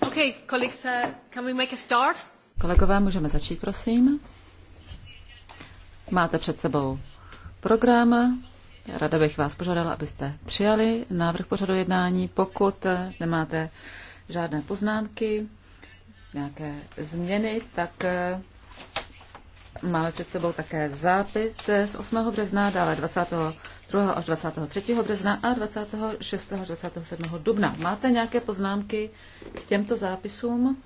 Okay, colleagues, uh, can we make a start? Kolegové, můžeme začít, prosím. Máte před sebou program. Rada bych vás požádala, abyste přijali návrh pořadu jednání. Pokud nemáte žádné poznámky, nějaké změny, tak eh, Máme před sebou také zápis z 8. března, dále 22. až 23. března a 26. až 27. dubna. Máte nějaké poznámky k těmto zápisům?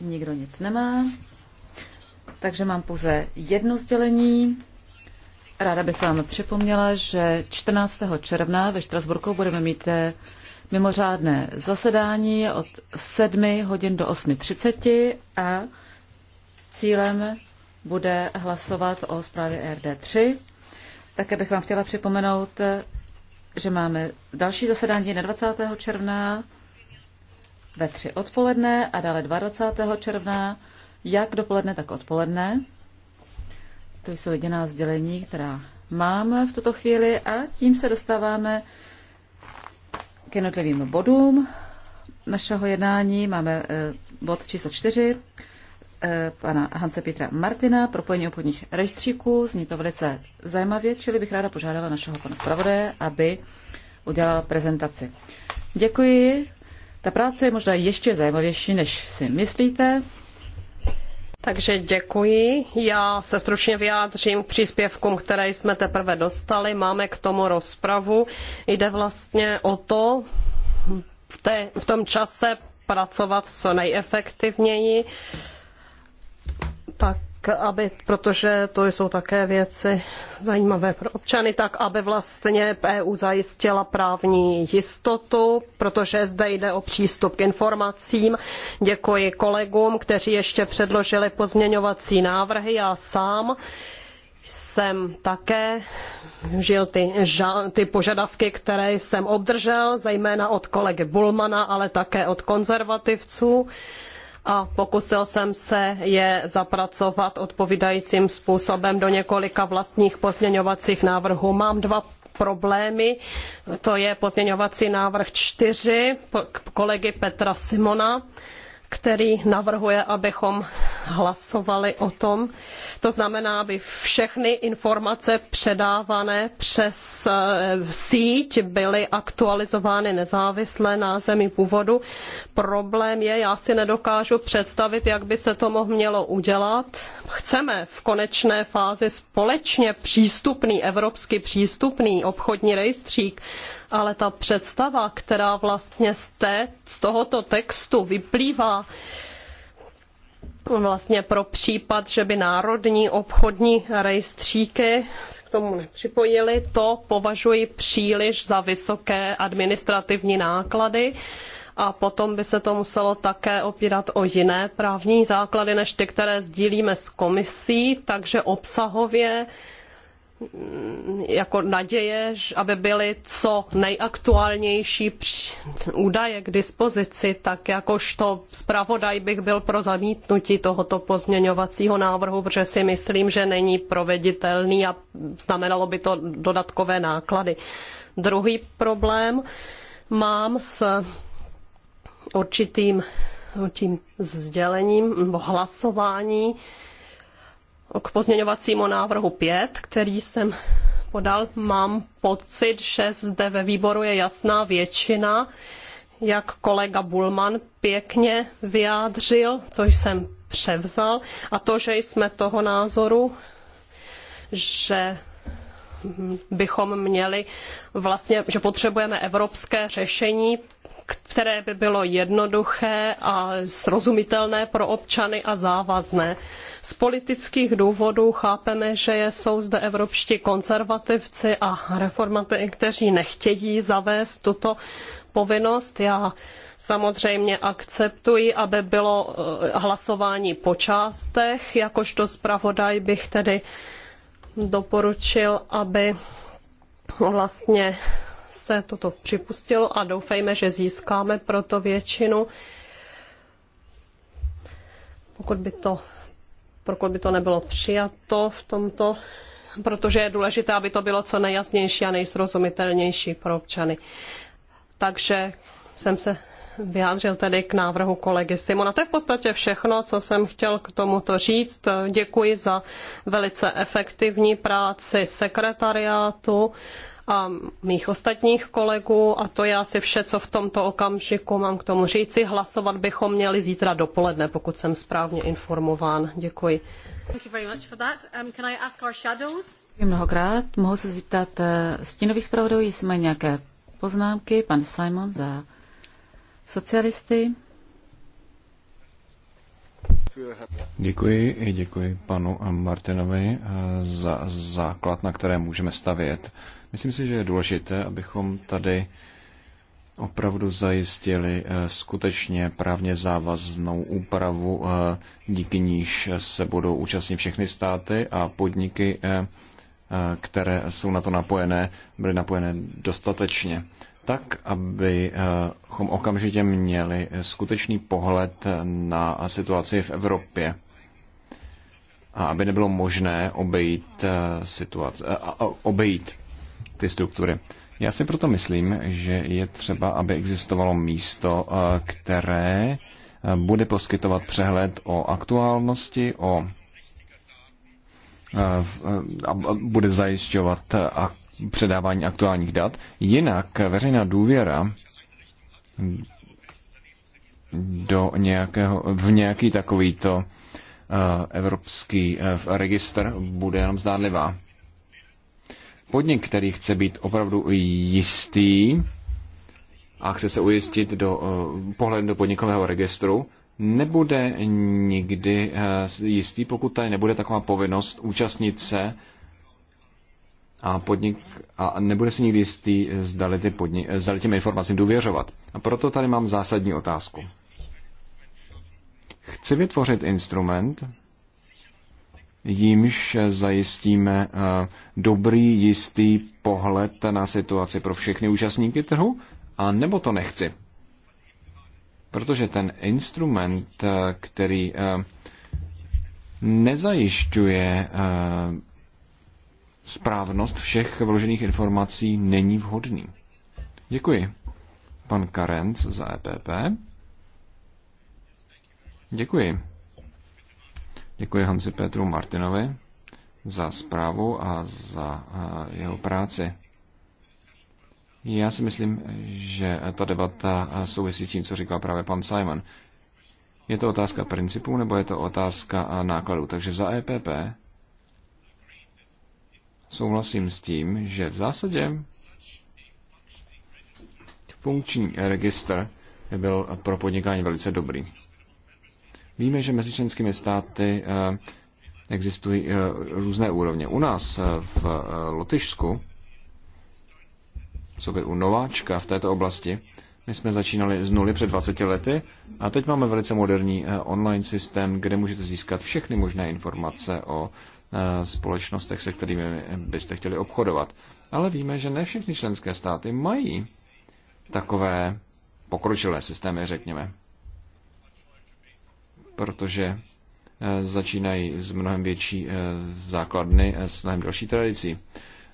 Nikdo nic nemá. Takže mám pouze jedno sdělení. Ráda bych vám připomněla, že 14. června ve Štrasburku budeme mít eh, mimořádné zasedání od 7 hodin do 8.30 a Cílem bude hlasovat o zprávě e RD3. Také bych vám chtěla připomenout, že máme další zasedání na 20. června ve 3 odpoledne a dále 22. června, jak dopoledne, tak odpoledne. To jsou jediná sdělení, která mám v tuto chvíli a tím se dostáváme k jednotlivým bodům našeho jednání. Máme eh, bod číslo 4, Eh, pana Hanse Petra Martina, propojení obchodních rejstříků. Zní to velice zajímavě, čili bych ráda požádala našeho pana zpravodaje, aby udělal prezentaci. Děkuji. Ta práce je možná ještě zajímavější, než si myslíte. Takže děkuji. Já se stručně vyjádřím k příspěvkům, které jsme teprve dostali. Máme k tomu rozpravu. Jde vlastně o to v, té, v tom čase pracovat co nejefektivněji tak aby, protože to jsou také věci zajímavé pro občany, tak aby vlastně EU zajistila právní jistotu, protože zde jde o přístup k informacím. Děkuji kolegům, kteří ještě předložili pozměňovací návrhy. Já sám jsem také žil ty, ty požadavky, které jsem obdržel, zejména od kolegy Bulmana, ale také od konzervativců a pokusil jsem se je zapracovat odpovídajícím způsobem do několika vlastních pozměňovacích návrhů. Mám dva problémy. To je pozměňovací návrh 4 kolegy Petra Simona který navrhuje, abychom hlasovali o tom. To znamená, aby všechny informace předávané přes eh, síť byly aktualizovány nezávisle na zemi původu. Problém je, já si nedokážu představit, jak by se to mělo udělat. Chceme v konečné fázi společně přístupný, evropsky přístupný obchodní rejstřík, ale ta představa, která vlastně z, té, z tohoto textu vyplývá, vlastně pro případ, že by národní obchodní rejstříky k tomu nepřipojili, to považuji příliš za vysoké administrativní náklady a potom by se to muselo také opírat o jiné právní základy než ty, které sdílíme s komisí, takže obsahově jako naděje, aby byly co nejaktuálnější údaje k dispozici, tak jakožto zpravodaj bych byl pro zamítnutí tohoto pozměňovacího návrhu, protože si myslím, že není proveditelný a znamenalo by to dodatkové náklady. Druhý problém mám s určitým tím sdělením nebo hlasování, k pozměňovacímu návrhu 5, který jsem podal, mám pocit, že zde ve výboru je jasná většina, jak kolega Bulman pěkně vyjádřil, což jsem převzal, a to, že jsme toho názoru, že bychom měli vlastně, že potřebujeme evropské řešení které by bylo jednoduché a srozumitelné pro občany a závazné. Z politických důvodů chápeme, že jsou zde evropští konzervativci a reformaty, kteří nechtějí zavést tuto povinnost. Já samozřejmě akceptuji, aby bylo eh, hlasování po částech. Jakožto zpravodaj bych tedy doporučil, aby vlastně se toto připustilo a doufejme, že získáme proto většinu. Pokud by to, pokud by to nebylo přijato v tomto, protože je důležité, aby to bylo co nejjasnější a nejsrozumitelnější pro občany. Takže jsem se vyjádřil tedy k návrhu kolegy Simona. To je v podstatě všechno, co jsem chtěl k tomuto říct. Děkuji za velice efektivní práci sekretariátu a mých ostatních kolegů a to je asi vše, co v tomto okamžiku mám k tomu říci. Hlasovat bychom měli zítra dopoledne, pokud jsem správně informován. Děkuji. Um, mnohokrát mohu se zeptat eh, stínových zpravodajů, jestli mají nějaké poznámky. Pan Simon za socialisty. Děkuji, děkuji panu Martinovi eh, za základ, na které můžeme stavět Myslím si, že je důležité, abychom tady opravdu zajistili eh, skutečně právně závaznou úpravu, eh, díky níž se budou účastnit všechny státy a podniky, eh, které jsou na to napojené, byly napojené dostatečně tak, abychom okamžitě měli skutečný pohled na situaci v Evropě a aby nebylo možné obejít, situaci, obejít ty struktury. Já si proto myslím, že je třeba, aby existovalo místo, eh, které eh, bude poskytovat přehled o aktuálnosti, o eh, a bude zajišťovat a předávání aktuálních dat. Jinak veřejná důvěra do nějakého, v nějaký takovýto evropský registr bude jenom zdánlivá podnik, který chce být opravdu jistý a chce se ujistit do eh, pohledu do podnikového registru, nebude nikdy eh, jistý, pokud tady nebude taková povinnost účastnit se a podnik a nebude si nikdy jistý, eh, zdali, ty podnik, zdali těm informacím důvěřovat. A proto tady mám zásadní otázku. Chci vytvořit instrument, jímž zajistíme eh, dobrý, jistý pohled na situaci pro všechny účastníky trhu, a nebo to nechci. Protože ten instrument, eh, který eh, nezajišťuje správnost všech vložených informací, není vhodný. Děkuji. Pan Karenc za EPP. Děkuji. Děkuji Hanzi Petru Martinovi za zprávu a za eh, jeho práci. Já si myslím, že ta debata eh, souvisí s tím, co říkal právě pan Simon. Je to otázka principů nebo je to otázka eh, nákladů? Takže za EPP souhlasím s tím, že v zásadě funkční registr byl pro podnikání velice dobrý. Víme, že mezi členskými státy eh, existují eh, různé úrovně. U nás eh, v Lotyšsku, co by u nováčka v této oblasti, my jsme začínali z nuly před 20 lety a teď máme velice moderní online systém, kde můžete získat všechny možné informace o společnostech, se kterými byste chtěli obchodovat. Ale víme, že ne všechny členské státy mají takové pokročilé systémy, řekněme protože eh, začínají z mnohem větší eh, základny eh, s mnohem další tradicí.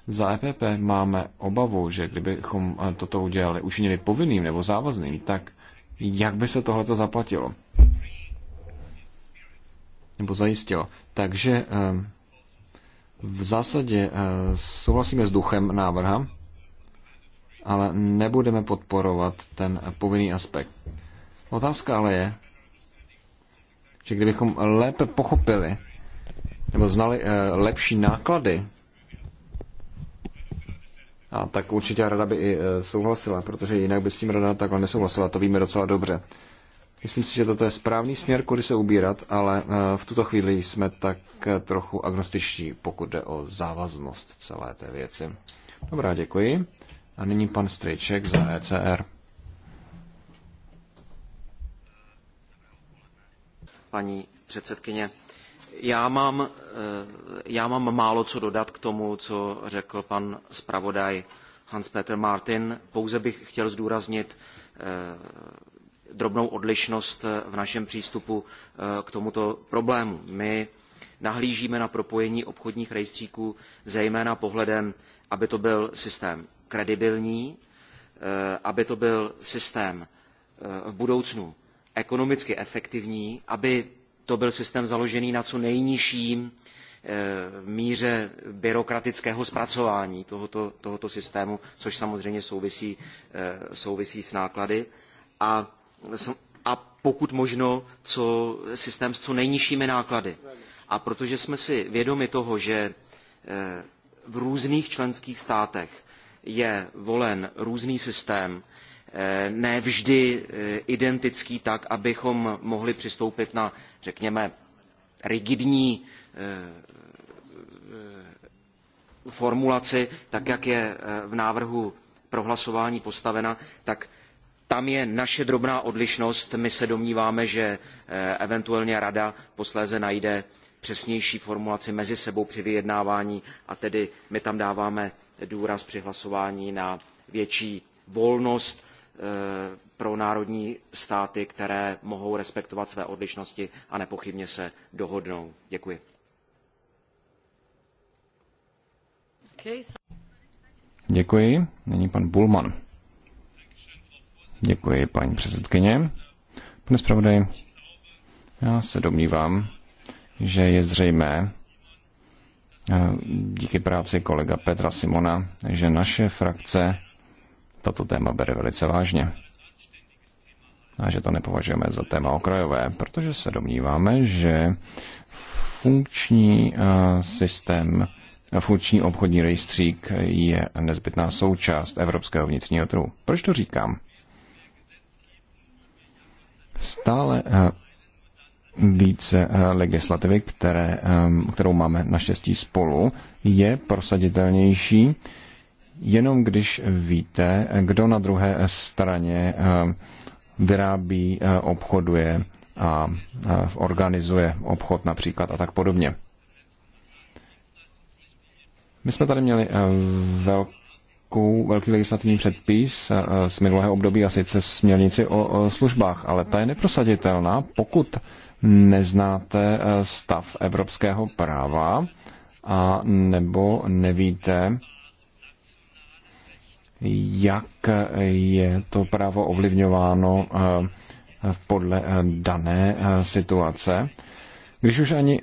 Za EPP máme obavu, že kdybychom toto udělali, učinili povinným nebo závazným, tak jak by se tohleto zaplatilo? Nebo zajistilo. Takže v zásadě souhlasíme s duchem návrha, ale nebudeme podporovat ten povinný aspekt. Otázka ale je, že kdybychom lépe pochopili nebo znali eh, lepší náklady, a tak určitě rada by i eh, souhlasila, protože jinak by s tím rada takhle nesouhlasila, to víme docela dobře. Myslím si, že toto je správný směr, kudy se ubírat, ale eh, v tuto chvíli jsme tak trochu agnostičtí, pokud jde o závaznost celé té věci. Dobrá, děkuji. A nyní pan Strejček za ECR. paní předsedkyně. Já mám, eh, já mám málo co dodat k tomu, co řekl pan zpravodaj Hans-Peter Martin. Pouze bych chtěl zdůraznit eh, drobnou odlišnost eh, v našem přístupu k tomuto problému. My nahlížíme na propojení obchodních rejstříků zejména pohledem, aby to byl systém kredibilní, aby to byl systém v budoucnu ekonomicky efektivní, aby to byl systém založený na co nejnižším eh, míře byrokratického zpracování tohoto, tohoto systému, což samozřejmě souvisí, eh, souvisí s náklady. A, a pokud možno co, systém s co nejnižšími náklady. A protože jsme si vědomi toho, že eh, v různých členských státech je volen různý systém, Eh, ne vždy eh, identický tak, abychom mohli přistoupit na, řekněme, rigidní eh, formulaci, tak jak je v návrhu prohlasování postavena, tak tam je naše drobná odlišnost. My se domníváme, že eventuálně rada posléze najde přesnější formulaci mezi sebou při vyjednávání a tedy my tam dáváme důraz při hlasování na větší volnost Eh, pro národní státy, které mohou respektovat své odlišnosti a nepochybně se dohodnou. Děkuji. Děkuji. Není pan Bulman. Děkuji, paní předsedkyně. Pane zpravodaj, já se domnívám, že je zřejmé, eh, díky práci kolega Petra Simona, že naše frakce tato téma bere velice vážně. A že to nepovažujeme za téma okrajové, protože se domníváme, že funkční eh, systém, eh, funkční obchodní rejstřík je nezbytná součást evropského vnitřního trhu. Proč to říkám? Stále eh, více legislativy, které, kterou máme naštěstí spolu, je prosaditelnější jenom když víte, kdo na druhé straně eh, vyrábí, eh, obchoduje a eh, organizuje obchod například a tak podobně. My jsme tady měli velkou, velký legislativní předpis z minulého období a sice směrnici o službách, ale ta je neprosaditelná, pokud neznáte stav evropského práva a nebo nevíte, jak je to právo ovlivňováno eh, podle eh, dané eh, situace. Když už ani,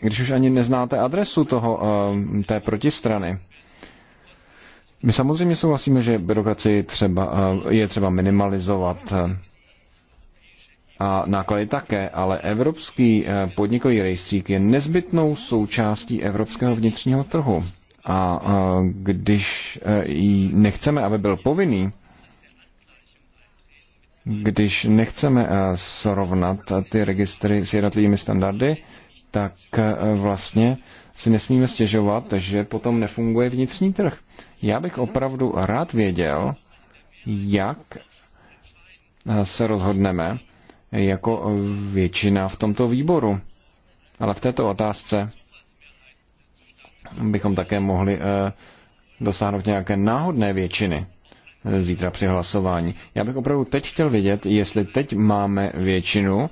když už ani neznáte adresu toho, té protistrany, my samozřejmě souhlasíme, že byrokracii třeba, je třeba minimalizovat a náklady také, ale evropský podnikový rejstřík je nezbytnou součástí evropského vnitřního trhu. A když e, nechceme, aby byl povinný, když nechceme e, srovnat ty registry s jednotlivými standardy, tak e, vlastně si nesmíme stěžovat, že potom nefunguje vnitřní trh. Já bych opravdu rád věděl, jak se rozhodneme jako většina v tomto výboru. Ale v této otázce bychom také mohli eh, dosáhnout nějaké náhodné většiny eh, zítra při hlasování. Já bych opravdu teď chtěl vidět, jestli teď máme většinu,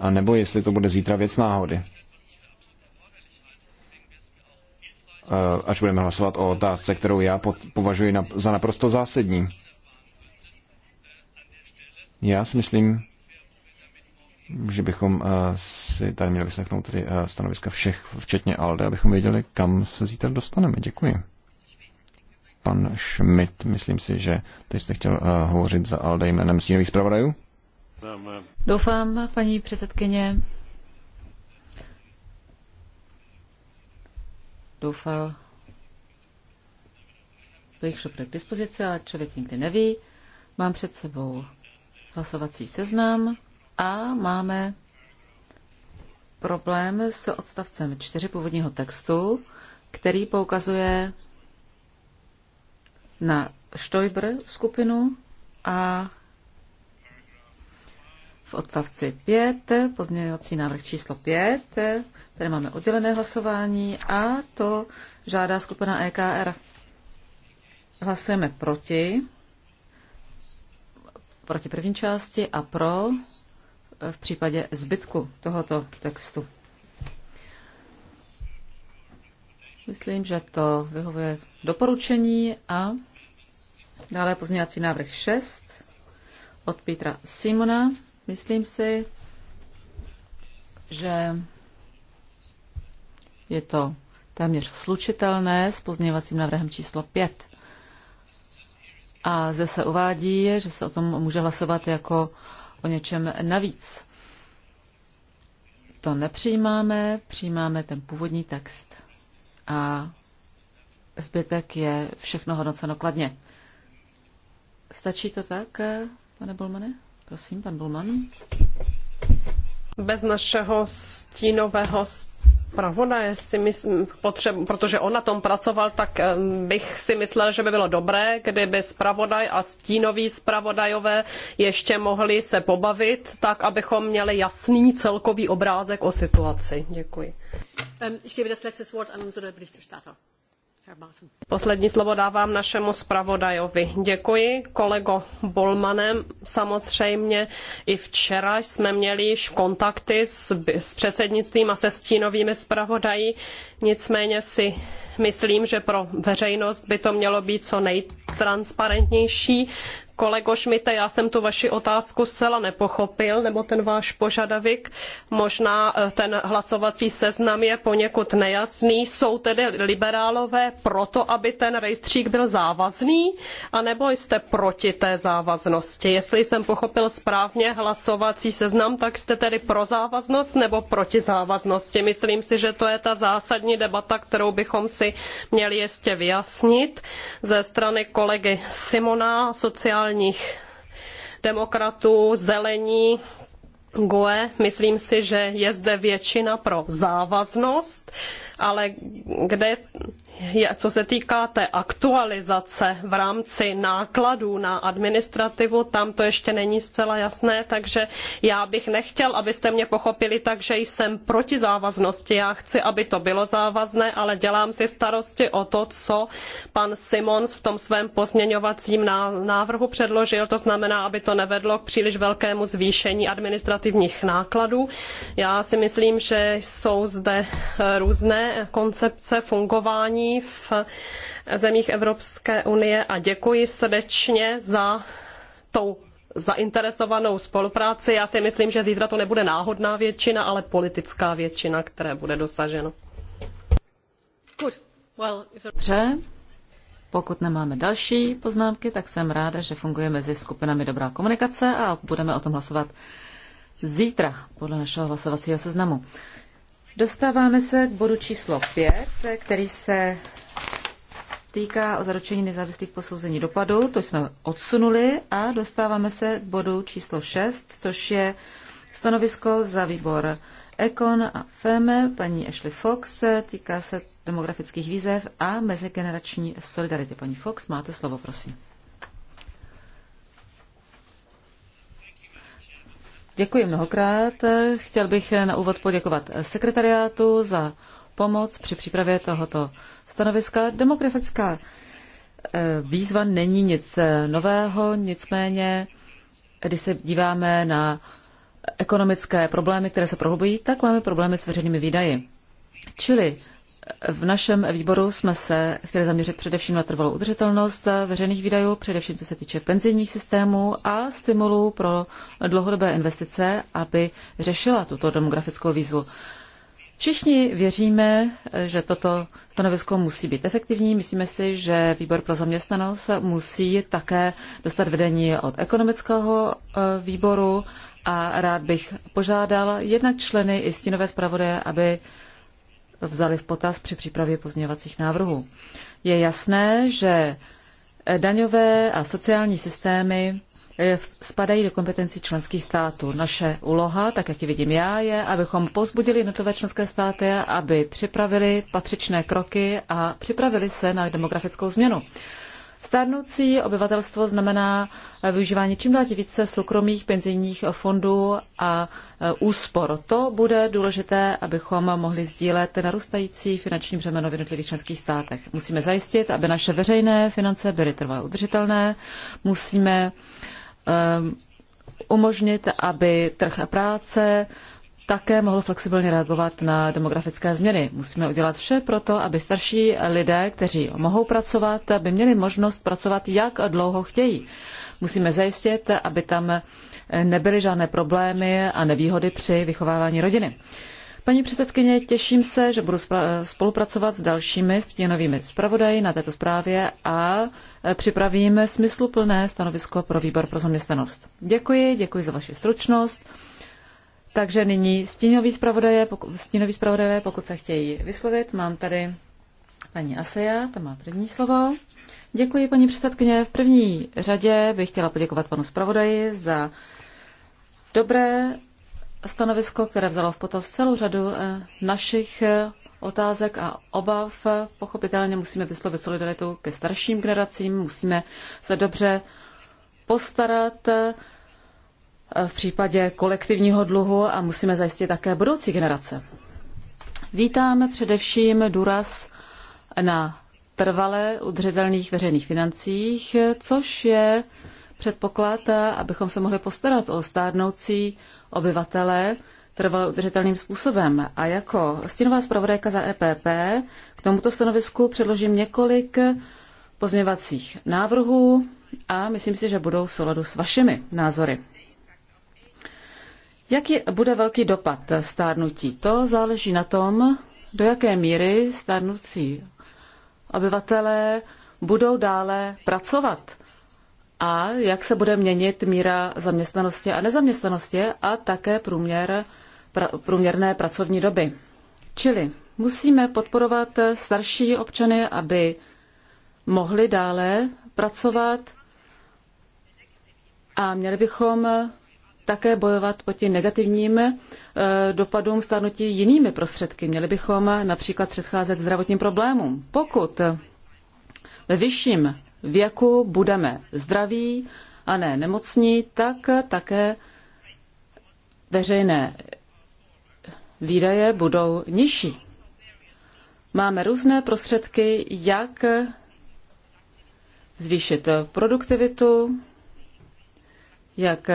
a nebo jestli to bude zítra věc náhody. Eh, až budeme hlasovat o otázce, kterou já považuji za naprosto zásadní. Já si myslím, že bychom eh, si tady měli vyslechnout tedy eh, stanoviska všech, včetně Alde, abychom věděli, kam se zítra dostaneme. Děkuji. Pan Schmidt, myslím si, že teď jste chtěl eh, hovořit za Alde jménem stínových zpravodajů. Doufám, paní předsedkyně. Doufal bych, je k dispozici, ale člověk nikdy neví. Mám před sebou hlasovací seznam. A máme problém s odstavcem 4 původního textu, který poukazuje na Stoiber skupinu a v odstavci 5, pozměňovací návrh číslo 5, tady máme oddělené hlasování a to žádá skupina EKR. Hlasujeme proti, proti první části a pro v případě zbytku tohoto textu. Myslím, že to vyhovuje doporučení a dále pozměňovací návrh 6 od Petra Simona. Myslím si, že je to téměř slučitelné s pozměňovacím návrhem číslo 5. A zde se uvádí, že se o tom může hlasovat jako o něčem navíc. To nepřijímáme, přijímáme ten původní text. A zbytek je všechno hodnoceno kladně. Stačí to tak, pane Bulmane? Prosím, pan Bulman. Bez našeho stínového zpravodaje, si myslím, potřeb, protože on na tom pracoval, tak bych si myslel, že by bylo dobré, kdyby zpravodaj a stínoví zpravodajové ještě mohli se pobavit, tak abychom měli jasný celkový obrázek o situaci. Děkuji. Um, ich gebe das letzte Wort an unsere Berichterstatter. Poslední slovo dávám našemu zpravodajovi. Děkuji, kolego Bolmanem. Samozřejmě i včera jsme měli již kontakty s, s předsednictvím a se stínovými zpravodaji. Nicméně si myslím, že pro veřejnost by to mělo být co nejtransparentnější. Kolego Šmite, já jsem tu vaši otázku zcela nepochopil, nebo ten váš požadavek. Možná eh, ten hlasovací seznam je poněkud nejasný. Jsou tedy liberálové proto, aby ten rejstřík byl závazný, anebo jste proti té závaznosti? Jestli jsem pochopil správně hlasovací seznam, tak jste tedy pro závaznost nebo proti závaznosti. Myslím si, že to je ta zásadní debata, kterou bychom si měli ještě vyjasnit. Ze strany kolegy Simona, sociální sociálních demokratů, zelení, GUE, myslím si, že je zde většina pro závaznost, ale kde je, co se týká té aktualizace v rámci nákladů na administrativu, tam to ještě není zcela jasné, takže já bych nechtěl, abyste mě pochopili tak, že jsem proti závaznosti. Já chci, aby to bylo závazné, ale dělám si starosti o to, co pan Simons v tom svém pozměňovacím návrhu předložil, to znamená, aby to nevedlo k příliš velkému zvýšení administrativy administrativních nákladů. Já si myslím, že jsou zde eh, různé koncepce fungování v zemích Evropské unie a děkuji srdečně za tou zainteresovanou spolupráci. Já si myslím, že zítra to nebude náhodná většina, ale politická většina, které bude dosaženo. Dobře. Pokud nemáme další poznámky, tak jsem ráda, že funguje mezi skupinami dobrá komunikace a budeme o tom hlasovat zítra podle našeho hlasovacího seznamu. Dostáváme se k bodu číslo 5, který se týká o zaručení nezávislých posouzení dopadu, to jsme odsunuli a dostáváme se k bodu číslo 6, což je stanovisko za výbor Econ a FEME, e. paní Ashley Fox, týká se demografických výzev a mezigenerační solidarity. Paní Fox, máte slovo, prosím. Děkuji mnohokrát. Chtěl bych na úvod poděkovat sekretariátu za pomoc při přípravě tohoto stanoviska. Demografická eh, výzva není nic eh, nového, nicméně, když se díváme na ekonomické problémy, které se prohlubují, tak máme problémy s veřejnými výdaji. Čili v našem výboru jsme se chtěli zaměřit především na trvalou udržitelnost veřejných výdajů, především co se týče penzijních systémů a stimulů pro dlouhodobé investice, aby řešila tuto demografickou výzvu. Všichni věříme, že toto stanovisko musí být efektivní. Myslíme si, že výbor pro zaměstnanost musí také dostat vedení od ekonomického eh, výboru a rád bych požádal jednak členy i stínové zpravodaje, aby vzali v potaz při přípravě pozměňovacích návrhů. Je jasné, že daňové a sociální systémy eh, spadají do kompetencí členských států. Naše úloha, tak jak ji vidím já, je, abychom pozbudili jednotlivé členské státy, aby připravili patřičné kroky a připravili se na demografickou změnu. Stárnoucí obyvatelstvo znamená eh, využívání čím dál více soukromých penzijních fondů a eh, úspor. To bude důležité, abychom mohli sdílet narůstající finanční břemeno v jednotlivých členských státech. Musíme zajistit, aby naše veřejné finance byly trvale udržitelné. Musíme um, umožnit, aby trh práce také mohl flexibilně reagovat na demografické změny. Musíme udělat vše pro to, aby starší lidé, kteří mohou pracovat, by měli možnost pracovat, jak dlouho chtějí. Musíme zajistit, aby tam nebyly žádné problémy a nevýhody při vychovávání rodiny. Paní předsedkyně, těším se, že budu spolupracovat s dalšími stínovými zpravodaji na této zprávě a připravím smysluplné stanovisko pro výbor pro zaměstnanost. Děkuji, děkuji za vaši stručnost. Takže nyní stínoví zpravodajové, poku, stínoví pokud se chtějí vyslovit, mám tady paní Aseja, ta má první slovo. Děkuji, paní předsedkyně. V první řadě bych chtěla poděkovat panu zpravodaji za dobré stanovisko, které vzalo v potaz celou řadu eh, našich eh, otázek a obav. Pochopitelně musíme vyslovit solidaritu ke starším generacím, musíme se dobře postarat eh, v případě kolektivního dluhu a musíme zajistit také budoucí generace. Vítáme především důraz na trvalé udržitelných veřejných financích, což je předpoklad, abychom se mohli postarat o stárnoucí obyvatele trvalé udržitelným způsobem. A jako stínová zpravodajka za EPP k tomuto stanovisku předložím několik pozměvacích návrhů a myslím si, že budou v souladu s vašimi názory. Jaký bude velký dopad stárnutí? To záleží na tom, do jaké míry stárnoucí obyvatelé budou dále pracovat a jak se bude měnit míra zaměstnanosti a nezaměstnanosti a také průměr, pra, průměrné pracovní doby. Čili musíme podporovat starší občany, aby mohli dále pracovat a měli bychom také bojovat proti negativním eh, dopadům stárnutí jinými prostředky. Měli bychom například předcházet zdravotním problémům. Pokud ve vyšším věku budeme zdraví a ne nemocní, tak také veřejné výdaje budou nižší. Máme různé prostředky, jak zvýšit produktivitu, jak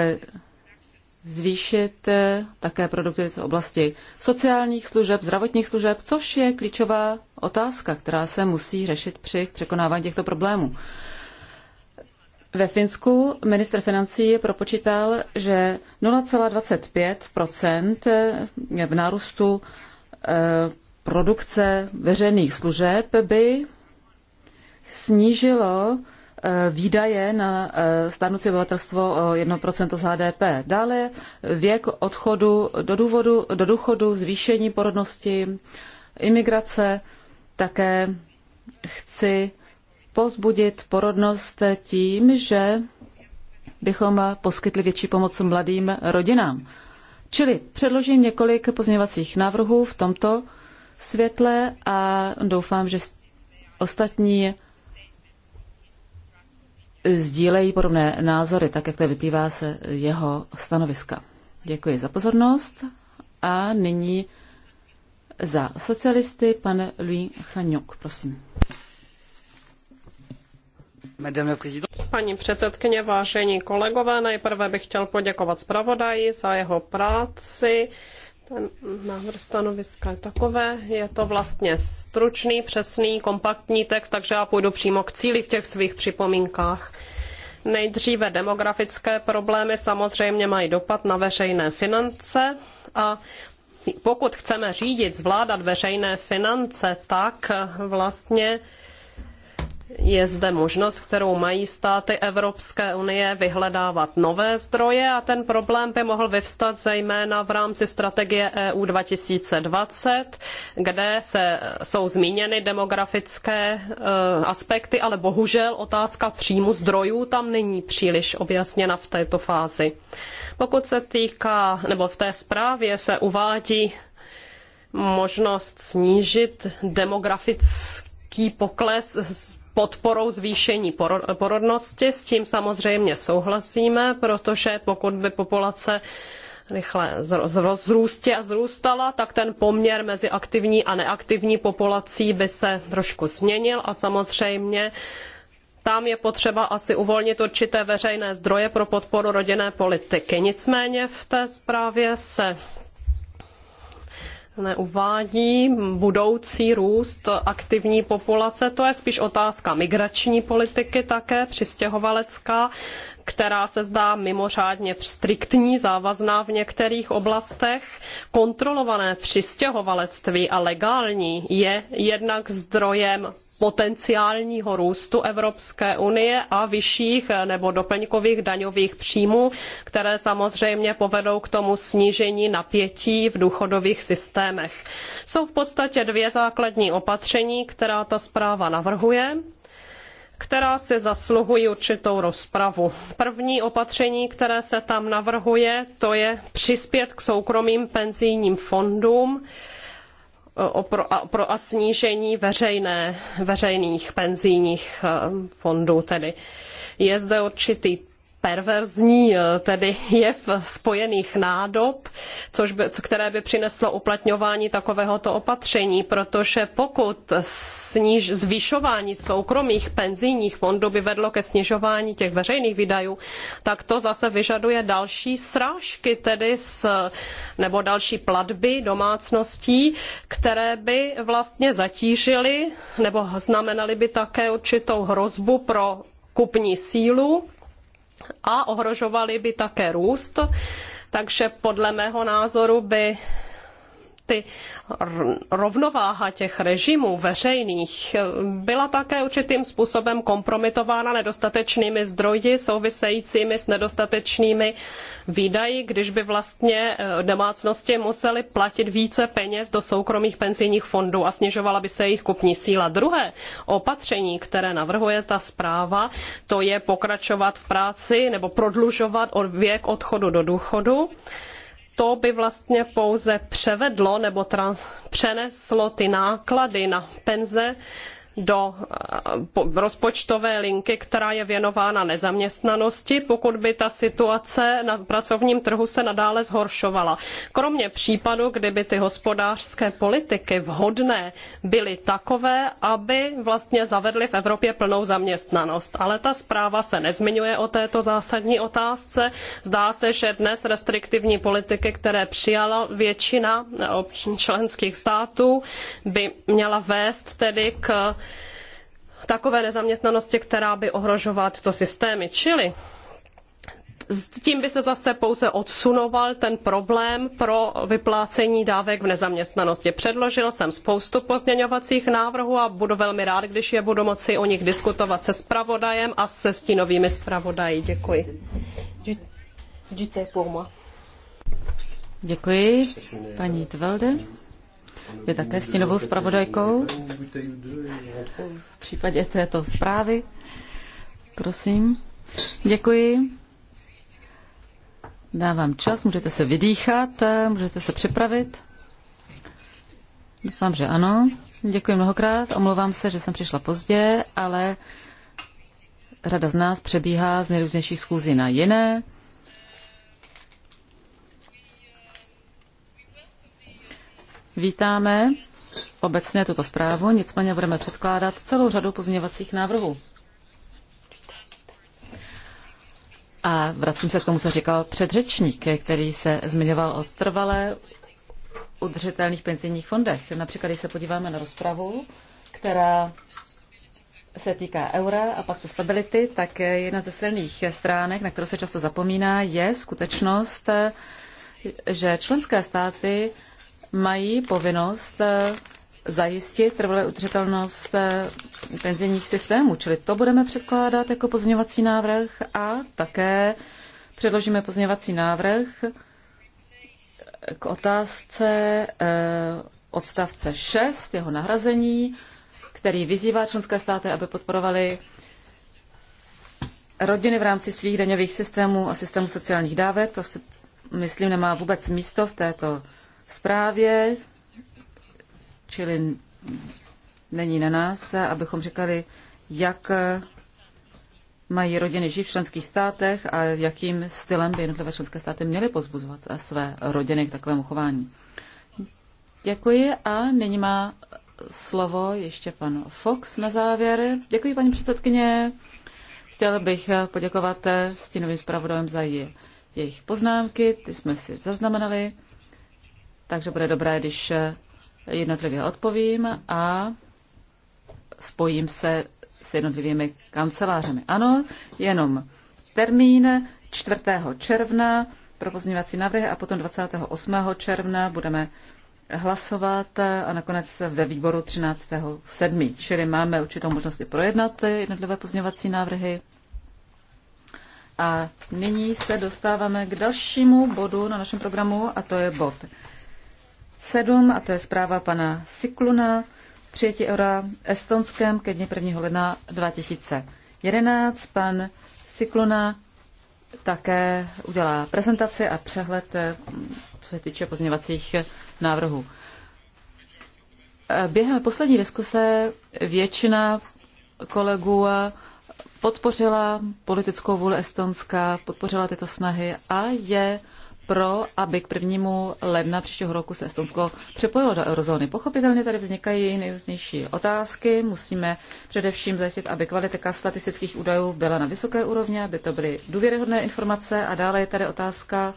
zvýšit eh, také produktivitu v oblasti sociálních služeb, zdravotních služeb, což je klíčová otázka, která se musí řešit při překonávání těchto problémů. Ve Finsku minister financí propočítal, že 0,25 v nárůstu eh, produkce veřejných služeb by snížilo Eh, výdaje na eh, stárnoucí obyvatelstvo o 1% z HDP. Dále věk odchodu do, důvodu, do důchodu, zvýšení porodnosti, imigrace. Také chci pozbudit porodnost tím, že bychom poskytli větší pomoc mladým rodinám. Čili předložím několik pozměňovacích návrhů v tomto světle a doufám, že ostatní sdílejí podobné názory, tak jak to vyplývá se jeho stanoviska. Děkuji za pozornost a nyní za socialisty pan Louis Chagnoc, prosím. Paní předsedkyně, vážení kolegové, nejprve bych chtěl poděkovat zpravodaji za jeho práci ten návrh stanoviska je takové, je to vlastně stručný, přesný, kompaktní text, takže já půjdu přímo k cíli v těch svých připomínkách. Nejdříve demografické problémy samozřejmě mají dopad na veřejné finance a pokud chceme řídit, zvládat veřejné finance, tak vlastně je zde možnost, kterou mají státy Evropské unie vyhledávat nové zdroje a ten problém by mohl vyvstat zejména v rámci strategie EU 2020, kde se, jsou zmíněny demografické e, aspekty, ale bohužel otázka příjmu zdrojů tam není příliš objasněna v této fázi. Pokud se týká, nebo v té zprávě se uvádí možnost snížit demografický pokles podporou zvýšení porodnosti. S tím samozřejmě souhlasíme, protože pokud by populace rychle zrůstě a zrůstala, tak ten poměr mezi aktivní a neaktivní populací by se trošku změnil a samozřejmě tam je potřeba asi uvolnit určité veřejné zdroje pro podporu rodinné politiky. Nicméně v té zprávě se neuvádí budoucí růst aktivní populace. To je spíš otázka migrační politiky také, přistěhovalecká, která se zdá mimořádně striktní, závazná v některých oblastech. Kontrolované přistěhovalectví a legální je jednak zdrojem potenciálního růstu Evropské unie a vyšších nebo doplňkových daňových příjmů, které samozřejmě povedou k tomu snížení napětí v důchodových systémech. Jsou v podstatě dvě základní opatření, která ta zpráva navrhuje která si zasluhují určitou rozpravu. První opatření, které se tam navrhuje, to je přispět k soukromým penzijním fondům eh, a, snížení veřejné, veřejných penzijních eh, fondů. Tedy je zde určitý perverzní eh, tedy jev spojených nádob, což by, které by přineslo uplatňování takovéhoto opatření, protože pokud sniž, zvyšování soukromých penzijních fondů by vedlo ke snižování těch veřejných výdajů, tak to zase vyžaduje další srážky, tedy s, nebo další platby domácností, které by vlastně zatížily nebo znamenaly by také určitou hrozbu pro kupní sílu a ohrožovaly by také růst. Takže podle mého názoru by ty rovnováha těch režimů veřejných eh, byla také určitým způsobem kompromitována nedostatečnými zdroji souvisejícími s nedostatečnými výdaji, když by vlastně eh, domácnosti musely platit více peněz do soukromých penzijních fondů a snižovala by se jejich kupní síla. Druhé opatření, které navrhuje ta zpráva, to je pokračovat v práci nebo prodlužovat věk odchodu do důchodu to by vlastně pouze převedlo nebo přeneslo ty náklady na penze do eh, rozpočtové linky, která je věnována nezaměstnanosti, pokud by ta situace na pracovním trhu se nadále zhoršovala. Kromě případu, kdyby ty hospodářské politiky vhodné byly takové, aby vlastně zavedly v Evropě plnou zaměstnanost. Ale ta zpráva se nezmiňuje o této zásadní otázce. Zdá se, že dnes restriktivní politiky, které přijala většina členských států, by měla vést tedy k takové nezaměstnanosti, která by ohrožovala tyto systémy. Čili s tím by se zase pouze odsunoval ten problém pro vyplácení dávek v nezaměstnanosti. Předložil jsem spoustu pozměňovacích návrhů a budu velmi rád, když je budu moci o nich diskutovat se spravodajem a se stínovými spravodají. Děkuji. Děkuji, paní Tvelde je také stínovou zpravodajkou. V případě této zprávy, prosím. Děkuji. Dávám čas, můžete se vydýchat, můžete se připravit. Doufám, že ano. Děkuji mnohokrát. Omlouvám se, že jsem přišla pozdě, ale řada z nás přebíhá z nejrůznějších schůzí na jiné. Vítáme obecně tuto zprávu, nicméně budeme předkládat celou řadu pozměňovacích návrhů. A vracím se k tomu, co říkal předřečník, který se zmiňoval o trvalé udržitelných penzijních fondech. Například, když se podíváme na rozpravu, která se týká eura a paktu stability, tak jedna ze silných stránek, na kterou se často zapomíná, je skutečnost, že členské státy mají povinnost eh, zajistit trvalé udržitelnost eh, penzijních systémů. Čili to budeme předkládat jako pozměňovací návrh a také předložíme pozměňovací návrh k otázce eh, odstavce 6, jeho nahrazení, který vyzývá členské státy, aby podporovali rodiny v rámci svých daňových systémů a systémů sociálních dávek. To si, myslím, nemá vůbec místo v této zprávě, čili není na nás, abychom říkali, jak mají rodiny žít v členských státech a jakým stylem by jednotlivé členské státy měly pozbuzovat své rodiny k takovému chování. Děkuji a nyní má slovo ještě pan Fox na závěr. Děkuji, paní předsedkyně. Chtěl bych poděkovat stínovým zpravodajům za jejich poznámky, ty jsme si zaznamenali takže bude dobré, když eh, jednotlivě odpovím a spojím se s jednotlivými kancelářemi. Ano, jenom termín 4. června pro pozměňovací návrhy a potom 28. června budeme hlasovat eh, a nakonec ve výboru 13.7. Čili máme určitou možnost projednat eh, jednotlivé pozměňovací návrhy. A nyní se dostáváme k dalšímu bodu na našem programu a to je bod 7, a to je zpráva pana Sikluna, přijetí eura Estonském ke dně 1. ledna 2011. Pan Sikluna také udělá prezentaci a přehled, eh, co se týče pozměňovacích návrhů. Eh, během poslední diskuse většina kolegů eh, podpořila politickou vůli Estonska, podpořila tyto snahy a je pro, aby k prvnímu ledna příštího roku se Estonsko přepojilo do eurozóny. Pochopitelně tady vznikají nejrůznější otázky. Musíme především zajistit, aby kvalita statistických údajů byla na vysoké úrovni, aby to byly důvěryhodné informace. A dále je tady otázka,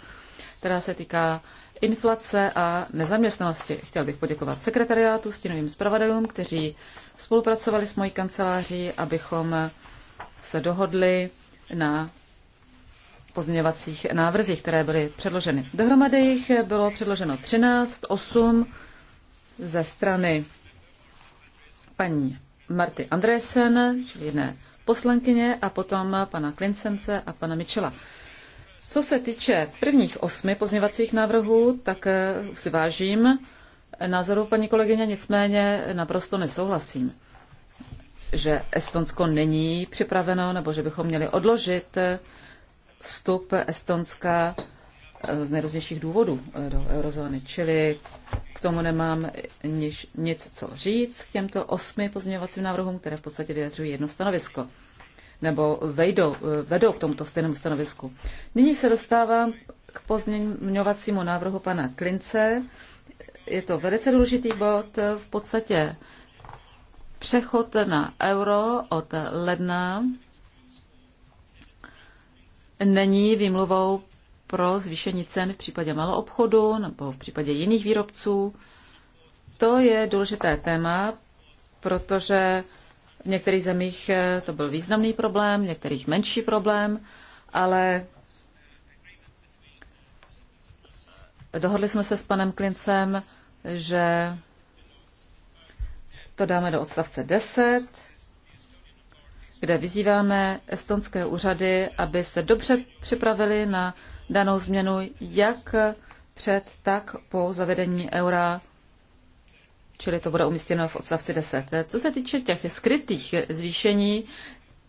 která se týká inflace a nezaměstnanosti. Chtěl bych poděkovat sekretariátu, stínovým zpravodajům, kteří spolupracovali s mojí kanceláří, abychom se dohodli na pozměňovacích návrzích, které byly předloženy. Dohromady jich bylo předloženo 13, 8 ze strany paní Marty Andresen, čili jedné poslankyně, a potom pana Klincence a pana Michela. Co se týče prvních osmi pozměňovacích návrhů, tak eh, si vážím názoru paní kolegyně, nicméně naprosto nesouhlasím, že Estonsko není připraveno nebo že bychom měli odložit eh, vstup Estonska eh, z nejrůznějších důvodů eh, do eurozóny. Čili k tomu nemám niž, nic co říct, k těmto osmi pozměňovacím návrhům, které v podstatě vyjadřují jedno stanovisko nebo vejdou, eh, vedou k tomuto stejnému stanovisku. Nyní se dostávám k pozměňovacímu návrhu pana Klince. Je to velice důležitý bod, v podstatě přechod na euro od ledna není výmluvou pro zvýšení cen v případě maloobchodu nebo v případě jiných výrobců. To je důležité téma, protože v některých zemích eh, to byl významný problém, v některých menší problém, ale dohodli jsme se s panem Klincem, že to dáme do odstavce 10 kde vyzýváme estonské úřady, aby se dobře připravili na danou změnu jak před, tak po zavedení eura, čili to bude umístěno v odstavci 10. Co se týče těch skrytých zvýšení,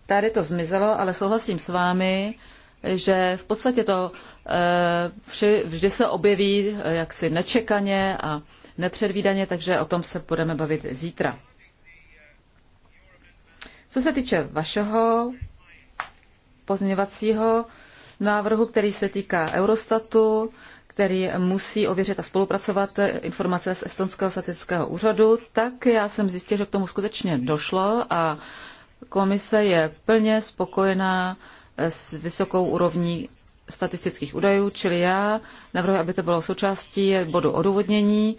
tady to zmizelo, ale souhlasím s vámi, že v podstatě to eh, vždy, vždy se objeví eh, jaksi nečekaně a nepředvídaně, takže o tom se budeme bavit zítra. Co se týče vašeho pozměňovacího návrhu, který se týká Eurostatu, který musí ověřit a spolupracovat informace z Estonského statického úřadu, tak já jsem zjistil, že k tomu skutečně došlo a komise je plně spokojená s vysokou úrovní statistických údajů, čili já navrhuji, aby to bylo součástí bodu odůvodnění,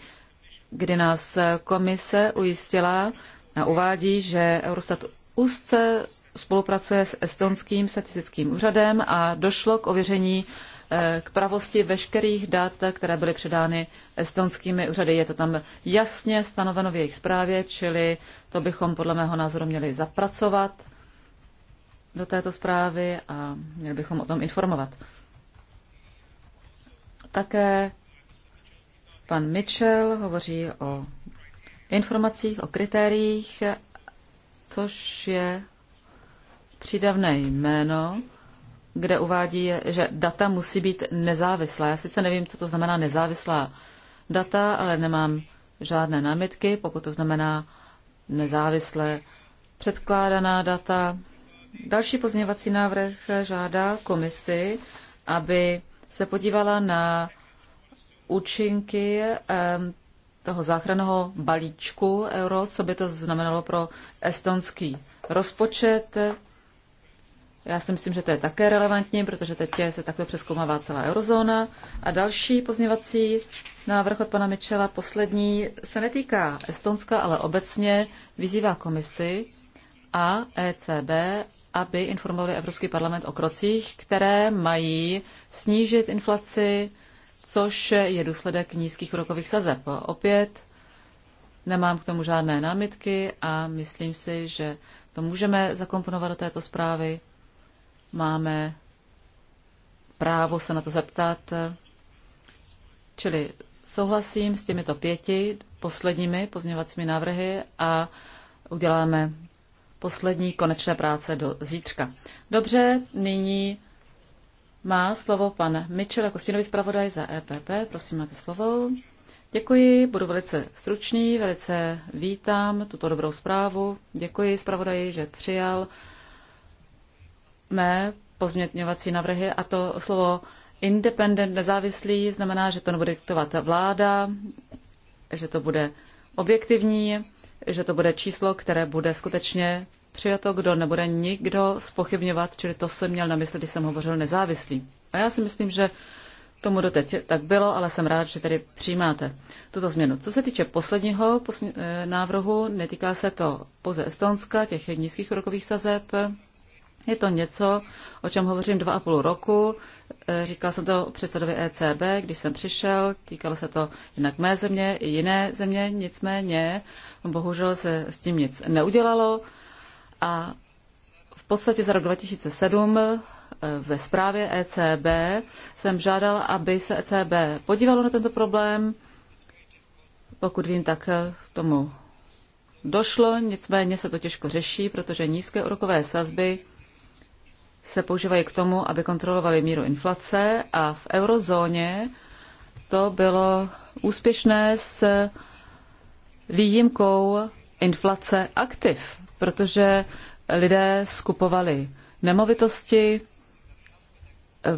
kdy nás komise ujistila a uvádí, že Eurostat úzce spolupracuje s estonským statistickým úřadem a došlo k ověření eh, k pravosti veškerých dat, které byly předány estonskými úřady. Je to tam jasně stanoveno v jejich zprávě, čili to bychom podle mého názoru měli zapracovat do této zprávy a měli bychom o tom informovat. Také pan Mitchell hovoří o informacích, o kritériích což je přídavné jméno, kde uvádí, že data musí být nezávislá. Já sice nevím, co to znamená nezávislá data, ale nemám žádné námitky, pokud to znamená nezávisle předkládaná data. Další pozměvací návrh žádá komisi, aby se podívala na účinky toho záchranného balíčku euro, co by to znamenalo pro estonský rozpočet. Já si myslím, že to je také relevantní, protože teď se takto přeskoumává celá eurozóna. A další pozněvací návrh od pana Michela, poslední, se netýká Estonska, ale obecně vyzývá komisi a ECB, aby informovali Evropský parlament o krocích, které mají snížit inflaci, což je důsledek nízkých úrokových sazeb. Opět nemám k tomu žádné námitky a myslím si, že to můžeme zakomponovat do této zprávy. Máme právo se na to zeptat. Čili souhlasím s těmito pěti posledními pozměňovacími návrhy a uděláme poslední konečné práce do zítřka. Dobře, nyní má slovo pan Mitchell jako stínový zpravodaj za EPP. Prosím, máte slovo. Děkuji, budu velice stručný, velice vítám tuto dobrou zprávu. Děkuji zpravodaji, že přijal mé pozměňovací navrhy a to slovo independent, nezávislý, znamená, že to nebude diktovat vláda, že to bude objektivní, že to bude číslo, které bude skutečně přijato, kdo nebude nikdo spochybňovat, čili to jsem měl na mysli, když jsem hovořil nezávislý. A já si myslím, že tomu doteď tak bylo, ale jsem rád, že tady přijímáte tuto změnu. Co se týče posledního eh, návrhu, netýká se to pouze Estonska, těch nízkých rokových sazeb. Je to něco, o čem hovořím dva a půl roku. Eh, říkal jsem to předsedovi ECB, když jsem přišel. Týkalo se to jinak mé země i jiné země, nicméně bohužel se s tím nic neudělalo. A v podstatě za rok 2007 eh, ve zprávě ECB jsem žádal, aby se ECB podívalo na tento problém. Pokud vím, tak eh, tomu došlo, nicméně se to těžko řeší, protože nízké úrokové sazby se používají k tomu, aby kontrolovali míru inflace a v eurozóně to bylo úspěšné s výjimkou inflace aktiv protože lidé skupovali nemovitosti,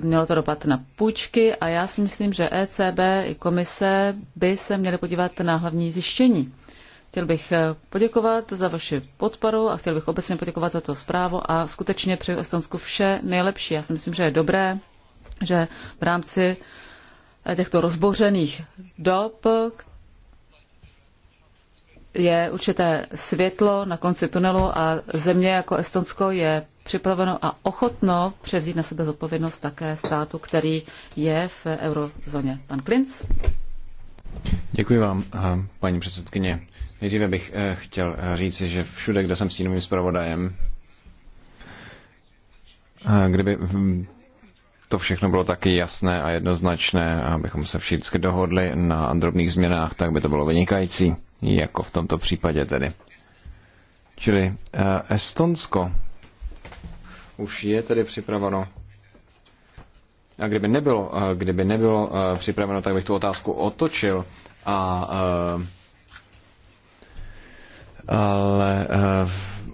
mělo to dopad na půjčky a já si myslím, že ECB i komise by se měly podívat na hlavní zjištění. Chtěl bych eh, poděkovat za vaši podporu a chtěl bych obecně poděkovat za to zprávu a skutečně přeji Estonsku vše nejlepší. Já si myslím, že je dobré, že v rámci eh, těchto rozbořených dob, je určité světlo na konci tunelu a země jako Estonsko je připraveno a ochotno převzít na sebe zodpovědnost také státu, který je v eurozóně. Pan Klinc. Děkuji vám, eh, paní předsedkyně. Nejdříve bych eh, chtěl eh, říci, že všude, kde jsem stínovým zpravodajem, kdyby to všechno bylo taky jasné a jednoznačné, abychom se všichni dohodli na drobných změnách, tak by to bylo vynikající jako v tomto případě tedy. Čili eh, Estonsko už je tedy připraveno. A kdyby nebylo, eh, kdyby nebylo eh, připraveno, tak bych tu otázku otočil a ale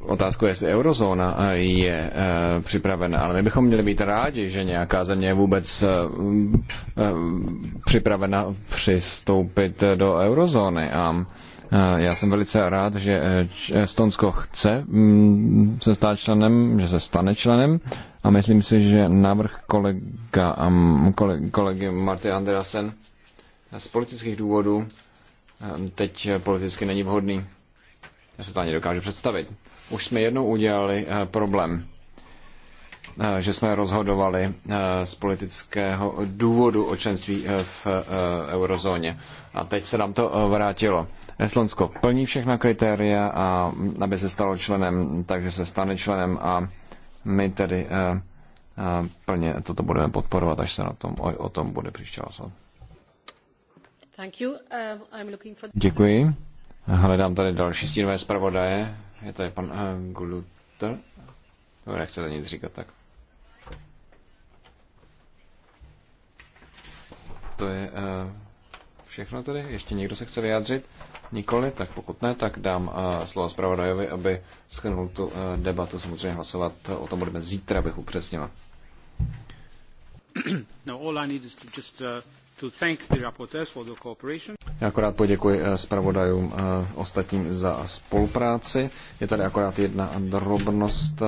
otázku je, jestli eurozóna je připravena, ale my bychom měli být rádi, že nějaká země je vůbec připravena přistoupit do eurozóny a Eh, já jsem velice rád, že eh, eh, Estonsko chce mm, se stát členem, že se stane členem a myslím si, že návrh kolega, kolegy, Marty Andreasen z politických důvodů teď politicky není vhodný. Já se to ani dokážu představit. Už jsme jednou udělali problém, že jsme rozhodovali z politického důvodu o členství v eurozóně. A teď se nám to vrátilo. Estonsko plní všechna kritéria, a, aby se stalo členem, takže se stane členem a my tedy a, eh, a eh, plně toto budeme podporovat, až se na tom, o, o tom bude příště hlasovat. Eh, for... Děkuji. Hledám tady další stínové zpravodaje. Je tady pan uh, Gluter. No, nechcete nic říkat, tak. To je uh, všechno tady. Ještě někdo se chce vyjádřit? Nikoli, tak pokud ne, tak dám eh, slovo zpravodajovi, aby schrnul tu eh, debatu. Samozřejmě hlasovat o tom budeme zítra, abych upřesnila. No, eh, Já akorát poděkuji zpravodajům ostatním za spolupráci. Je tady akorát jedna drobnost,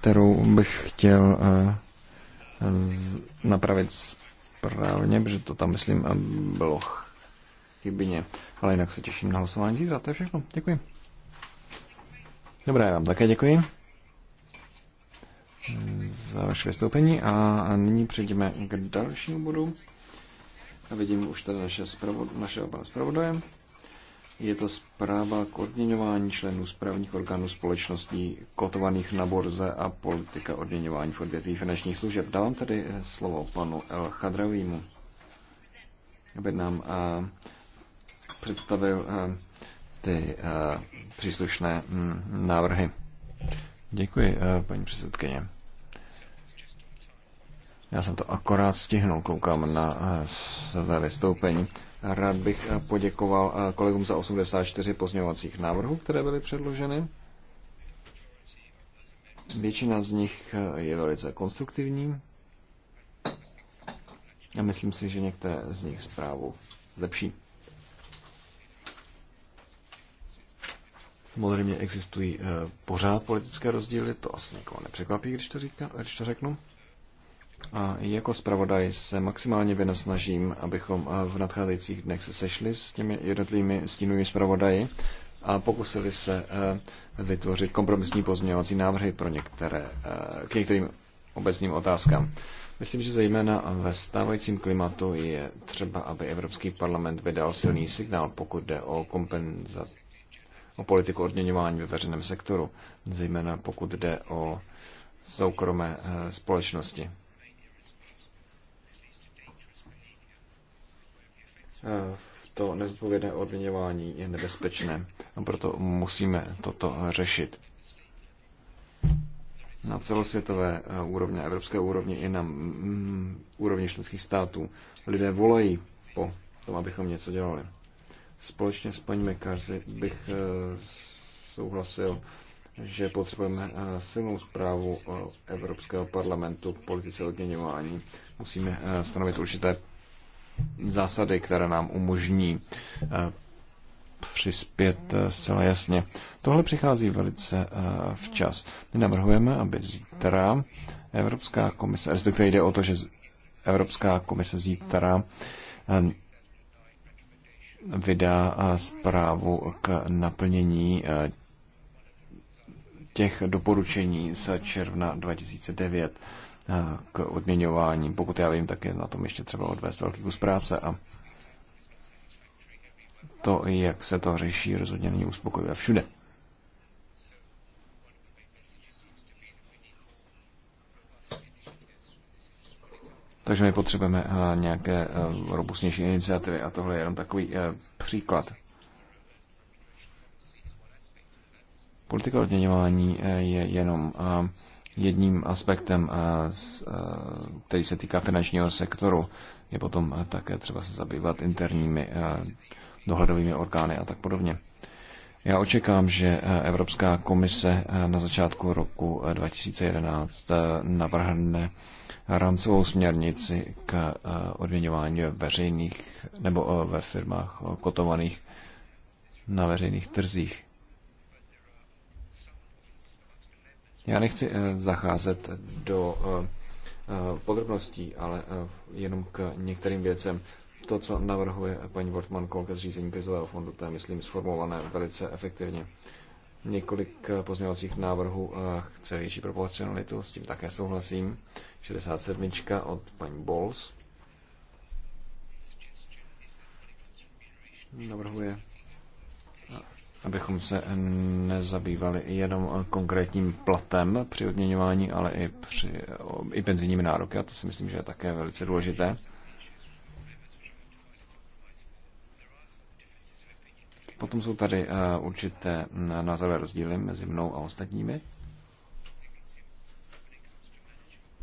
kterou bych chtěl napravit správně, protože to tam, myslím, bylo chybně. Ale jinak se těším na hlasování zítra. To je všechno. Děkuji. Dobré, já vám také děkuji za vaše vystoupení a nyní přejdeme k dalšímu bodu. A vidím už tady naše spravod, našeho pana zpravodaje. Je to zpráva k odměňování členů správních orgánů společností kotovaných na borze a politika odměňování v odvětví finančních služeb. Dávám tady slovo panu El Chadravímu, aby nám uh, představil eh, ty eh, příslušné mm, návrhy. Děkuji, eh, paní předsedkyně. Já jsem to akorát stihnul, koukám na své vystoupení. Rád bych poděkoval kolegům za 84 pozměňovacích návrhů, které byly předloženy. Většina z nich je velice konstruktivní a myslím si, že některé z nich zprávu zlepší. Samozřejmě existují eh, pořád politické rozdíly, to asi nikoho nepřekvapí, když to, říká, když to řeknu. A jako zpravodaj se maximálně vynasnažím, abychom eh, v nadcházejících dnech se sešli s těmi jednotlivými stínovými zpravodaji a pokusili se eh, vytvořit kompromisní pozměňovací návrhy pro některé, k některým obecným otázkám. Myslím, že zejména ve stávajícím klimatu je třeba, aby Evropský parlament vydal silný signál, pokud jde o kompenzaci o politiku odměňování ve veřejném sektoru, zejména pokud jde o soukromé eh, společnosti. Eh, to nezodpovědné odměňování je nebezpečné a proto musíme toto eh, řešit. Na celosvětové úrovni, evropské úrovni i na mm, úrovni členských států lidé volají po tom, abychom něco dělali. Společně s paní Mekarzy bych eh, souhlasil, že potřebujeme eh, silnou zprávu eh, Evropského parlamentu k politice odměňování. Musíme stanovit určité zásady, které nám umožní přispět zcela jasně. Tohle přichází velice včas. My navrhujeme, aby zítra Evropská komise, respektive jde o to, že Evropská komise zítra vydá zprávu k naplnění e, těch doporučení z června 2009 e, k odměňování. Pokud já vím, tak je na tom ještě třeba odvést velký kus práce a to, jak se to řeší, rozhodně není uspokojivé všude. Takže my potřebujeme eh, nějaké eh, robustnější iniciativy a tohle je jenom takový eh, příklad. Politika odměňování je jenom jedním aspektem, který se týká finančního sektoru. Je potom také třeba se zabývat interními dohledovými orgány a tak podobně. Já očekám, že Evropská komise na začátku roku 2011 navrhne rámcovou směrnici k eh, odměňování veřejných nebo eh, ve firmách eh, kotovaných na veřejných trzích. Já nechci zacházet do podrobností, ale jenom k některým věcem. To, co navrhuje paní Wortmann Kolke zřízení krizového fondu, to je, myslím, sformulované velice efektivně. Několik eh, pozměňovacích návrhů eh, chce větší proporcionalitu, s tím také souhlasím. 67. od paní Bols. Navrhuje, eh, abychom se nezabývali jenom konkrétním platem při odměňování, ale i, při, i penzijními nároky, a to si myslím, že je také velice důležité. Potom jsou tady eh, určité názorové rozdíly mezi mnou a ostatními.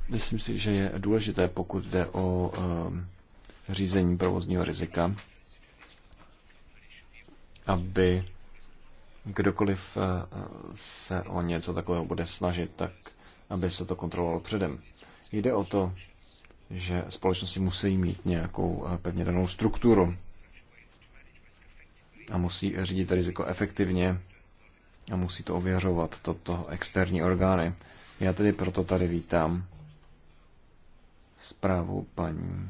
Myslím si, že je důležité, pokud jde o eh, řízení provozního rizika, aby kdokoliv eh, se o něco takového bude snažit, tak aby se to kontrolovalo předem. Jde o to, že společnosti musí mít nějakou pevně danou strukturu a musí řídit riziko efektivně a musí to ověřovat, toto externí orgány. Já tedy proto tady vítám zprávu paní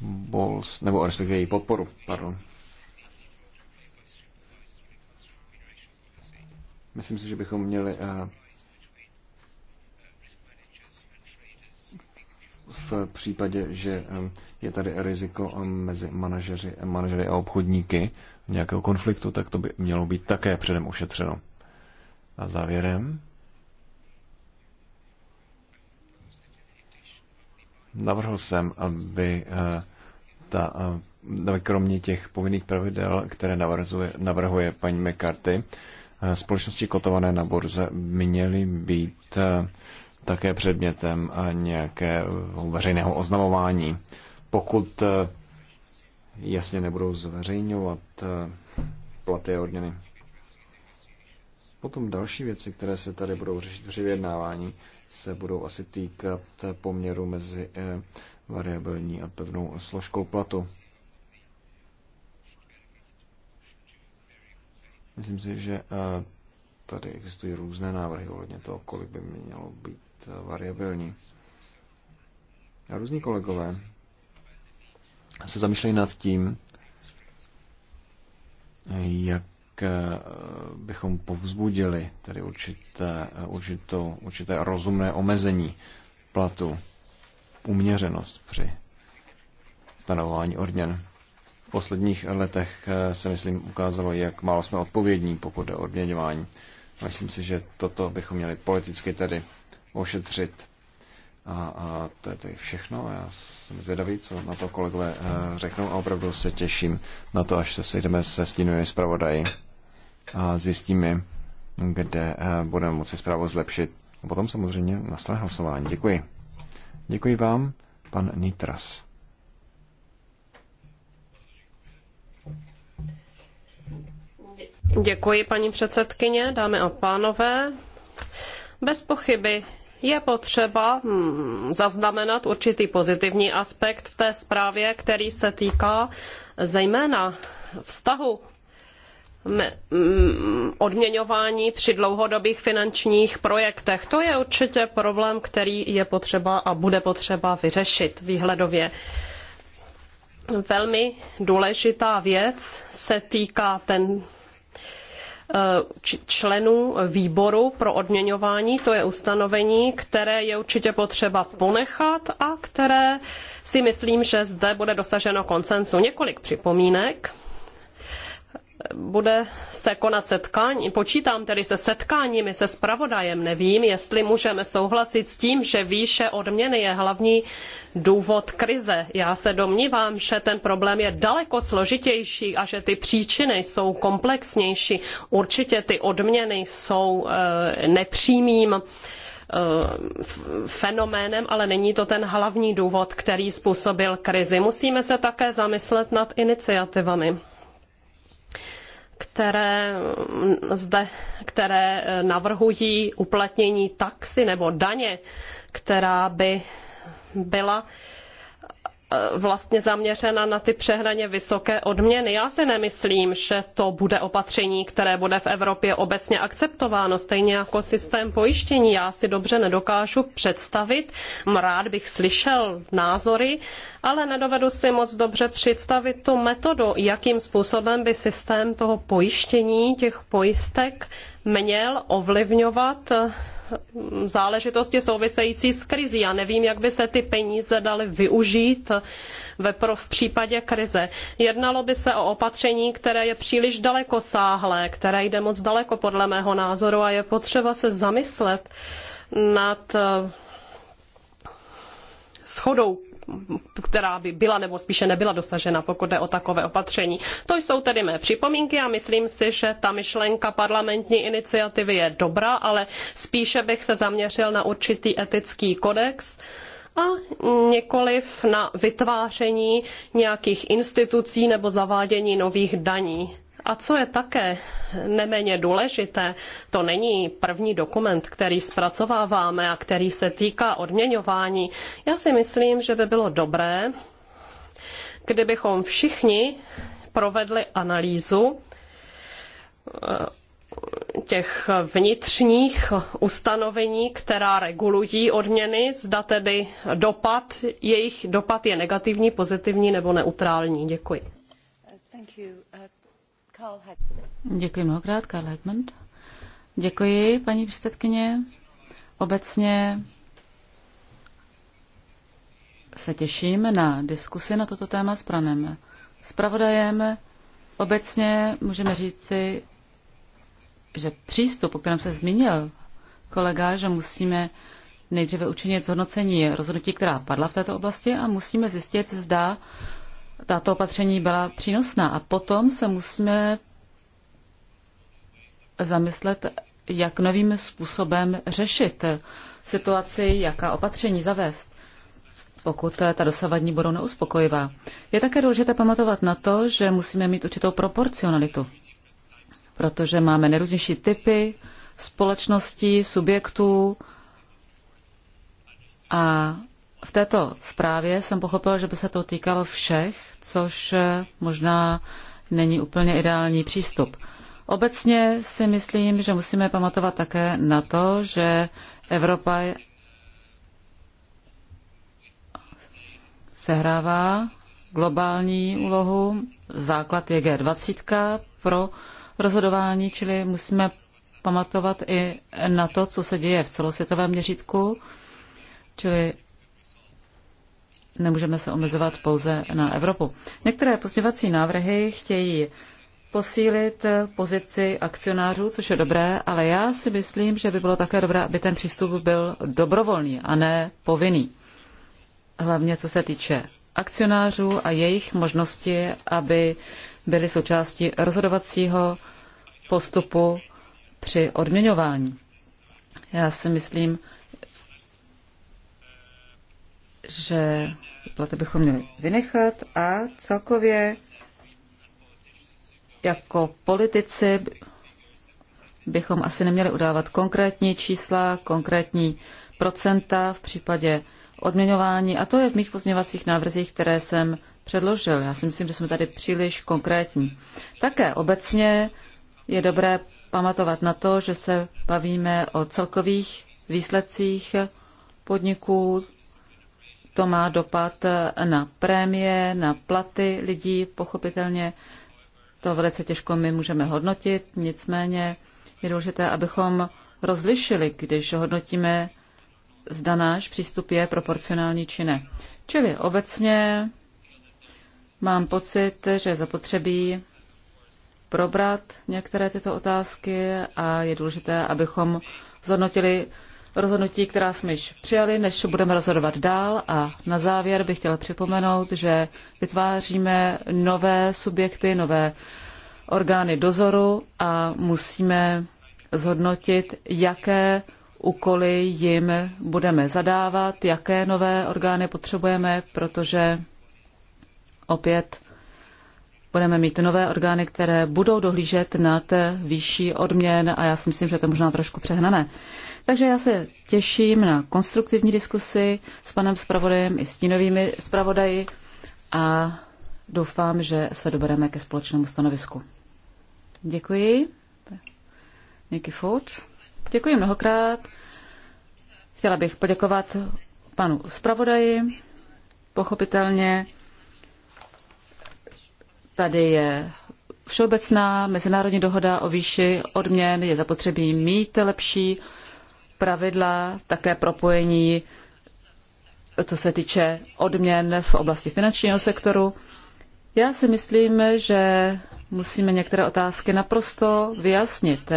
Bols, nebo respektive její podporu, pardon. Myslím si, že bychom měli eh, v případě, že eh, je tady riziko mezi manažeři, manažery a obchodníky nějakého konfliktu, tak to by mělo být také předem ošetřeno. A závěrem navrhl jsem, aby eh, ta, eh, aby kromě těch povinných pravidel, které navrhuje, navrhuje paní McCarthy, eh, společnosti kotované na burze měly být také předmětem nějakého veřejného oznamování pokud eh, jasně nebudou zveřejňovat eh, platy a odměny. Potom další věci, které se tady budou řešit při vyjednávání, se budou asi týkat poměru mezi eh, variabilní a pevnou složkou platu. Myslím si, že tady existují různé návrhy ohledně toho, kolik by mělo být variabilní. A různí kolegové se zamýšlejí nad tím, jak eh, bychom povzbudili tedy určité, eh, určitou, určité rozumné omezení platu, uměřenost při stanovování odměn. V posledních letech eh, se, myslím, ukázalo, jak málo jsme odpovědní, pokud jde o odměňování. Myslím si, že toto bychom měli politicky tedy ošetřit a, a to je tedy všechno. Já jsem zvědavý, co na to kolegové eh, řeknou a opravdu se těším na to, až se sejdeme se stínovými zpravodaji a zjistíme, kde eh, budeme moci zprávu zlepšit. A potom samozřejmě nastane hlasování. Děkuji. Děkuji vám, pan Nitras. Děkuji, paní předsedkyně, dámy a pánové. Bez pochyby je potřeba mm, zaznamenat určitý pozitivní aspekt v té zprávě, který se týká zejména vztahu mm, odměňování při dlouhodobých finančních projektech. To je určitě problém, který je potřeba a bude potřeba vyřešit výhledově. Velmi důležitá věc se týká ten Eh, členů výboru pro odměňování. To je ustanovení, které je určitě potřeba ponechat a které si myslím, že zde bude dosaženo konsensu. Několik připomínek bude se konat setkání, počítám tedy se setkáními se spravodajem, nevím, jestli můžeme souhlasit s tím, že výše odměny je hlavní důvod krize. Já se domnívám, že ten problém je daleko složitější a že ty příčiny jsou komplexnější. Určitě ty odměny jsou eh, nepřímým eh, fenoménem, ale není to ten hlavní důvod, který způsobil krizi. Musíme se také zamyslet nad iniciativami které, mm, zde, které eh, navrhují uplatnění taxy nebo daně, která by byla Eh, vlastně zaměřena na ty přehnaně vysoké odměny. Já si nemyslím, že to bude opatření, které bude v Evropě obecně akceptováno, stejně jako systém pojištění. Já si dobře nedokážu představit, rád bych slyšel názory, ale nedovedu si moc dobře představit tu metodu, jakým způsobem by systém toho pojištění, těch pojistek, měl ovlivňovat eh, záležitosti související s krizí. Já nevím, jak by se ty peníze daly využít ve pro v případě krize. Jednalo by se o opatření, které je příliš dalekosáhlé, které jde moc daleko podle mého názoru a je potřeba se zamyslet nad eh, schodou která by byla nebo spíše nebyla dosažena, pokud jde o takové opatření. To jsou tedy mé připomínky a myslím si, že ta myšlenka parlamentní iniciativy je dobrá, ale spíše bych se zaměřil na určitý etický kodex, a nikoliv na vytváření nějakých institucí nebo zavádění nových daní. A co je také neméně důležité, to není první dokument, který zpracováváme a který se týká odměňování. Já si myslím, že by bylo dobré, kdybychom všichni provedli analýzu eh, těch vnitřních ustanovení, která regulují odměny, zda tedy dopad, jejich dopad je negativní, pozitivní nebo neutrální. Děkuji. Thank you. Děkuji mnohokrát, Karl Heckman. Děkuji, paní předsedkyně. Obecně se těším na diskusi na toto téma s pranem pravodajem Obecně můžeme říci, že přístup, o kterém se zmínil kolega, že musíme nejdříve učinit zhodnocení rozhodnutí, která padla v této oblasti a musíme zjistit, zda tato opatření byla přínosná. A potom se musíme zamyslet, jak novým způsobem řešit situaci, jaká opatření zavést, pokud ta dosavadní budou neuspokojivá. Je také důležité pamatovat na to, že musíme mít určitou proporcionalitu, protože máme nejrůznější typy společností, subjektů a v této zprávě jsem pochopil, že by se to týkalo všech, což možná není úplně ideální přístup. Obecně si myslím, že musíme pamatovat také na to, že Evropa sehrává globální úlohu. Základ je G20 pro rozhodování, čili musíme pamatovat i na to, co se děje v celosvětovém měřítku, čili nemůžeme se omezovat pouze na Evropu. Některé posměvací návrhy chtějí posílit pozici akcionářů, což je dobré, ale já si myslím, že by bylo také dobré, aby ten přístup byl dobrovolný a ne povinný. Hlavně co se týče akcionářů a jejich možnosti, aby byli součástí rozhodovacího postupu při odměňování. Já si myslím, že platy bychom měli vynechat a celkově jako politici bychom asi neměli udávat konkrétní čísla, konkrétní procenta v případě odměňování. A to je v mých pozměňovacích návrzích, které jsem předložil. Já si myslím, že jsme tady příliš konkrétní. Také obecně je dobré pamatovat na to, že se bavíme o celkových výsledcích podniků, to má dopad na prémie, na platy lidí. Pochopitelně to velice těžko my můžeme hodnotit, nicméně je důležité, abychom rozlišili, když hodnotíme, zda náš přístup je proporcionální či ne. Čili obecně mám pocit, že je zapotřebí probrat některé tyto otázky a je důležité, abychom zhodnotili rozhodnutí, která jsme již přijali, než budeme rozhodovat dál. A na závěr bych chtěla připomenout, že vytváříme nové subjekty, nové orgány dozoru a musíme zhodnotit, jaké úkoly jim budeme zadávat, jaké nové orgány potřebujeme, protože opět budeme mít nové orgány, které budou dohlížet nad výšší odměn a já si myslím, že to je možná trošku přehnané. Takže já se těším na konstruktivní diskusy s panem zpravodajem i stínovými zpravodaji a doufám, že se dobereme ke společnému stanovisku. Děkuji. Nicky Fout. Děkuji mnohokrát. Chtěla bych poděkovat panu zpravodaji. Pochopitelně tady je všeobecná mezinárodní dohoda o výši odměn, je zapotřebí mít lepší pravidla, také propojení, co se týče odměn v oblasti finančního sektoru. Já si myslím, že musíme některé otázky naprosto vyjasnit,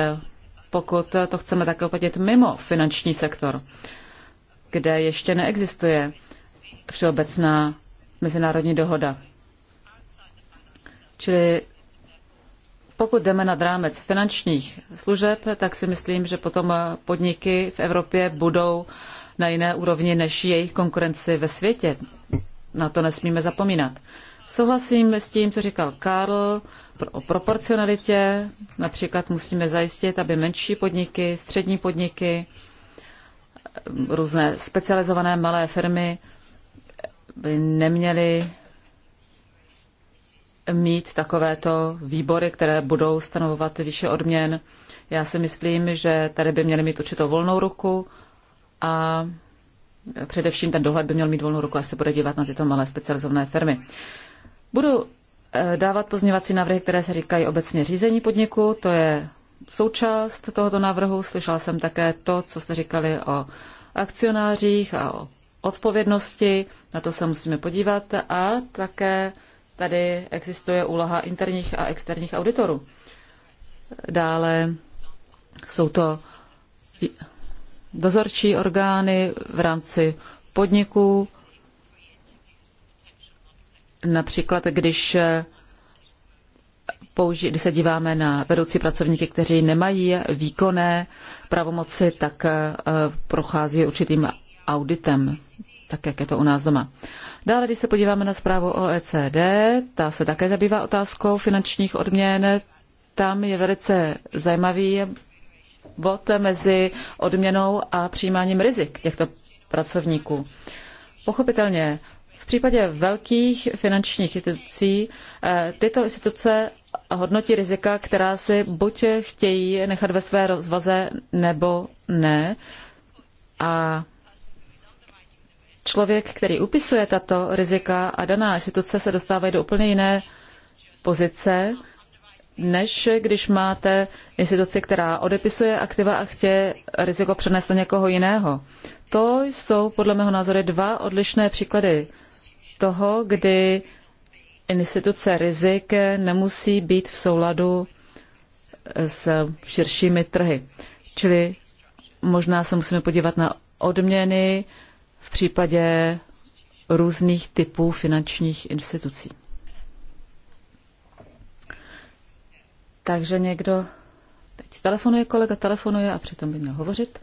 pokud to chceme také opatit mimo finanční sektor, kde ještě neexistuje všeobecná mezinárodní dohoda. Čili pokud jdeme nad rámec finančních služeb, tak si myslím, že potom podniky v Evropě budou na jiné úrovni než jejich konkurenci ve světě. Na to nesmíme zapomínat. Souhlasím s tím, co říkal Karl o proporcionalitě. Například musíme zajistit, aby menší podniky, střední podniky, různé specializované malé firmy by neměly mít takovéto výbory, které budou stanovovat vyšší odměn. Já si myslím, že tady by měly mít určitou volnou ruku a především ten dohled by měl mít volnou ruku, až se bude dívat na tyto malé specializované firmy. Budu eh, dávat pozměvací návrhy, které se říkají obecně řízení podniku, to je součást tohoto návrhu. Slyšela jsem také to, co jste říkali o akcionářích a o odpovědnosti, na to se musíme podívat a také tady existuje úloha interních a externích auditorů. Dále jsou to dozorčí orgány v rámci podniků, například když použi- když se díváme na vedoucí pracovníky, kteří nemají výkonné pravomoci, tak eh, prochází určitým auditem, tak jak je to u nás doma. Dále, když se podíváme na zprávu OECD, ta se také zabývá otázkou finančních odměn. Tam je velice zajímavý bod mezi odměnou a přijímáním rizik těchto pracovníků. Pochopitelně v případě velkých finančních institucí eh, tyto instituce hodnotí rizika, která si buď chtějí nechat ve své rozvaze nebo ne. A člověk, který upisuje tato rizika a daná instituce se dostávají do úplně jiné pozice, než když máte instituci, která odepisuje aktiva a chce riziko přenést na někoho jiného. To jsou podle mého názoru dva odlišné příklady toho, kdy instituce rizik nemusí být v souladu s širšími trhy. Čili možná se musíme podívat na odměny, v případě různých typů finančních institucí. Takže někdo teď telefonuje, kolega telefonuje a přitom by měl hovořit.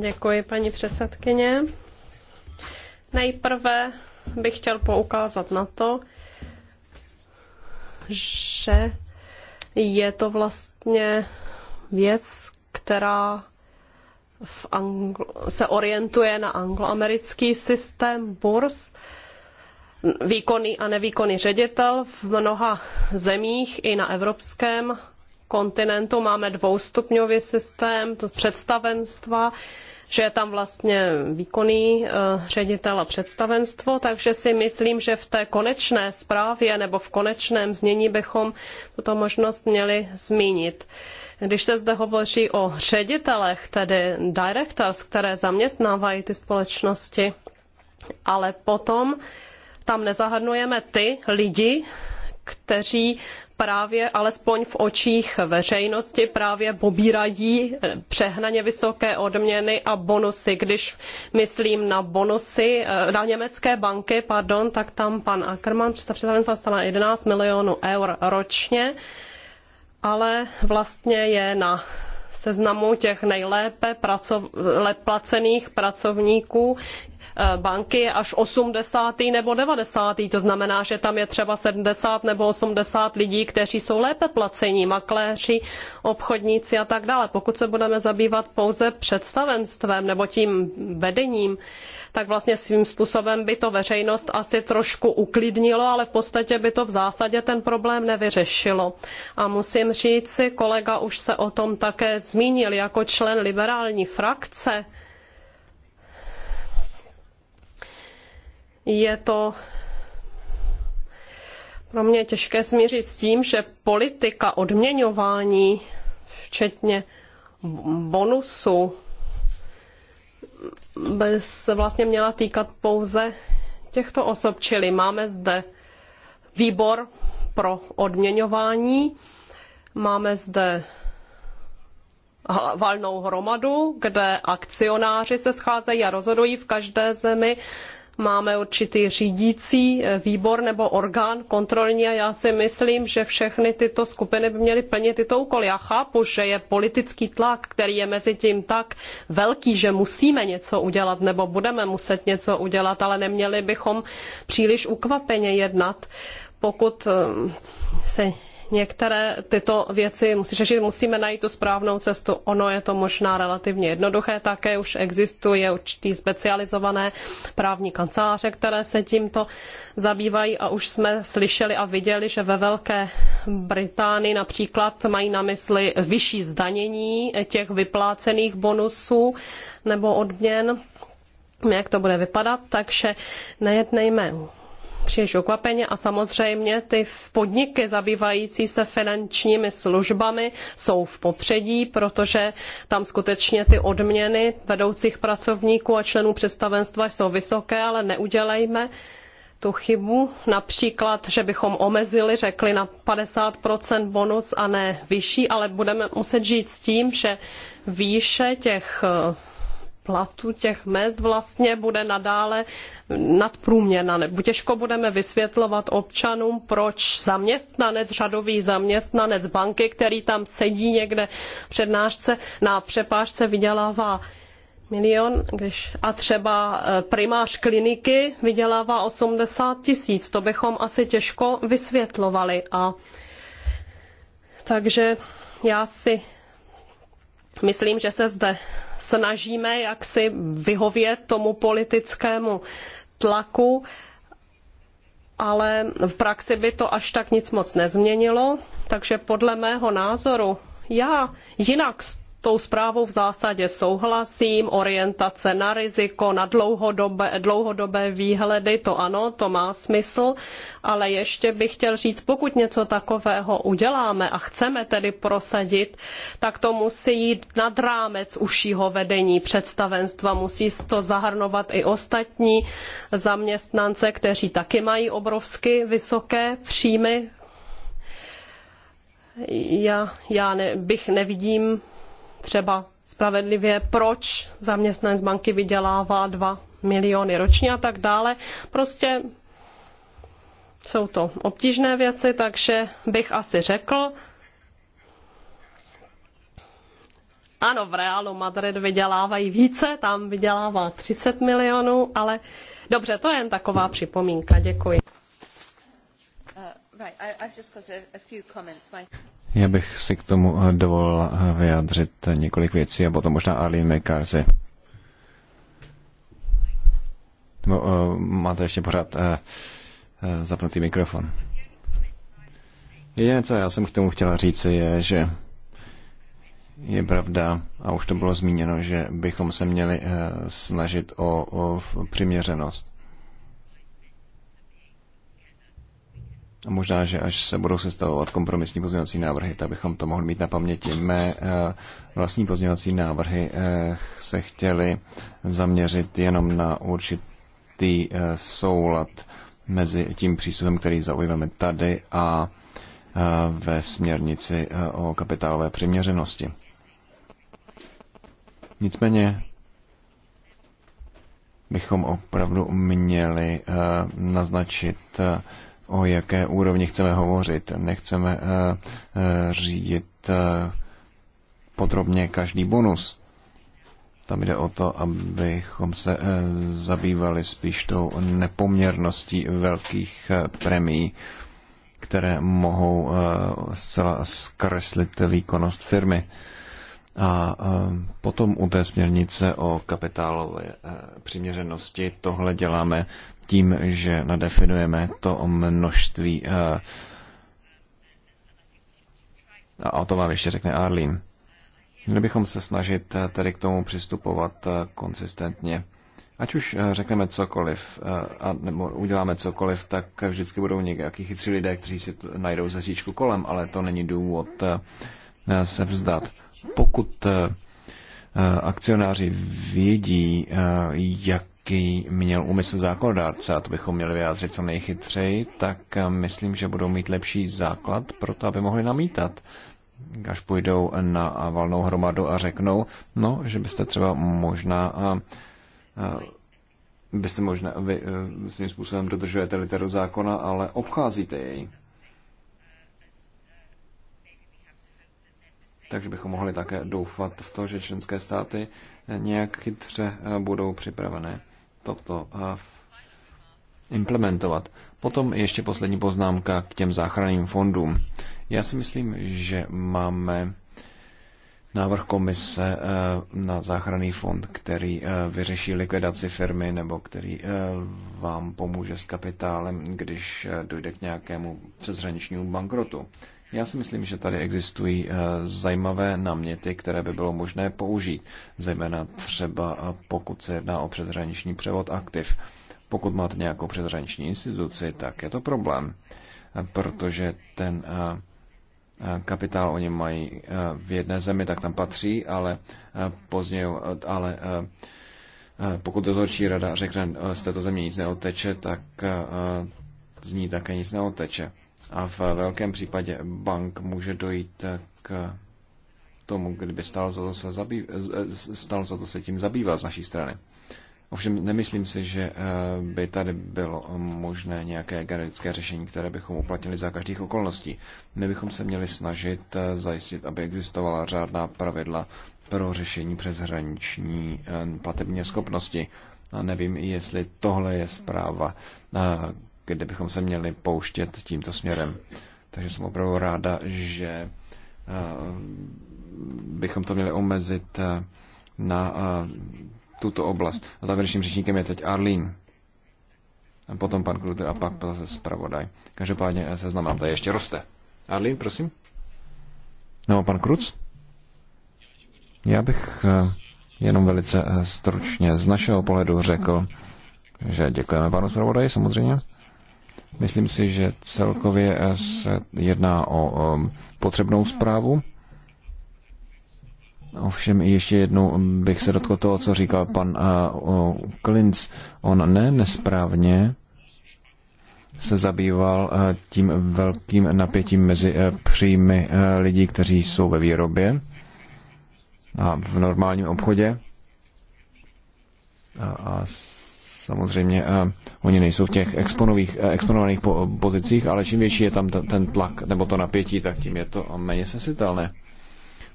Děkuji, paní předsedkyně. Nejprve bych chtěl poukázat na to, že je to vlastně věc, která v anglo- se orientuje na angloamerický systém burz. Výkonný a nevýkonný ředitel v mnoha zemích i na evropském kontinentu máme dvoustupňový systém to představenstva, že je tam vlastně výkonný eh, ředitel a představenstvo, takže si myslím, že v té konečné zprávě nebo v konečném znění bychom tuto možnost měli zmínit. Uh, když se zde hovoří o ředitelech, tedy directors, které zaměstnávají ty společnosti, ale potom tam nezahrnujeme ty lidi, kteří právě alespoň v očích veřejnosti právě pobírají přehnaně vysoké odměny a bonusy. Když myslím na bonusy, eh, na německé banky, pardon, tak tam pan Ackermann, představitel, stane 11 milionů eur ročně ale vlastně je na seznamu těch nejlépe placených pracovníků Eh, banky až 80. nebo 90. To znamená, že tam je třeba 70 nebo 80 lidí, kteří jsou lépe placení, makléři, obchodníci a tak dále. Pokud se budeme zabývat pouze představenstvem nebo tím vedením, tak vlastně svým způsobem by to veřejnost asi trošku uklidnilo, ale v podstatě by to v zásadě ten problém nevyřešilo. A musím říct si, kolega už se o tom také zmínil, jako člen liberální frakce, Je to pro mě těžké smířit s tím, že politika odměňování, včetně bonusu, by se vlastně měla týkat pouze těchto osob, čili máme zde výbor pro odměňování, máme zde valnou hromadu, kde akcionáři se scházejí a rozhodují v každé zemi máme určitý řídící eh, výbor nebo orgán kontrolní a já si myslím, že všechny tyto skupiny by měly plnit tyto úkoly. Já chápu, že je politický tlak, který je mezi tím tak velký, že musíme něco udělat nebo budeme muset něco udělat, ale neměli bychom příliš ukvapeně jednat, pokud eh, se některé tyto věci musí řešit, musíme najít tu správnou cestu. Ono je to možná relativně jednoduché, také už existuje určitý specializované právní kanceláře, které se tímto zabývají a už jsme slyšeli a viděli, že ve Velké Británii například mají na mysli vyšší zdanění těch vyplácených bonusů nebo odměn jak to bude vypadat, takže nejednejme příliš ukvapeně a samozřejmě ty podniky zabývající se finančními službami jsou v popředí, protože tam skutečně ty odměny vedoucích pracovníků a členů představenstva jsou vysoké, ale neudělejme tu chybu, například, že bychom omezili, řekli na 50% bonus a ne vyšší, ale budeme muset žít s tím, že výše těch platu těch mest vlastně bude nadále nadprůměrná. Nebo těžko budeme vysvětlovat občanům, proč zaměstnanec, řadový zaměstnanec banky, který tam sedí někde přednášce, na přepážce vydělává milion, když a třeba eh, primář kliniky vydělává 80 tisíc. To bychom asi těžko vysvětlovali. A takže já si myslím, že se zde snažíme jaksi vyhovět tomu politickému tlaku, ale v praxi by to až tak nic moc nezměnilo. Takže podle mého názoru já jinak tou zprávou v zásadě souhlasím. Orientace na riziko, na dlouhodobé, dlouhodobé výhledy, to ano, to má smysl, ale ještě bych chtěl říct, pokud něco takového uděláme a chceme tedy prosadit, tak to musí jít nad rámec užšího vedení představenstva, musí to zahrnovat i ostatní zaměstnance, kteří taky mají obrovsky vysoké příjmy. Já, já ne, bych nevidím třeba spravedlivě, proč zaměstnanec banky vydělává 2 miliony ročně a tak dále. Prostě jsou to obtížné věci, takže bych asi řekl, ano, v Realu Madrid vydělávají více, tam vydělává 30 milionů, ale dobře, to je jen taková připomínka, děkuji. Já bych si k tomu eh, dovolil eh, vyjádřit eh, několik věcí a potom možná Arlene McCarthy. Nebo uh, máte ještě pořád uh, uh, zapnutý mikrofon. Jediné, co já jsem k tomu chtěla říct, je, že je pravda, a už to bylo zmíněno, že bychom se měli uh, snažit o, o přiměřenost. Možná, že až se budou sestavovat kompromisní pozměňovací návrhy, tak bychom to mohli mít na paměti. Mé eh, vlastní pozměňovací návrhy eh, se chtěly zaměřit jenom na určitý eh, soulad mezi tím přístupem, který zaujmeme tady a ve směrnici o kapitálové přiměřenosti. Nicméně bychom opravdu měli naznačit o jaké úrovni chceme hovořit. Nechceme eh, eh, řídit eh, podrobně každý bonus. Tam jde o to, abychom se zabývali spíš tou nepoměrností velkých premií, které mohou zcela zkreslit výkonnost firmy. A potom u té směrnice o kapitálové přiměřenosti tohle děláme tím, že nadefinujeme to množství. Eh, a o to vám ještě řekne Arlín. Měli bychom se snažit eh, tedy k tomu přistupovat eh, konsistentně. Ať už řekneme cokoliv, a, nebo uděláme cokoliv, tak vždycky budou nějaký chytří lidé, kteří si najdou ze říčku kolem, ale to není důvod se vzdat. Pokud akcionáři vědí, jak jaký měl úmysl zákonodárce, a to bychom měli vyjádřit co nejchytřeji, tak eh, myslím, že budou mít lepší základ pro to, aby mohli namítat až půjdou na valnou hromadu a řeknou, no, že byste třeba možná a, eh, a, eh, byste možná vy tím způsobem dodržujete literu zákona, ale obcházíte jej. Takže bychom mohli také doufat v to, že členské státy nějak chytře budou připravené toto implementovat. Potom ještě poslední poznámka k těm záchranným fondům. Já si myslím, že máme návrh komise e, na záchranný fond, který e, vyřeší likvidaci firmy nebo který e, vám pomůže s kapitálem, když dojde k nějakému přeshraničnímu bankrotu. Já si myslím, že tady existují eh, zajímavé náměty, které by bylo možné použít, zejména třeba eh, pokud se jedná o přeshraniční převod aktiv. Pokud máte nějakou přeshraniční instituci, tak je to problém, eh, protože ten kapitál oni mají v jedné zemi, tak tam patří, ale později, ale pokud dozorčí rada řekne, z této země nic neoteče, tak z ní také nic neoteče. A v velkém případě bank může dojít k tomu, kdyby stál za to se, zabýv, stál za to se tím zabývat z naší strany. Ovšem nemyslím si, že eh, by tady bylo možné nějaké generické řešení, které bychom uplatnili za každých okolností. My bychom se měli snažit eh, zajistit, aby existovala řádná pravidla pro řešení přeshraniční eh, platební schopnosti. A nevím, jestli tohle je zpráva, kde bychom se měli pouštět tímto směrem. Takže jsem opravdu ráda, že eh, bychom to měli omezit eh, na eh, tuto oblast. A závěrečným řečníkem je teď Arlín. A potom pan Kruter a pak zase zpravodaj. Každopádně se nám tady ještě roste. Arlín, prosím. No, pan Kruc? Já bych jenom velice stručně z našeho pohledu řekl, že děkujeme panu zpravodaji samozřejmě Myslím si, že celkově eh, se jedná o eh, potřebnou zprávu. Ovšem ještě jednou bych se dotkl toho, co říkal pan eh, Klinc. On ne nesprávně se zabýval tím velkým napětím mezi příjmy lidí, kteří jsou ve výrobě a v normálním obchodě. a samozřejmě Oni nejsou v těch exponových, eh, exponovaných pozicích, ale čím větší je tam ten tlak nebo to napětí, tak tím je to méně sesitelné.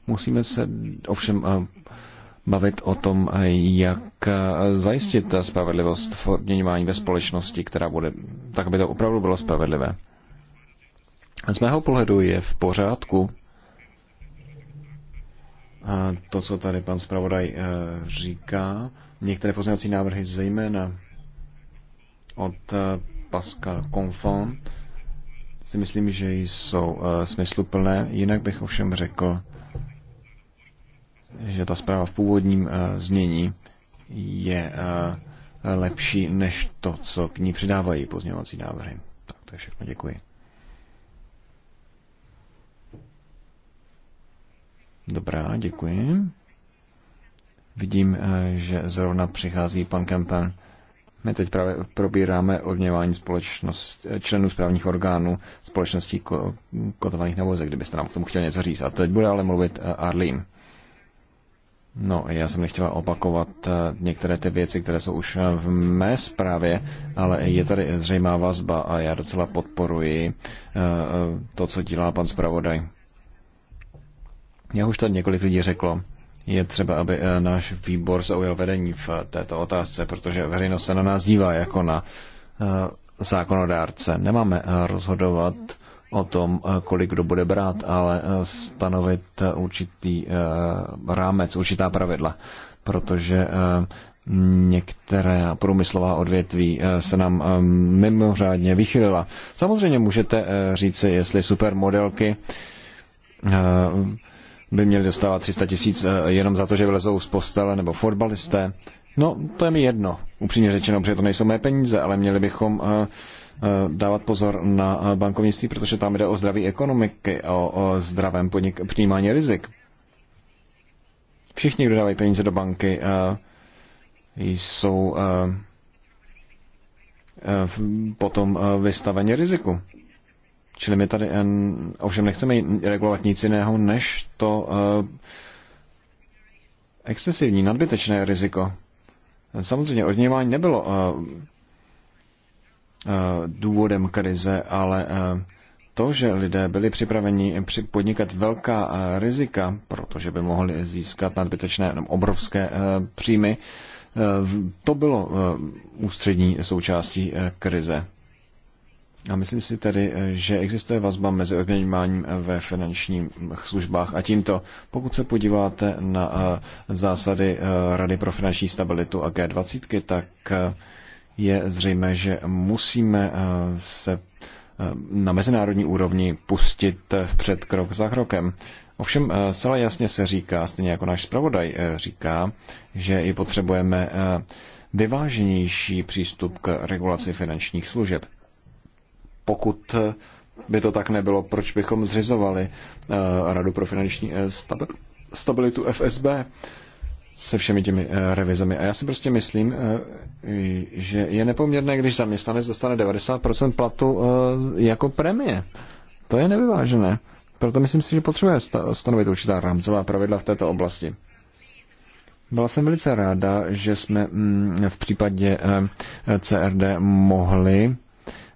Musíme se ovšem eh, bavit o tom, eh, jak zajistit spravedlivost v odměňování ve společnosti, která bude, tak aby to opravdu bylo spravedlivé. Z mého pohledu je v pořádku to, co tady pan zpravodaj říká. Některé pozměňovací návrhy, zejména od eh, Pascal Confond si myslím, že jsou eh, smysluplné. Jinak bych ovšem řekl, že ta zpráva v původním eh, znění je lepší než to, co k ní přidávají pozměňovací návrhy. Tak to je všechno, děkuji. Dobrá, děkuji. Vidím, že zrovna přichází pan Kempen. My teď právě probíráme odměvání společnost, členů správních orgánů společností kotovaných na voze, kdybyste nám k tomu chtěli něco říct. A teď bude ale mluvit eh, Arlene. No, já jsem nechtěla opakovat eh, některé ty věci, které jsou už eh, v mé zprávě, ale je tady zřejmá vazba a já docela podporuji to, co dělá pan zpravodaj. Já už to několik lidí řeklo, je třeba, aby eh, náš výbor zaujal vedení v eh, této otázce, protože veřejnost se na nás dívá jako na eh, zákonodárce. Nemáme rozhodovat o tom, kolik kdo bude brát, ale stanovit určitý rámec, určitá pravidla, protože některé průmyslová odvětví se nám mimořádně vychylila. Samozřejmě můžete říci, jestli supermodelky by měli dostávat 300 tisíc eh, jenom za to, že vylezou z postele nebo fotbalisté. No, to je mi jedno, upřímně řečeno, protože to nejsou mé peníze, ale měli bychom eh, eh, dávat pozor na bankovnictví, protože tam jde o zdraví ekonomiky, o, o zdravém podnik- přijímání rizik. Všichni, kdo dávají peníze do banky, jsou potom vystaveni riziku. Čili my tady eh, ovšem nechceme regulovat nic jiného, než to eh, excesivní, nadbytečné riziko. Samozřejmě odměňování nebylo eh, důvodem krize, ale to, že lidé byli připraveni podnikat velká rizika, protože by mohli získat nadbytečné obrovské příjmy, to bylo ústřední součástí krize. A myslím si tedy, eh, že existuje vazba mezi odměňováním ve finančních službách a tímto. Pokud se podíváte na eh, zásady eh, Rady pro finanční stabilitu a G20, tak je zřejmé, že musíme se na mezinárodní úrovni pustit vpřed krok za krokem. Ovšem zcela jasně se říká, stejně jako náš zpravodaj říká, že i potřebujeme vyváženější přístup k regulaci finančních služeb pokud by to tak nebylo, proč bychom zřizovali eh, Radu pro finanční eh, stabilitu FSB se všemi těmi eh, revizemi. A já si prostě myslím, že je nepoměrné, když zaměstnanec dostane 90% platu jako premie. To je nevyvážené. Proto myslím si, že potřebuje stanovit určitá rámcová pravidla v této oblasti. Byla jsem velice ráda, že jsme mm, v případě CRD mohli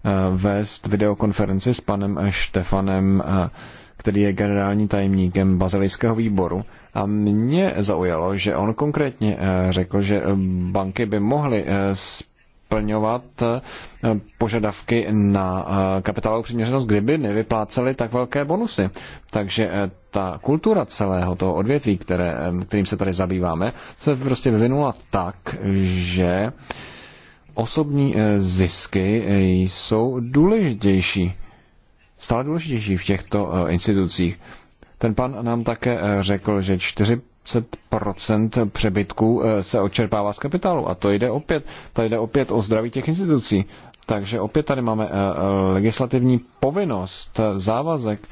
Eh, vést videokonferenci s panem Štefanem, eh, který je generálním tajemníkem bazilijského výboru. A mě zaujalo, že on konkrétně eh, řekl, že banky by mohly splňovat požadavky na kapitálovou přiměřenost, kdyby nevyplácely tak velké bonusy. Takže ta kultura celého toho odvětví, které, kterým se tady zabýváme, se prostě vyvinula tak, že osobní eh, zisky eh, jsou důležitější, stále důležitější v těchto eh, institucích. Ten pan nám také řekl, že 40% přebytků se odčerpává z kapitálu a to jde opět, to jde opět o zdraví těch institucí. Takže opět tady máme legislativní povinnost, závazek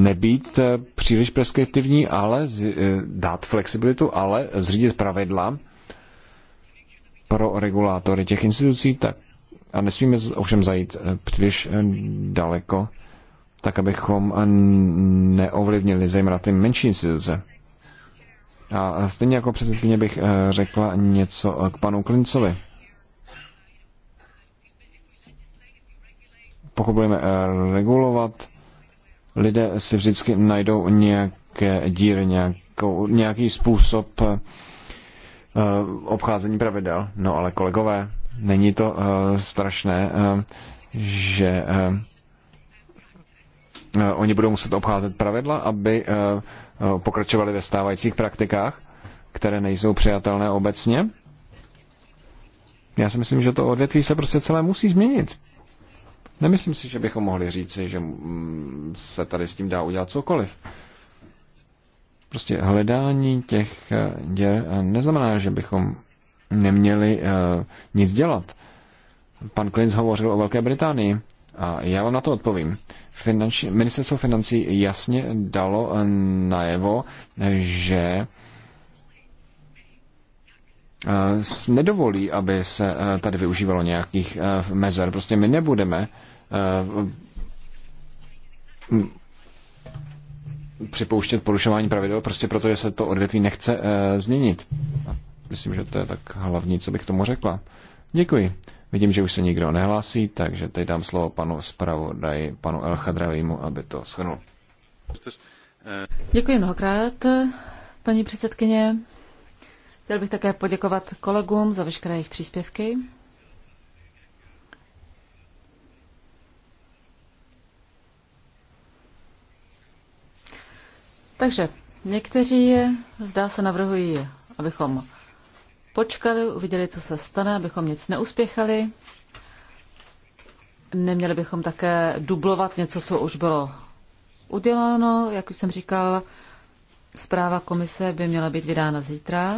nebýt příliš preskriptivní, ale dát flexibilitu, ale zřídit pravidla, pro regulátory těch institucí, tak a nesmíme ovšem zajít eh, příliš eh, daleko, tak abychom eh, neovlivnili zejména ty menší instituce. A stejně jako předsedkyně bych řekla něco k panu Klincovi. Pokud budeme regulovat, lidé si vždycky najdou nějaké díry, nějakou, nějaký způsob, Eh, obcházení pravidel. No ale kolegové, není to eh, strašné, eh, že oni budou muset obcházet pravidla, aby pokračovali ve stávajících praktikách, které nejsou přijatelné obecně. Já si myslím, že to odvětví se prostě celé musí změnit. Nemyslím si, že bychom mohli říci, že mm, se tady s tím dá udělat cokoliv. Prostě hledání těch eh, děr eh, neznamená, že bychom neměli eh, nic dělat. Pan Klinc hovořil o Velké Británii a já vám na to odpovím. Finanč, ministerstvo financí jasně dalo najevo, že nedovolí, aby se tady využívalo nějakých mezer. Prostě my nebudeme připouštět porušování pravidel, prostě proto, že se to odvětví nechce e, změnit. Myslím, že to je tak hlavní, co bych tomu řekla. Děkuji. Vidím, že už se nikdo nehlásí, takže teď dám slovo panu zpravodaji, panu Elchadravýmu, aby to shrnul. Děkuji mnohokrát, paní předsedkyně. Chtěl bych také poděkovat kolegům za veškeré jejich příspěvky. Takže někteří, zdá se, navrhují, abychom počkali, uviděli, co se stane, abychom nic neuspěchali. Neměli bychom také dublovat něco, co už bylo uděláno. Jak už jsem říkal, zpráva komise by měla být vydána zítra.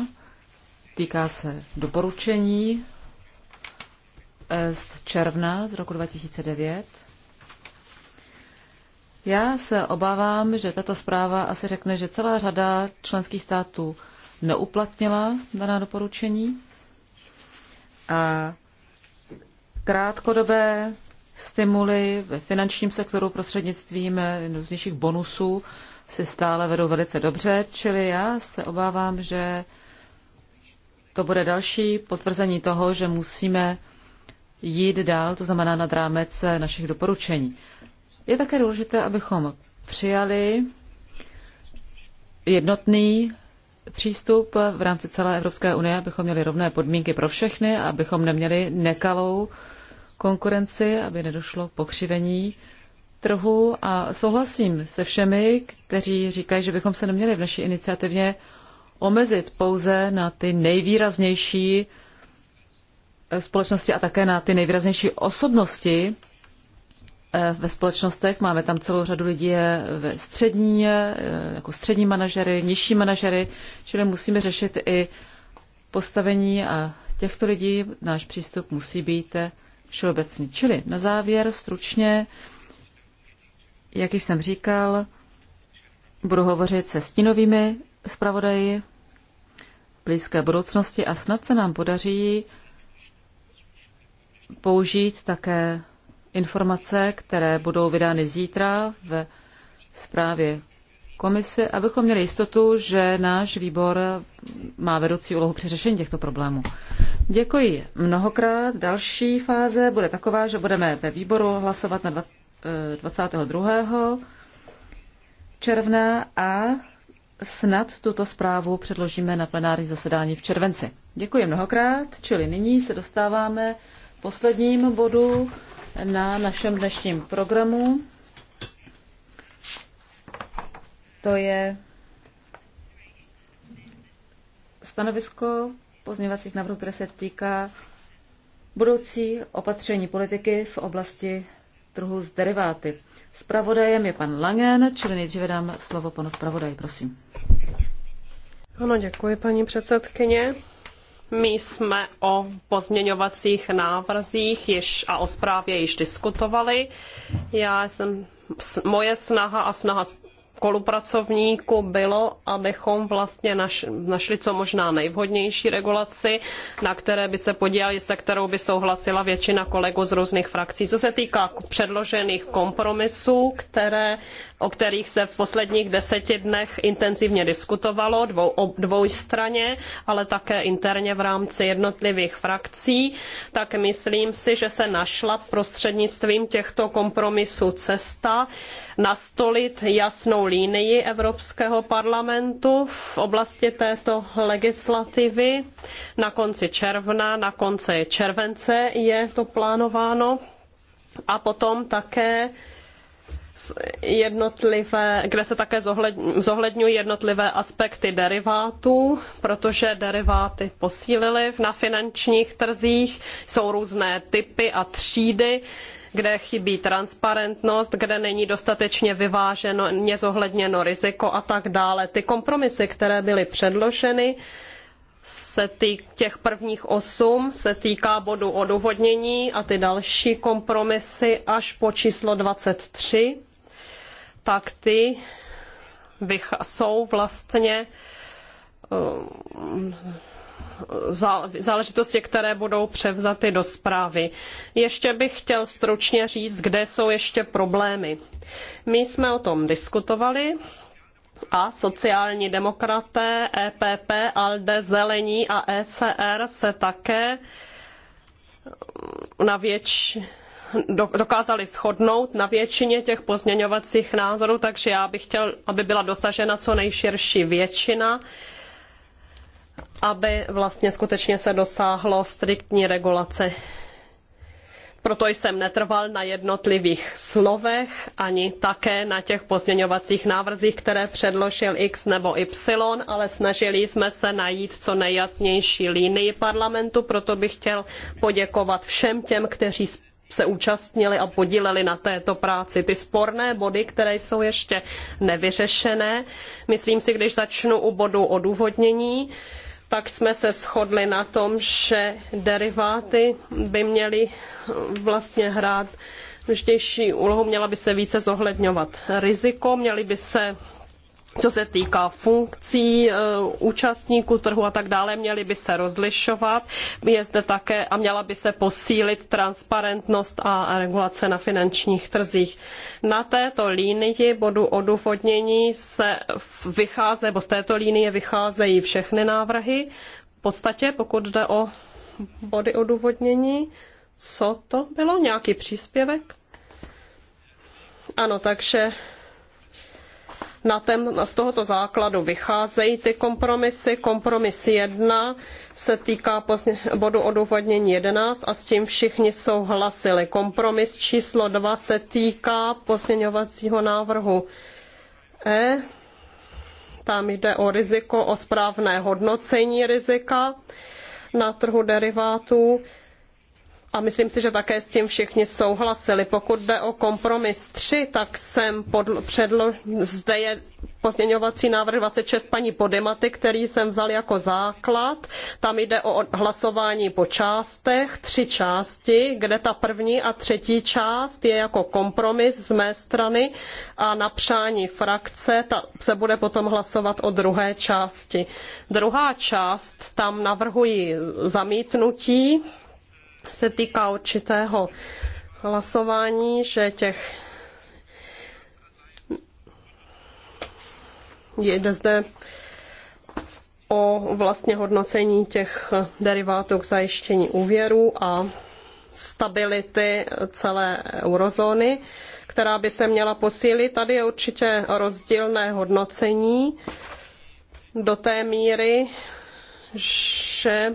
Týká se doporučení z června z roku 2009. Já se obávám, že tato zpráva asi řekne, že celá řada členských států neuplatnila daná doporučení a krátkodobé stimuly ve finančním sektoru prostřednictvím různějších bonusů si stále vedou velice dobře, čili já se obávám, že to bude další potvrzení toho, že musíme jít dál, to znamená nad rámec našich doporučení. Je také důležité, abychom přijali jednotný přístup v rámci celé Evropské unie, abychom měli rovné podmínky pro všechny, abychom neměli nekalou konkurenci, aby nedošlo k pokřivení trhu a souhlasím se všemi, kteří říkají, že bychom se neměli v naší iniciativě omezit pouze na ty nejvýraznější společnosti a také na ty nejvýraznější osobnosti Eh, ve společnostech, máme tam celou řadu lidí ve střední, eh, jako střední manažery, nižší manažery, čili musíme řešit i postavení a těchto lidí. Náš přístup musí být eh, všeobecný. Čili na závěr stručně, jak již jsem říkal, budu hovořit se stínovými zpravodaji blízké budoucnosti a snad se nám podaří použít také informace, které budou vydány zítra v zprávě komise, abychom měli jistotu, že náš výbor má vedoucí úlohu při řešení těchto problémů. Děkuji mnohokrát. Další fáze bude taková, že budeme ve výboru hlasovat na 22. Eh, června a snad tuto zprávu předložíme na plenární zasedání v červenci. Děkuji mnohokrát, čili nyní se dostáváme k posledním bodu na našem dnešním programu. To je stanovisko pozměvacích návrhů, které se týká budoucí opatření politiky v oblasti trhu s deriváty. Spravodajem je pan Langen, čili nejdříve dám slovo panu zpravodaji, prosím. Ano, děkuji, paní předsedkyně. My jsme o pozměňovacích návrzích již a o zprávě již diskutovali. Já jsem, moje snaha a snaha spolupracovníků bylo, abychom vlastně našli co možná nejvhodnější regulaci, na které by se podílali, se kterou by souhlasila většina kolegů z různých frakcí. Co se týká předložených kompromisů, které o kterých se v posledních deseti dnech intenzivně diskutovalo dvou, dvoustraně, ale také interně v rámci jednotlivých frakcí, tak myslím si, že se našla prostřednictvím těchto kompromisů cesta nastolit jasnou linii Evropského parlamentu v oblasti této legislativy. Na konci června, na konci července je to plánováno. A potom také jednotlivé, kde se také zohledňují jednotlivé aspekty derivátů, protože deriváty posílily na finančních trzích, jsou různé typy a třídy, kde chybí transparentnost, kde není dostatečně vyváženo, nezohledněno riziko a tak dále. Ty kompromisy, které byly předloženy, se tý, těch prvních osm se týká bodu odůvodnění a ty další kompromisy až po číslo 23 tak ty jsou vlastně um, záležitosti, které budou převzaty do zprávy. Ještě bych chtěl stručně říct, kde jsou ještě problémy. My jsme o tom diskutovali a sociální demokraté, EPP, ALDE, Zelení a ECR se také na většinu dokázali shodnout na většině těch pozměňovacích názorů, takže já bych chtěl, aby byla dosažena co nejširší většina, aby vlastně skutečně se dosáhlo striktní regulace. Proto jsem netrval na jednotlivých slovech, ani také na těch pozměňovacích návrzích, které předložil X nebo Y, ale snažili jsme se najít co nejjasnější linii parlamentu, proto bych chtěl poděkovat všem těm, kteří se účastnili a podíleli na této práci. Ty sporné body, které jsou ještě nevyřešené, myslím si, když začnu u bodu odůvodnění, tak jsme se shodli na tom, že deriváty by měly eh, vlastně hrát důležitější úlohu, měla by se více zohledňovat riziko, měly by se co se týká funkcí eh, účastníků trhu a tak dále, měly by se rozlišovat. Je zde také a měla by se posílit transparentnost a regulace na finančních trzích. Na této línii bodu odůvodnění se vychází, nebo z této linie vycházejí všechny návrhy. V podstatě, pokud jde o body odůvodnění, co to bylo? Nějaký příspěvek? Ano, takže na ten, z tohoto základu vycházejí ty kompromisy. Kompromis 1 se týká bodu odůvodnění 11 a s tím všichni souhlasili. Kompromis číslo 2 se týká pozměňovacího návrhu E. Tam jde o riziko, o správné hodnocení rizika na trhu derivátů a myslím si, že také s tím všichni souhlasili. Pokud jde o kompromis 3, tak jsem podl- předlo- zde je pozměňovací návrh 26 paní Podematy, který jsem vzal jako základ. Tam jde o hlasování po částech, tři části, kde ta první a třetí část je jako kompromis z mé strany a na přání frakce ta se bude potom hlasovat o druhé části. Druhá část tam navrhuji zamítnutí se týká určitého hlasování, že těch jde zde o vlastně hodnocení těch derivátů k zajištění úvěru a stability celé eurozóny, která by se měla posílit. Tady je určitě rozdílné hodnocení do té míry, že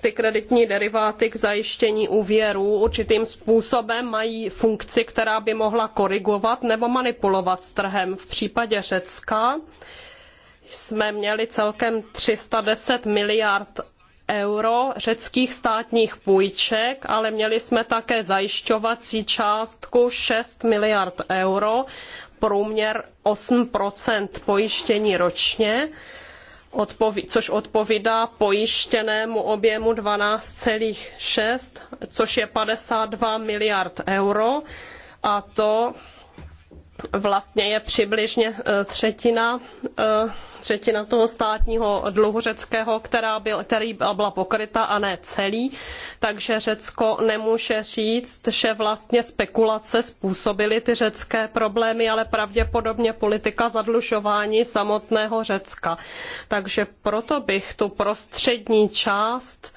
ty kreditní deriváty k zajištění úvěrů určitým způsobem mají funkci, která by mohla korigovat nebo manipulovat s trhem. V případě Řecka jsme měli celkem 310 miliard euro řeckých státních půjček, ale měli jsme také zajišťovací částku 6 miliard euro, průměr 8 pojištění ročně což odpovídá pojištěnému objemu 12,6, což je 52 miliard euro a to vlastně je přibližně eh, třetina, eh, třetina toho státního dluhu řeckého, která byl, který byla pokryta a ne celý, takže Řecko nemůže říct, že vlastně spekulace způsobily ty řecké problémy, ale pravděpodobně politika zadlužování samotného Řecka. Takže proto bych tu prostřední část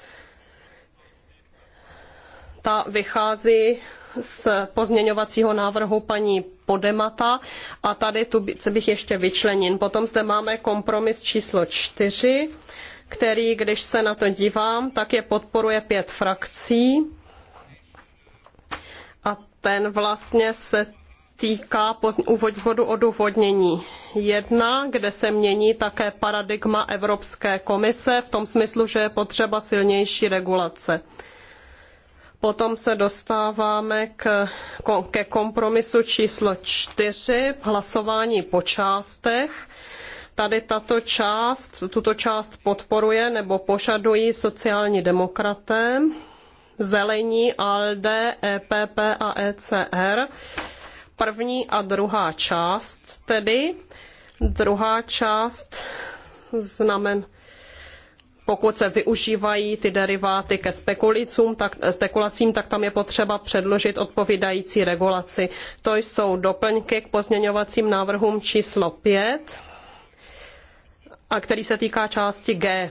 ta vychází z pozměňovacího návrhu paní Podemata a tady tu bych ještě vyčlenin. Potom zde máme kompromis číslo čtyři, který, když se na to dívám, tak je podporuje pět frakcí a ten vlastně se týká úvodu odůvodnění. Jedna, kde se mění také paradigma Evropské komise v tom smyslu, že je potřeba silnější regulace. Potom se dostáváme k, ke kompromisu číslo čtyři. hlasování po částech. Tady tato část, tuto část podporuje nebo požadují sociální demokraté, zelení, ALDE, EPP a ECR. První a druhá část tedy. Druhá část znamená pokud se využívají ty deriváty ke spekulacím, tak, spekulacím, tak tam je potřeba předložit odpovídající regulaci. To jsou doplňky k pozměňovacím návrhům číslo 5, a který se týká části G.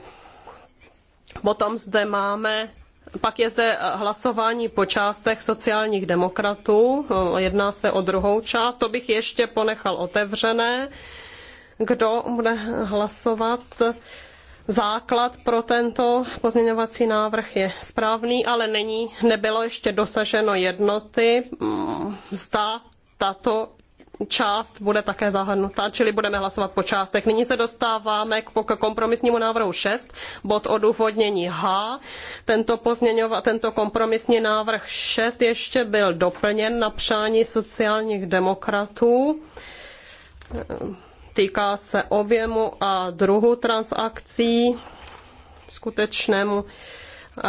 Potom zde máme pak je zde hlasování po částech sociálních demokratů. Jedná se o druhou část. To bych ještě ponechal otevřené. Kdo bude hlasovat? základ pro tento pozměňovací návrh je správný, ale není, nebylo ještě dosaženo jednoty. Mm, zda tato část bude také zahrnuta, čili budeme hlasovat po částech. Nyní se dostáváme k kompromisnímu návrhu 6, bod odůvodnění H. Tento, pozměňova, tento kompromisní návrh 6 ještě byl doplněn na přání sociálních demokratů Týká se objemu a druhu transakcí, skutečnému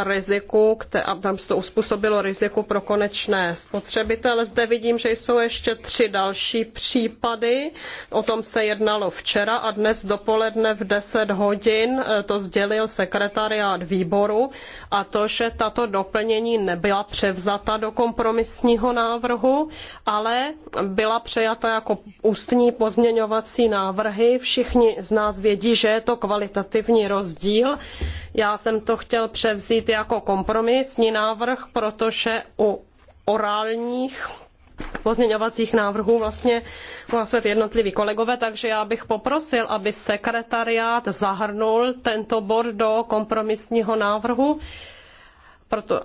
riziku, a tam se to uspůsobilo riziku pro konečné spotřebitele. Zde vidím, že jsou ještě tři další případy. O tom se jednalo včera a dnes dopoledne v 10 hodin eh, to sdělil sekretariát výboru a to, že tato doplnění nebyla převzata do kompromisního návrhu, ale byla přejata jako ústní pozměňovací návrhy. Všichni z nás vědí, že je to kvalitativní rozdíl. Já jsem to chtěl převzít vzít jako kompromisní návrh, protože u orálních pozměňovacích návrhů vlastně hlasovat jednotliví kolegové, takže já bych poprosil, aby sekretariát zahrnul tento bod do kompromisního návrhu, proto,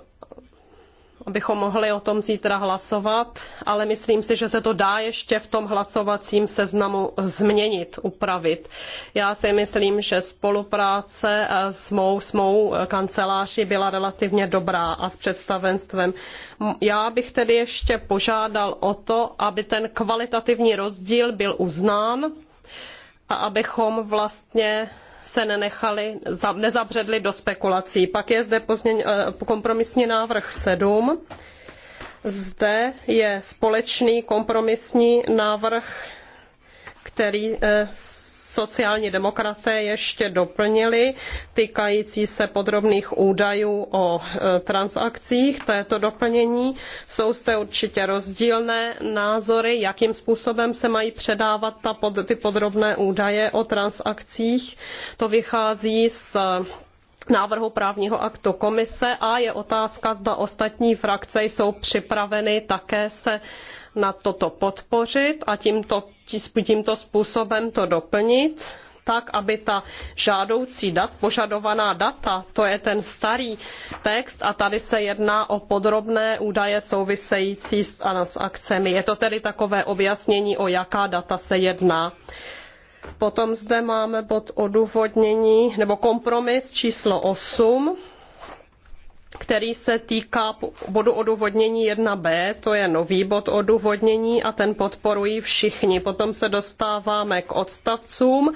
bychom mohli o tom zítra hlasovat, ale myslím si, že se to dá ještě v tom hlasovacím seznamu změnit, upravit. Já si myslím, že spolupráce eh, s mou, s mou eh, kanceláří byla relativně dobrá a s představenstvem. Já bych tedy ještě požádal o to, aby ten kvalitativní rozdíl byl uznán a abychom vlastně se nenechali, nezabředli do spekulací. Pak je zde pozměň, eh, kompromisní návrh 7. Zde je společný kompromisní návrh, který eh, sociální demokraté ještě doplnili, týkající se podrobných údajů o e, transakcích. To je to doplnění. Jsou zde určitě rozdílné názory, jakým způsobem se mají předávat ty podrobné údaje o transakcích. To vychází z návrhu právního aktu komise a je otázka, zda ostatní frakce jsou připraveny také se na toto podpořit a tímto, tímto způsobem to doplnit tak, aby ta žádoucí dat, požadovaná data, to je ten starý text a tady se jedná o podrobné údaje související s, s akcemi. Je to tedy takové objasnění, o jaká data se jedná. Uh, Potom zde máme bod odůvodnění nebo kompromis číslo 8, který se týká bodu odůvodnění 1b, to je nový bod odůvodnění a ten podporují všichni. Potom se dostáváme k odstavcům,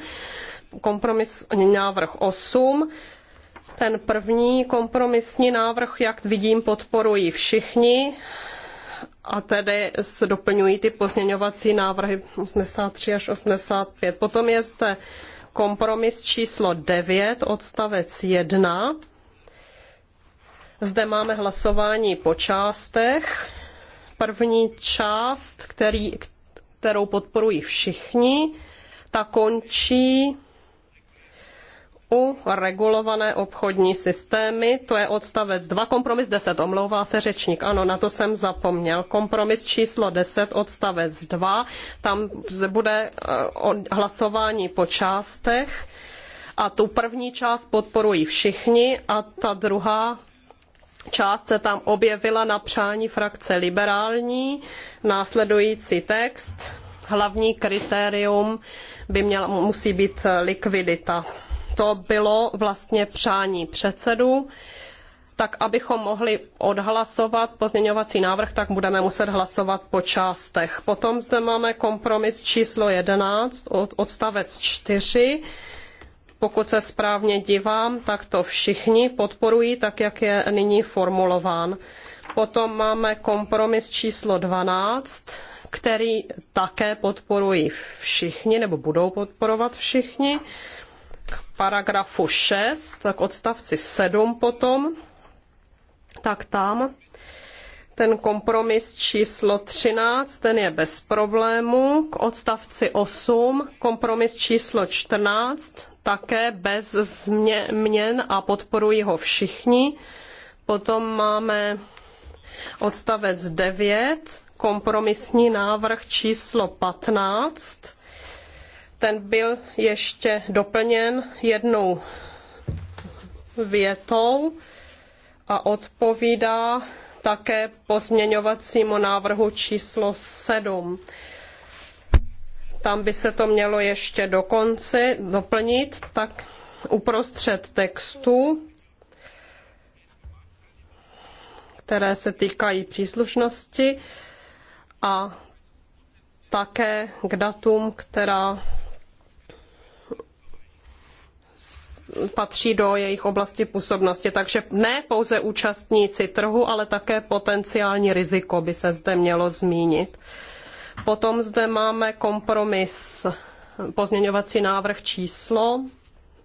kompromis návrh 8, ten první kompromisní návrh, jak vidím, podporují všichni a tedy se doplňují ty pozměňovací návrhy 83 až 85. Potom je zde kompromis číslo 9, odstavec 1. Zde máme hlasování po částech. První část, který, kterou podporují všichni, ta končí EU regulované obchodní systémy, to je odstavec 2, kompromis 10, omlouvá se řečník, ano, na to jsem zapomněl. Kompromis číslo 10, odstavec 2, tam bude eh, hlasování po částech a tu první část podporují všichni a ta druhá část se tam objevila na přání frakce liberální. Následující text, hlavní kritérium by měla, musí být likvidita to bylo vlastně přání předsedů tak abychom mohli odhlasovat pozměňovací návrh, tak budeme muset hlasovat po částech. Potom zde máme kompromis číslo 11, odstavec 4. Pokud se správně dívám, tak to všichni podporují, tak jak je nyní formulován. Potom máme kompromis číslo 12, který také podporují všichni, nebo budou podporovat všichni paragrafu 6, tak odstavci 7 potom, tak tam ten kompromis číslo 13, ten je bez problému. K odstavci 8, kompromis číslo 14, také bez změn a podporují ho všichni. Potom máme odstavec 9, kompromisní návrh číslo 15, ten byl ještě doplněn jednou větou a odpovídá také pozměňovacímu návrhu číslo 7. Tam by se to mělo ještě konce doplnit, tak uprostřed textu, které se týkají příslušnosti a také k datům, která patří do jejich oblasti působnosti. Takže ne pouze účastníci trhu, ale také potenciální riziko by se zde mělo zmínit. Potom zde máme kompromis pozměňovací návrh číslo,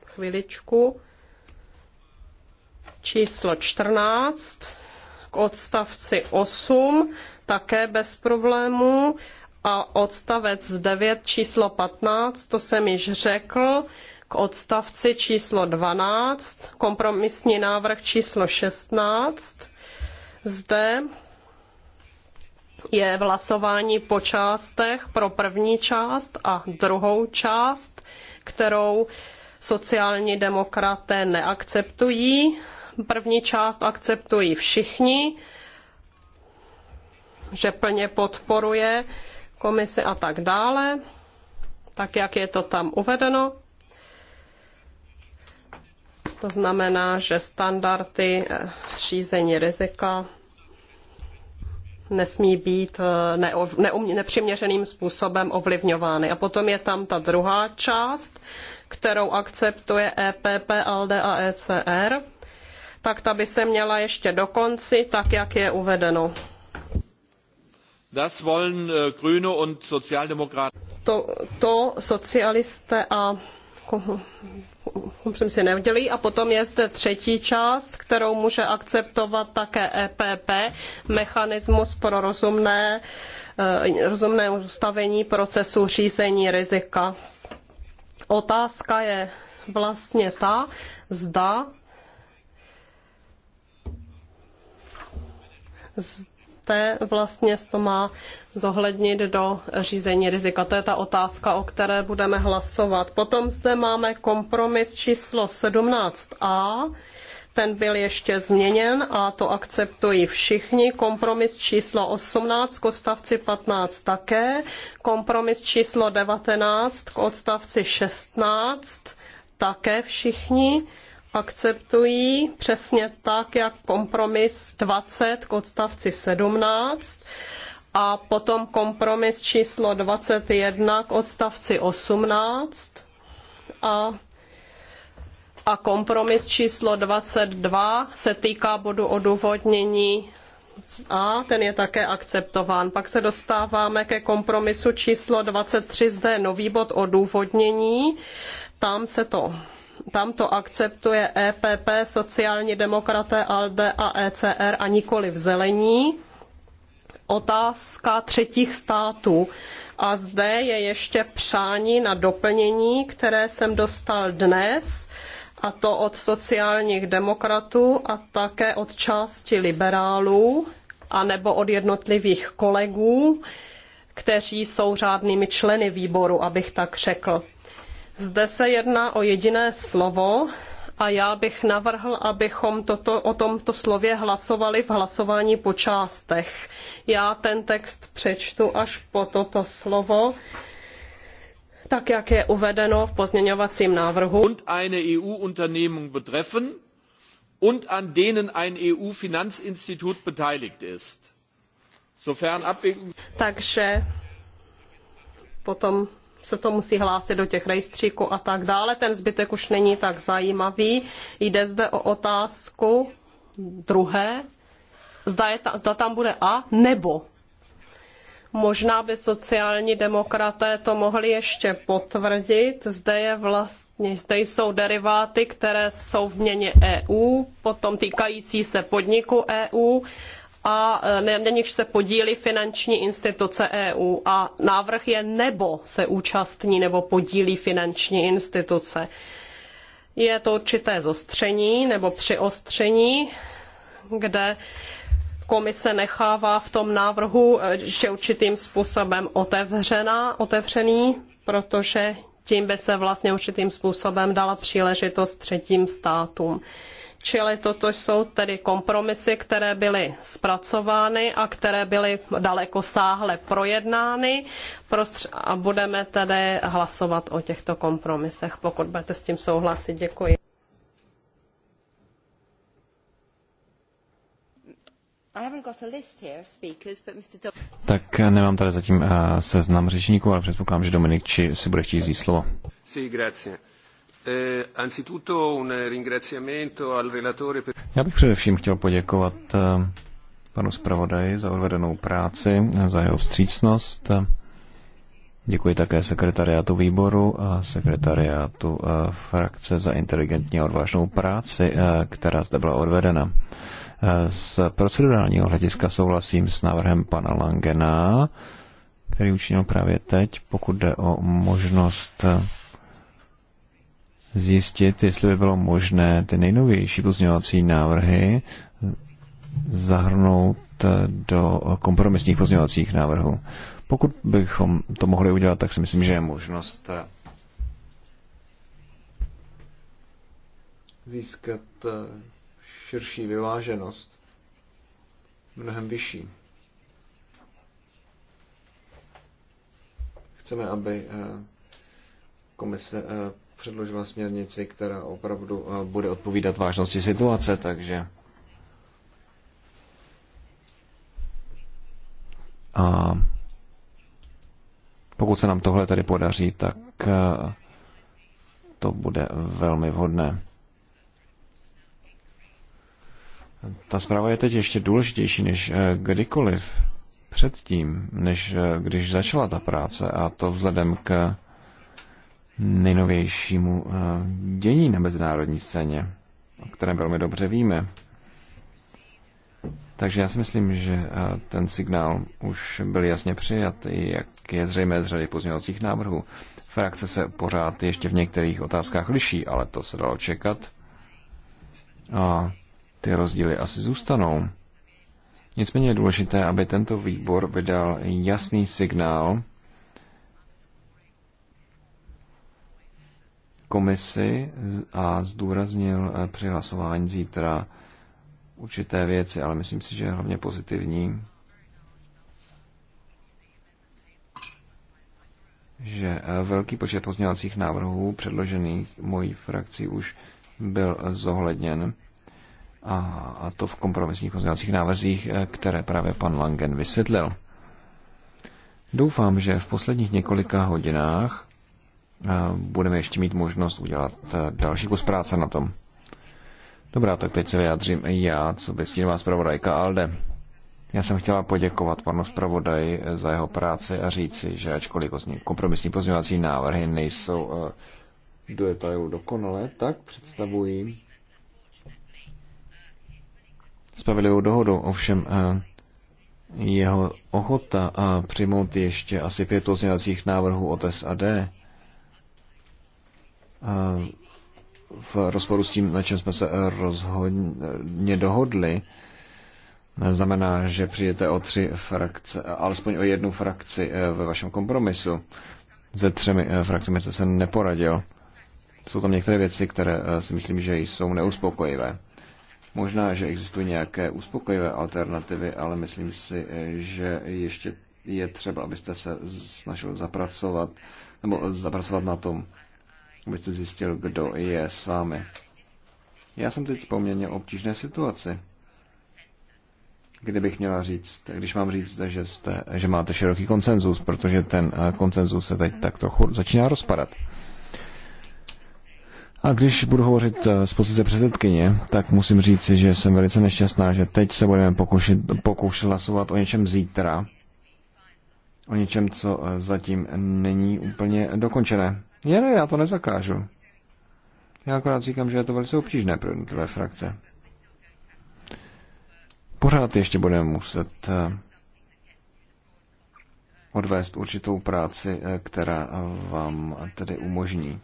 chviličku, číslo 14 k odstavci 8, také bez problémů a odstavec 9 číslo 15, to jsem již řekl, k odstavci číslo 12, kompromisní návrh číslo 16. Zde je v hlasování po částech pro první část a druhou část, kterou sociální demokraté neakceptují. První část akceptují všichni, že plně podporuje komisi a tak dále, tak jak je to tam uvedeno. To znamená, že standardy eh, řízení rizika nesmí být eh, neov, neum, nepřiměřeným způsobem ovlivňovány. A potom je tam ta druhá část, kterou akceptuje EPP, ALDE a ECR, tak ta by se měla ještě konci, tak jak je uvedeno. Das wollen eh, Grüne und To, to socialisté a jsem si neudělí. A potom je zde třetí část, kterou může akceptovat také EPP, mechanismus pro rozumné, eh, rozumné ustavení procesu řízení rizika. Otázka je vlastně ta, zda, zda té vlastně to má zohlednit do řízení rizika. To je ta otázka, o které budeme hlasovat. Potom zde máme kompromis číslo 17a, ten byl ještě změněn a to akceptují všichni. Kompromis číslo 18 k odstavci 15 také, kompromis číslo 19 k odstavci 16 také všichni akceptují přesně tak, jak kompromis 20 k odstavci 17 a potom kompromis číslo 21 k odstavci 18 a a kompromis číslo 22 se týká bodu odůvodnění a ten je také akceptován. Pak se dostáváme ke kompromisu číslo 23, zde nový bod odůvodnění. Tam se to tam to akceptuje EPP, sociální demokraté, ALDE a ECR a nikoli v zelení. Otázka třetích států. A zde je ještě přání na doplnění, které jsem dostal dnes, a to od sociálních demokratů a také od části liberálů, anebo od jednotlivých kolegů, kteří jsou řádnými členy výboru, abych tak řekl. Zde se jedná o jediné slovo a já bych navrhl, abychom toto, o tomto slově hlasovali v hlasování po částech. Já ten text přečtu až po toto slovo tak jak je uvedeno v pozměňovacím návrhu und eine EU Unternehmung betreffen und an denen ein EU Finanzinstitut beteiligt ist. Sofern Abwägung Takže potom se to musí hlásit do těch rejstříků a tak dále. Ten zbytek už není tak zajímavý. Jde zde o otázku druhé, zda, je ta, zda tam bude a nebo. Možná by sociální demokraté to mohli ještě potvrdit. Zde je vlastně, zde jsou deriváty, které jsou v měně EU, potom týkající se podniku EU a e, na nich se podílí finanční instituce EU a návrh je nebo se účastní nebo podílí finanční instituce. Je to určité zostření nebo přiostření, kde komise nechává v tom návrhu e, že určitým způsobem otevřená, otevřený, protože tím by se vlastně určitým způsobem dala příležitost třetím státům. Čili toto jsou tedy kompromisy, které byly zpracovány a které byly daleko sáhle projednány a budeme tedy hlasovat o těchto kompromisech, pokud budete s tím souhlasit. Děkuji. Tak eh, nemám tady zatím eh, seznam řečníků, ale předpokládám, že Dominik Či si bude chtít vzít slovo. Sí, grazie. Eh, Já bych především chtěl poděkovat eh, panu zpravodaji za odvedenou práci, za jeho vstřícnost. Děkuji také sekretariátu výboru a sekretariátu eh, frakce za inteligentní a odvážnou práci, která zde byla odvedena. Z procedurálního hlediska souhlasím s návrhem pana Langena, který učinil právě teď, pokud jde o možnost zjistit, jestli by bylo možné ty nejnovější pozměňovací návrhy zahrnout do kompromisních pozměňovacích návrhů. Pokud bychom to mohli udělat, tak si myslím, že je možnost eh, získat eh, širší vyváženost, mnohem vyšší. Chceme, aby eh, komise předložila směrnici, která opravdu eh, bude odpovídat vážnosti situace, takže a pokud se nám tohle tady podaří, tak eh, to bude velmi vhodné. Ta zpráva je teď ještě důležitější než eh, kdykoliv předtím, než když začala ta práce a to vzhledem k nejnovějšímu eh, dění na mezinárodní scéně, o kterém velmi dobře víme. Takže já si myslím, že eh, ten signál už byl jasně přijat, jak je zřejmé z řady pozměňovacích návrhů. Frakce se pořád ještě v některých otázkách liší, ale to se dalo čekat. A ty rozdíly asi zůstanou. Nicméně je důležité, aby tento výbor vydal jasný signál, komisi a zdůraznil eh, při hlasování zítra určité věci, ale myslím si, že je hlavně pozitivní, že eh, velký počet pozměňovacích návrhů předložených mojí frakcí už byl eh, zohledněn a to v kompromisních pozměňovacích návrzích, které právě pan Langen vysvětlil. Doufám, že v posledních několika hodinách budeme ještě mít možnost udělat e, další kus práce na tom. Dobrá, tak teď se vyjádřím já, co by stínová zpravodajka Alde. Já jsem chtěla poděkovat panu zpravodaji za jeho práci a říci, že ačkoliv kompromisní pozměňovací návrhy nejsou e, do detailu dokonalé, tak představují spravedlivou dohodu. Ovšem e, jeho ochota přijmout ještě asi pět pozměňovacích návrhů od SAD v rozporu s tím, na čem jsme se rozhodně dohodli, znamená, že přijete o tři frakce, alespoň o jednu frakci eh, ve vašem kompromisu. Ze třemi eh, frakcemi jste se neporadil. Jsou tam některé věci, které eh, si myslím, že jsou neuspokojivé. Možná, že existují nějaké uspokojivé alternativy, ale myslím si, že ještě je třeba, abyste se snažil zapracovat, nebo zapracovat na tom, abyste zjistil, kdo je s vámi. Já jsem teď poměrně obtížné situaci. Kdybych měla říct, když mám říct, že, jste, že máte široký konsenzus, protože ten eh, konsenzus se teď tak trochu začíná rozpadat. A když budu hovořit eh, z pozice předsedkyně, tak musím říct, že jsem velice nešťastná, že teď se budeme pokoušet, pokoušet hlasovat o něčem zítra, o něčem, co eh, zatím není úplně dokončené. Ne, ne, já to nezakážu. Já akorát říkám, že je to velice obtížné pro jednotlivé frakce. Pořád ještě budeme muset eh, odvést určitou práci, eh, která vám tedy umožní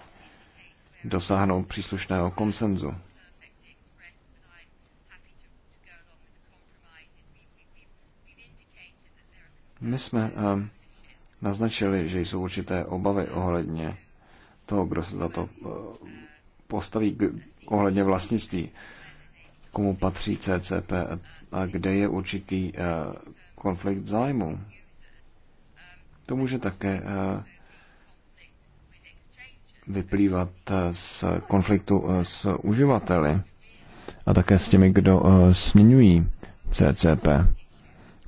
dosáhnout příslušného konsenzu. My jsme eh, naznačili, že jsou určité obavy ohledně toho, kdo se za to eh, postaví ohledně vlastnictví, komu patří CCP a kde je určitý eh, konflikt zájmu. To může také eh, vyplývat z konfliktu s uživateli a také s těmi, kdo směňují CCP.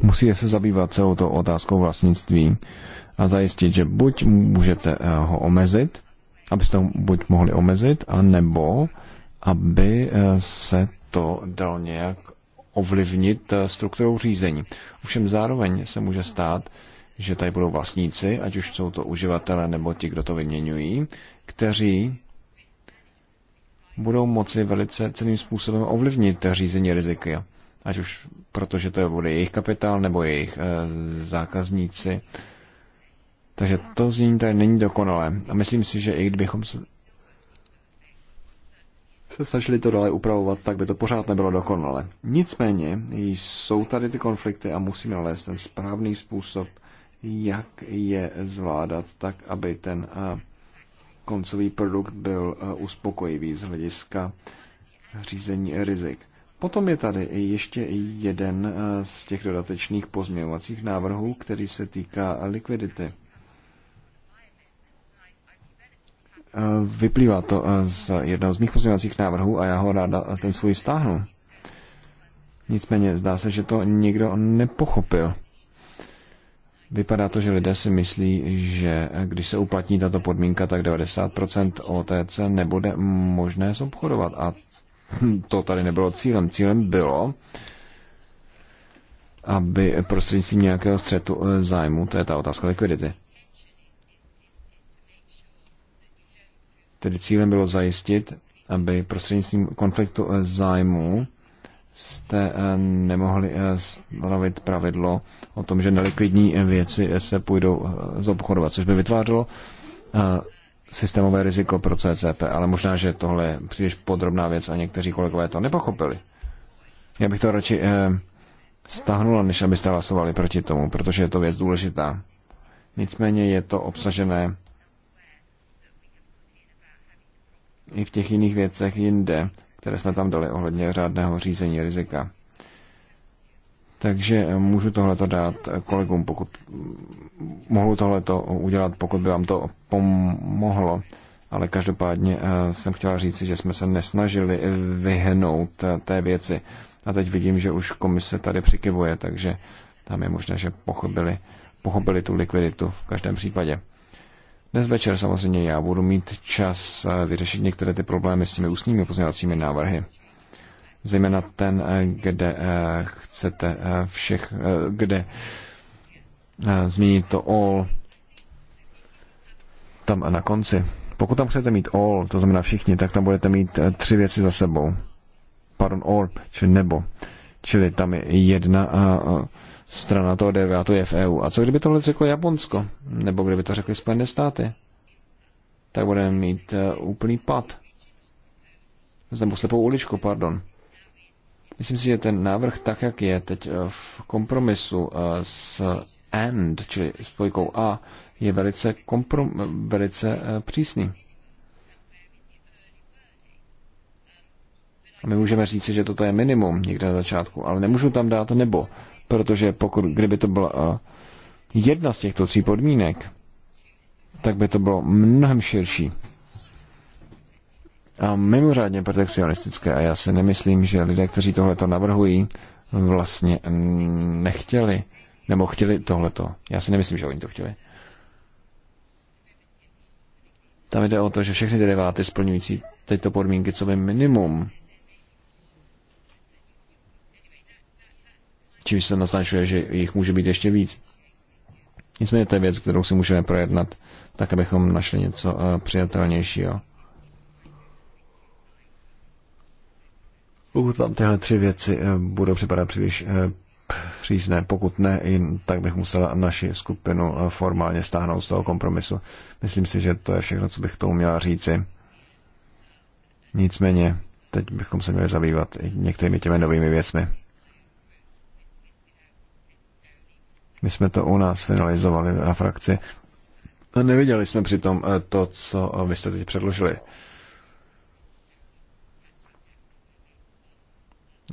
Musíte se zabývat celou tou otázkou vlastnictví a zajistit, že buď můžete ho omezit, abyste ho buď mohli omezit, a nebo aby eh, se to dalo nějak ovlivnit eh, strukturou řízení. Ovšem zároveň se může stát, že tady budou vlastníci, ať už jsou to uživatelé nebo ti, kdo to vyměňují, kteří budou moci velice celým způsobem ovlivnit řízení riziky. Ať už protože to bude jejich kapitál nebo jejich eh, zákazníci, takže to znění tady není dokonalé. A myslím si, že i kdybychom se, se snažili to dále upravovat, tak by to pořád nebylo dokonalé. Nicméně jsou tady ty konflikty a musíme nalézt ten správný způsob, jak je zvládat tak, aby ten eh, koncový produkt byl eh, uspokojivý z hlediska řízení rizik. Potom je tady ještě jeden eh, z těch dodatečných pozměňovacích návrhů, který se týká likvidity. Eh, vyplývá to eh, z jednoho z mých pozměňovacích návrhů a já ho ráda eh, ten svůj stáhnu. Nicméně zdá se, že to nikdo nepochopil. Vypadá to, že lidé si myslí, že když se uplatní tato podmínka, tak 90% OTC nebude možné zobchodovat. A to tady nebylo cílem. Cílem bylo, aby prostřednictvím nějakého střetu zájmu, to je ta otázka likvidity, Tedy cílem bylo zajistit, aby prostřednictvím konfliktu eh, zájmu jste eh, nemohli eh, stanovit pravidlo o tom, že nelikvidní věci se půjdou zobchodovat, což by vytvářelo systémové riziko pro CCP, ale možná, že tohle je příliš podrobná věc a někteří kolegové to nepochopili. Já bych to radši stahnula, než abyste hlasovali proti tomu, protože je to věc důležitá. Nicméně je to obsažené i v těch jiných věcech jinde, které jsme tam dali ohledně řádného řízení rizika. Takže můžu tohleto dát kolegům, pokud mohu tohleto udělat, pokud by vám to pomohlo. Ale každopádně eh, jsem chtěla říct, že jsme se nesnažili vyhnout eh, té věci. A teď vidím, že už komise tady přikivuje, takže tam je možné, že pochopili, pochopili tu likviditu v každém případě. Dnes večer samozřejmě já budu mít čas eh, vyřešit některé ty problémy s těmi ústními pozměňovacími návrhy. Zejména ten, eh, kde eh, chcete všech, kde změnit to all tam na konci. Pokud tam chcete mít all, to znamená všichni, tak tam budete mít tři věci za sebou. Pardon, all, čili nebo. Čili tam je jedna a, a strana toho to je v EU. A co kdyby tohle řeklo Japonsko? Nebo kdyby to řekly Spojené státy? Tak budeme mít uh, úplný pad. Nebo slepou uličku, pardon. Myslím si, že ten návrh tak, jak je teď eh, v kompromisu eh, s AND, čili spojkou A, je velice, komprom- velice přísný. A my můžeme říci, že toto je minimum někde na začátku, ale nemůžu tam dát nebo, Protože pokud, kdyby to byla eh, jedna z těchto tří podmínek, tak by to bylo mnohem širší a mimořádně protekcionistické. A já si nemyslím, že lidé, kteří tohle to navrhují, vlastně nechtěli, nebo chtěli tohleto. Já si nemyslím, že oni to chtěli. Tam jde o to, že všechny deriváty splňující tyto podmínky, co by minimum, čímž se naznačuje, že jich může být ještě víc. Nicméně to je věc, kterou si můžeme projednat, tak abychom našli něco eh, přijatelnějšího. Pokud vám tyhle tři věci eh, budou připadat příliš eh, přísné, pokud ne, tak bych musela naši skupinu formálně stáhnout z toho kompromisu. Myslím si, že to je všechno, co bych tomu měla říci. Nicméně, teď bychom se měli zabývat i některými těmi novými věcmi. My jsme to u nás finalizovali na frakci. A neviděli jsme přitom eh, to, co eh, vy jste teď předložili.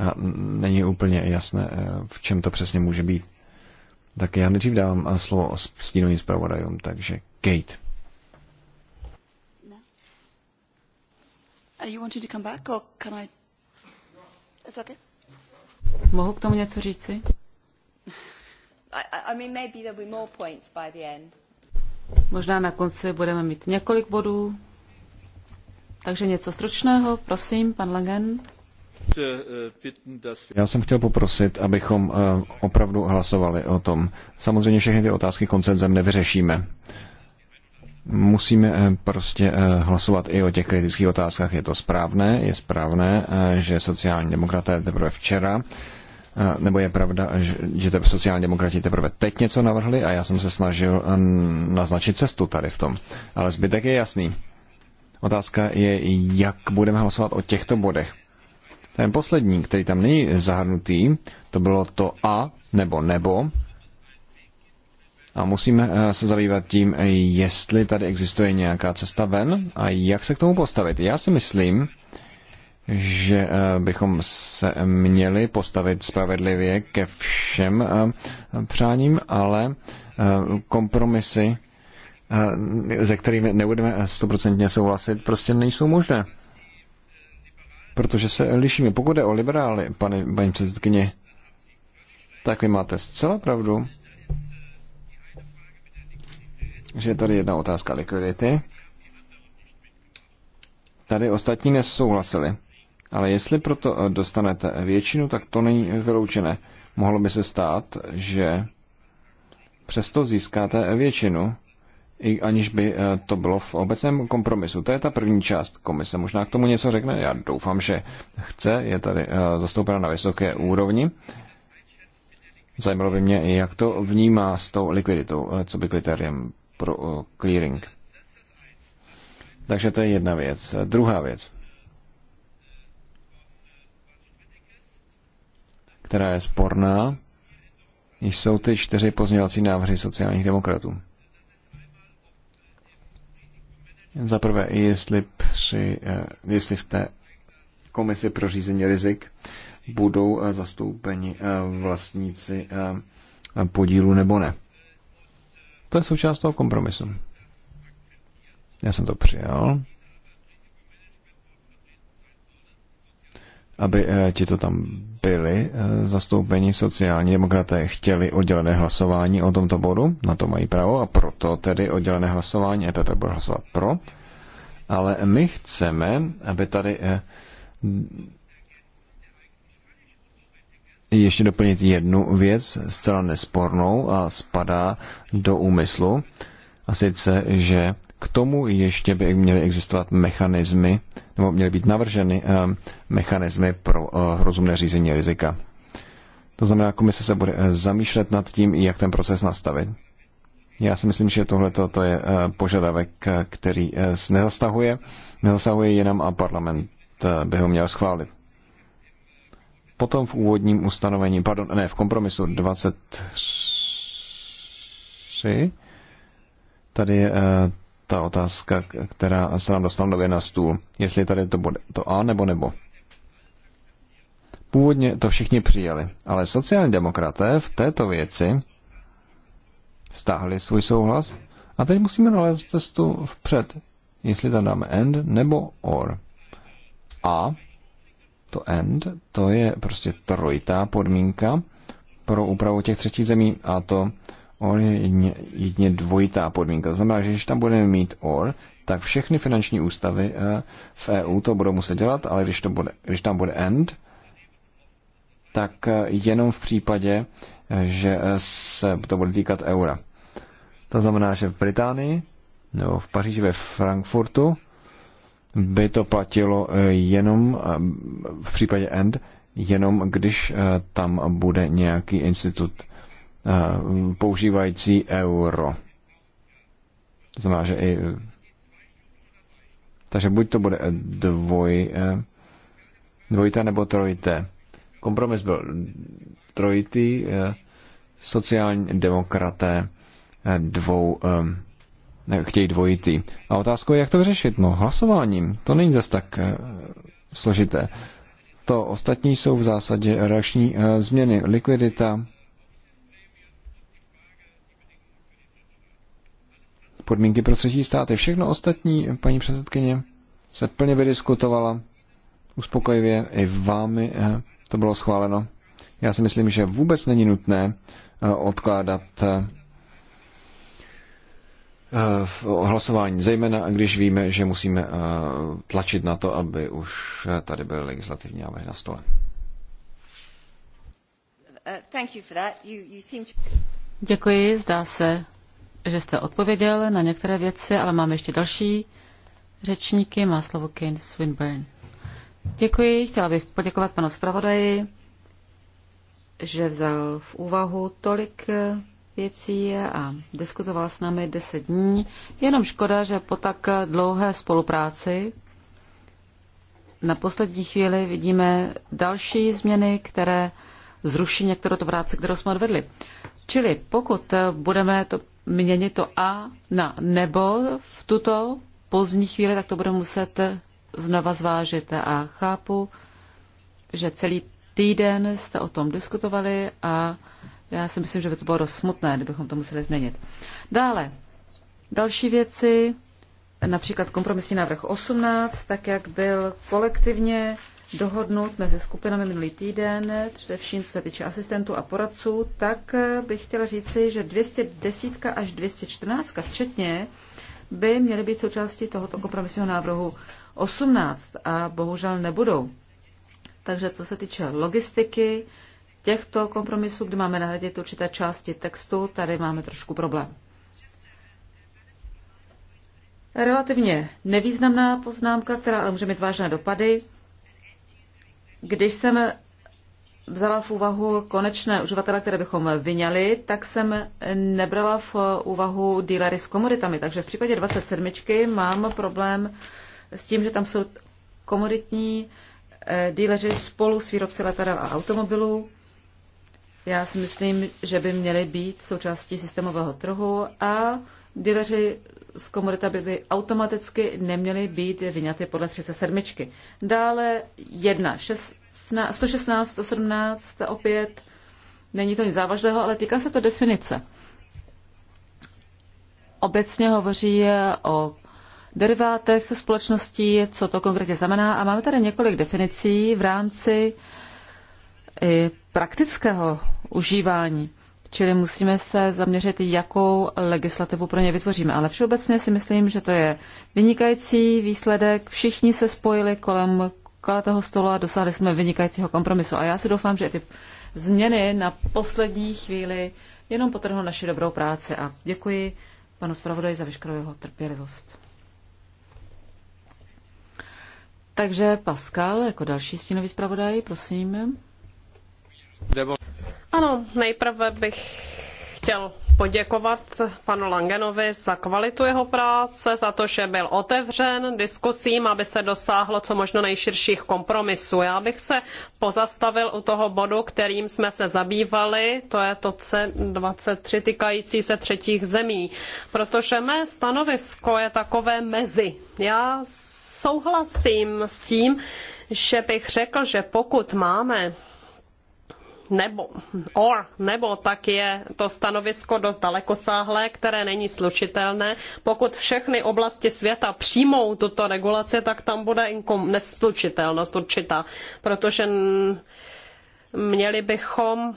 A není úplně jasné, eh, v čem to přesně může být. Tak já nejdřív dávám slovo stínovým zpravodajům, takže Kate. Uh, you to come back, or can I... okay? Mohu k tomu něco říci? I, I mean, maybe there'll be more points by the end. Možná na konci budeme mít několik bodů. Takže něco stručného, prosím, pan Langen. Eh, Já jsem chtěl poprosit, abychom eh, opravdu hlasovali o tom. Samozřejmě všechny ty otázky koncenzem nevyřešíme. Musíme eh, prostě hlasovat i o těch kritických otázkách. Je to správné? Je správné, že sociální demokraté teprve včera nebo je pravda, že te sociální demokrati teprve teď něco navrhli a já jsem se snažil naznačit cestu tady v tom. Ale zbytek je jasný. Otázka je, jak budeme hlasovat o těchto bodech. Ten poslední, který tam není zahrnutý, to bylo to a nebo nebo. A musíme e, se zabývat tím, jestli tady existuje nějaká cesta ven a jak se k tomu postavit. Já si myslím, že eh, bychom se měli postavit spravedlivě ke všem eh, přáním, ale eh, kompromisy, se kterými nebudeme stoprocentně souhlasit, prostě nejsou možné. Protože se lišíme. Pokud je o liberály, pane, paní předsedkyně, tak vy máte zcela pravdu, že je tady jedna otázka likvidity. Tady ostatní nesouhlasili. Ale jestli proto eh, dostanete většinu, tak to není vyloučené. Mohlo by se stát, že přesto získáte většinu, i aniž by eh, to bylo v obecném kompromisu. To je ta první část komise. Možná k tomu něco řekne. Já doufám, že chce. Je tady eh, zastoupena na vysoké úrovni. Zajímalo by mě, jak to vnímá s tou likviditou, co by kritériem pro clearing. Takže to je jedna věc. Druhá věc. která je sporná, jsou ty čtyři pozměňovací návrhy sociálních demokratů. Za prvé, jestli, při, eh, jestli v té komisi pro řízení rizik budou eh, zastoupeni eh, vlastníci podílu nebo ne. To je součást toho kompromisu. Já jsem to přijal. aby eh, ti to tam byli eh, zastoupení sociální demokraté chtěli oddělené hlasování o tomto bodu, na to mají právo a proto tedy oddělené hlasování EPP bude hlasovat pro, ale my chceme, aby tady eh, ještě doplnit jednu věc, zcela nespornou a spadá do úmyslu, a sice, že k tomu ještě by měly existovat mechanismy, nebo měly být navrženy eh, mechanismy pro eh, rozumné řízení rizika. To znamená, komise se bude eh, zamýšlet nad tím, jak ten proces nastavit. Já si myslím, že tohle to je požadavek, který nezastahuje, nezastahuje jenom a parlament by ho měl schválit. Potom v úvodním ustanovení, pardon, ne, v kompromisu 23, tady je ta otázka, která se nám dostala nově na stůl, jestli tady to bude to A nebo nebo. Původně to všichni přijali, ale sociální demokraté v této věci stáhli svůj souhlas a teď musíme nalézt cestu vpřed, jestli tam dáme end nebo or. A to end, to je prostě trojitá podmínka pro úpravu těch třetích zemí a to OR je jedině, jedině dvojitá podmínka. To znamená, že když tam budeme mít OR, tak všechny finanční ústavy eh, v EU to budou muset dělat, ale když, to bude, když tam bude END, tak eh, jenom v případě, eh, že se to bude týkat eura. To znamená, že v Británii nebo v Paříži ve Frankfurtu by to platilo jenom v případě END, jenom když tam bude nějaký institut Eh, používající euro. To znamená, že i... Takže buď to bude dvoj, eh, dvojité nebo trojité. Kompromis byl trojitý, eh, sociální demokraté dvou, ne, chtějí dvojitý. A otázkou je, jak to vyřešit? No, hlasováním. To není zase tak složité. To ostatní jsou v zásadě reakční změny. Likvidita, podmínky pro třetí státy. Všechno ostatní, paní předsedkyně, se plně vydiskutovala uspokojivě i vámi eh, to bylo schváleno. Já si myslím, že vůbec není nutné eh, odkládat eh, hlasování, zejména když víme, že musíme tlačit na to, aby už tady byly legislativní návrhy na stole. Uh, Děkuji, zdá se, že jste odpověděl na některé věci, ale máme ještě další řečníky. Má slovo Kane Swinburne. Děkuji. Chtěla bych poděkovat panu zpravodaji, že vzal v úvahu tolik věcí a diskutoval s námi 10 dní. Jenom škoda, že po tak dlouhé spolupráci na poslední chvíli vidíme další změny, které zruší některou tu práci, kterou jsme odvedli. Čili pokud budeme to měnit to A na nebo v tuto pozdní chvíli, tak to budu muset znova zvážit. A chápu, že celý týden jste o tom diskutovali a já si myslím, že by to bylo dost smutné, kdybychom to museli změnit. Dále, další věci, například kompromisní návrh 18, tak jak byl kolektivně dohodnout mezi skupinami minulý týden, především co se týče asistentů a poradců, tak bych chtěla říci, že 210 až 214 včetně by měly být součástí tohoto kompromisního návrhu 18 a bohužel nebudou. Takže co se týče logistiky těchto kompromisů, kdy máme nahradit určité části textu, tady máme trošku problém. Relativně nevýznamná poznámka, která ale může mít vážné dopady. Když jsem vzala v úvahu konečné uživatele, které bychom vyňali, tak jsem nebrala v úvahu dílery s komoditami. Takže v případě 27 mám problém s tím, že tam jsou komoditní eh, díleři spolu s výrobci letadel a automobilů. Já si myslím, že by měly být součástí systémového trhu a Dileři z komodita by, by automaticky neměly být vyňaty podle 37. Dále 1, 116, 117, opět není to nic závažného, ale týká se to definice. Obecně hovoří o derivátech společností, co to konkrétně znamená. A máme tady několik definicí v rámci eh, praktického užívání. Čili musíme se zaměřit, jakou legislativu pro ně vytvoříme. Ale všeobecně si myslím, že to je vynikající výsledek. Všichni se spojili kolem toho stolu a dosáhli jsme vynikajícího kompromisu. A já si doufám, že ty změny na poslední chvíli jenom potrhnou naši dobrou práci. A děkuji panu zpravodaji za veškerou jeho trpělivost. Takže Pascal, jako další stínový zpravodaj, prosím. Ano, nejprve bych chtěl poděkovat panu Langenovi za kvalitu jeho práce, za to, že byl otevřen diskusím, aby se dosáhlo co možno nejširších kompromisů. Já bych se pozastavil u toho bodu, kterým jsme se zabývali, to je to C23 týkající se třetích zemí, protože mé stanovisko je takové mezi. Já souhlasím s tím, že bych řekl, že pokud máme nebo, or, nebo tak je to stanovisko dost dalekosáhlé, které není slučitelné. Pokud všechny oblasti světa přijmou tuto regulaci, tak tam bude inkom, neslučitelnost určitá, protože měli bychom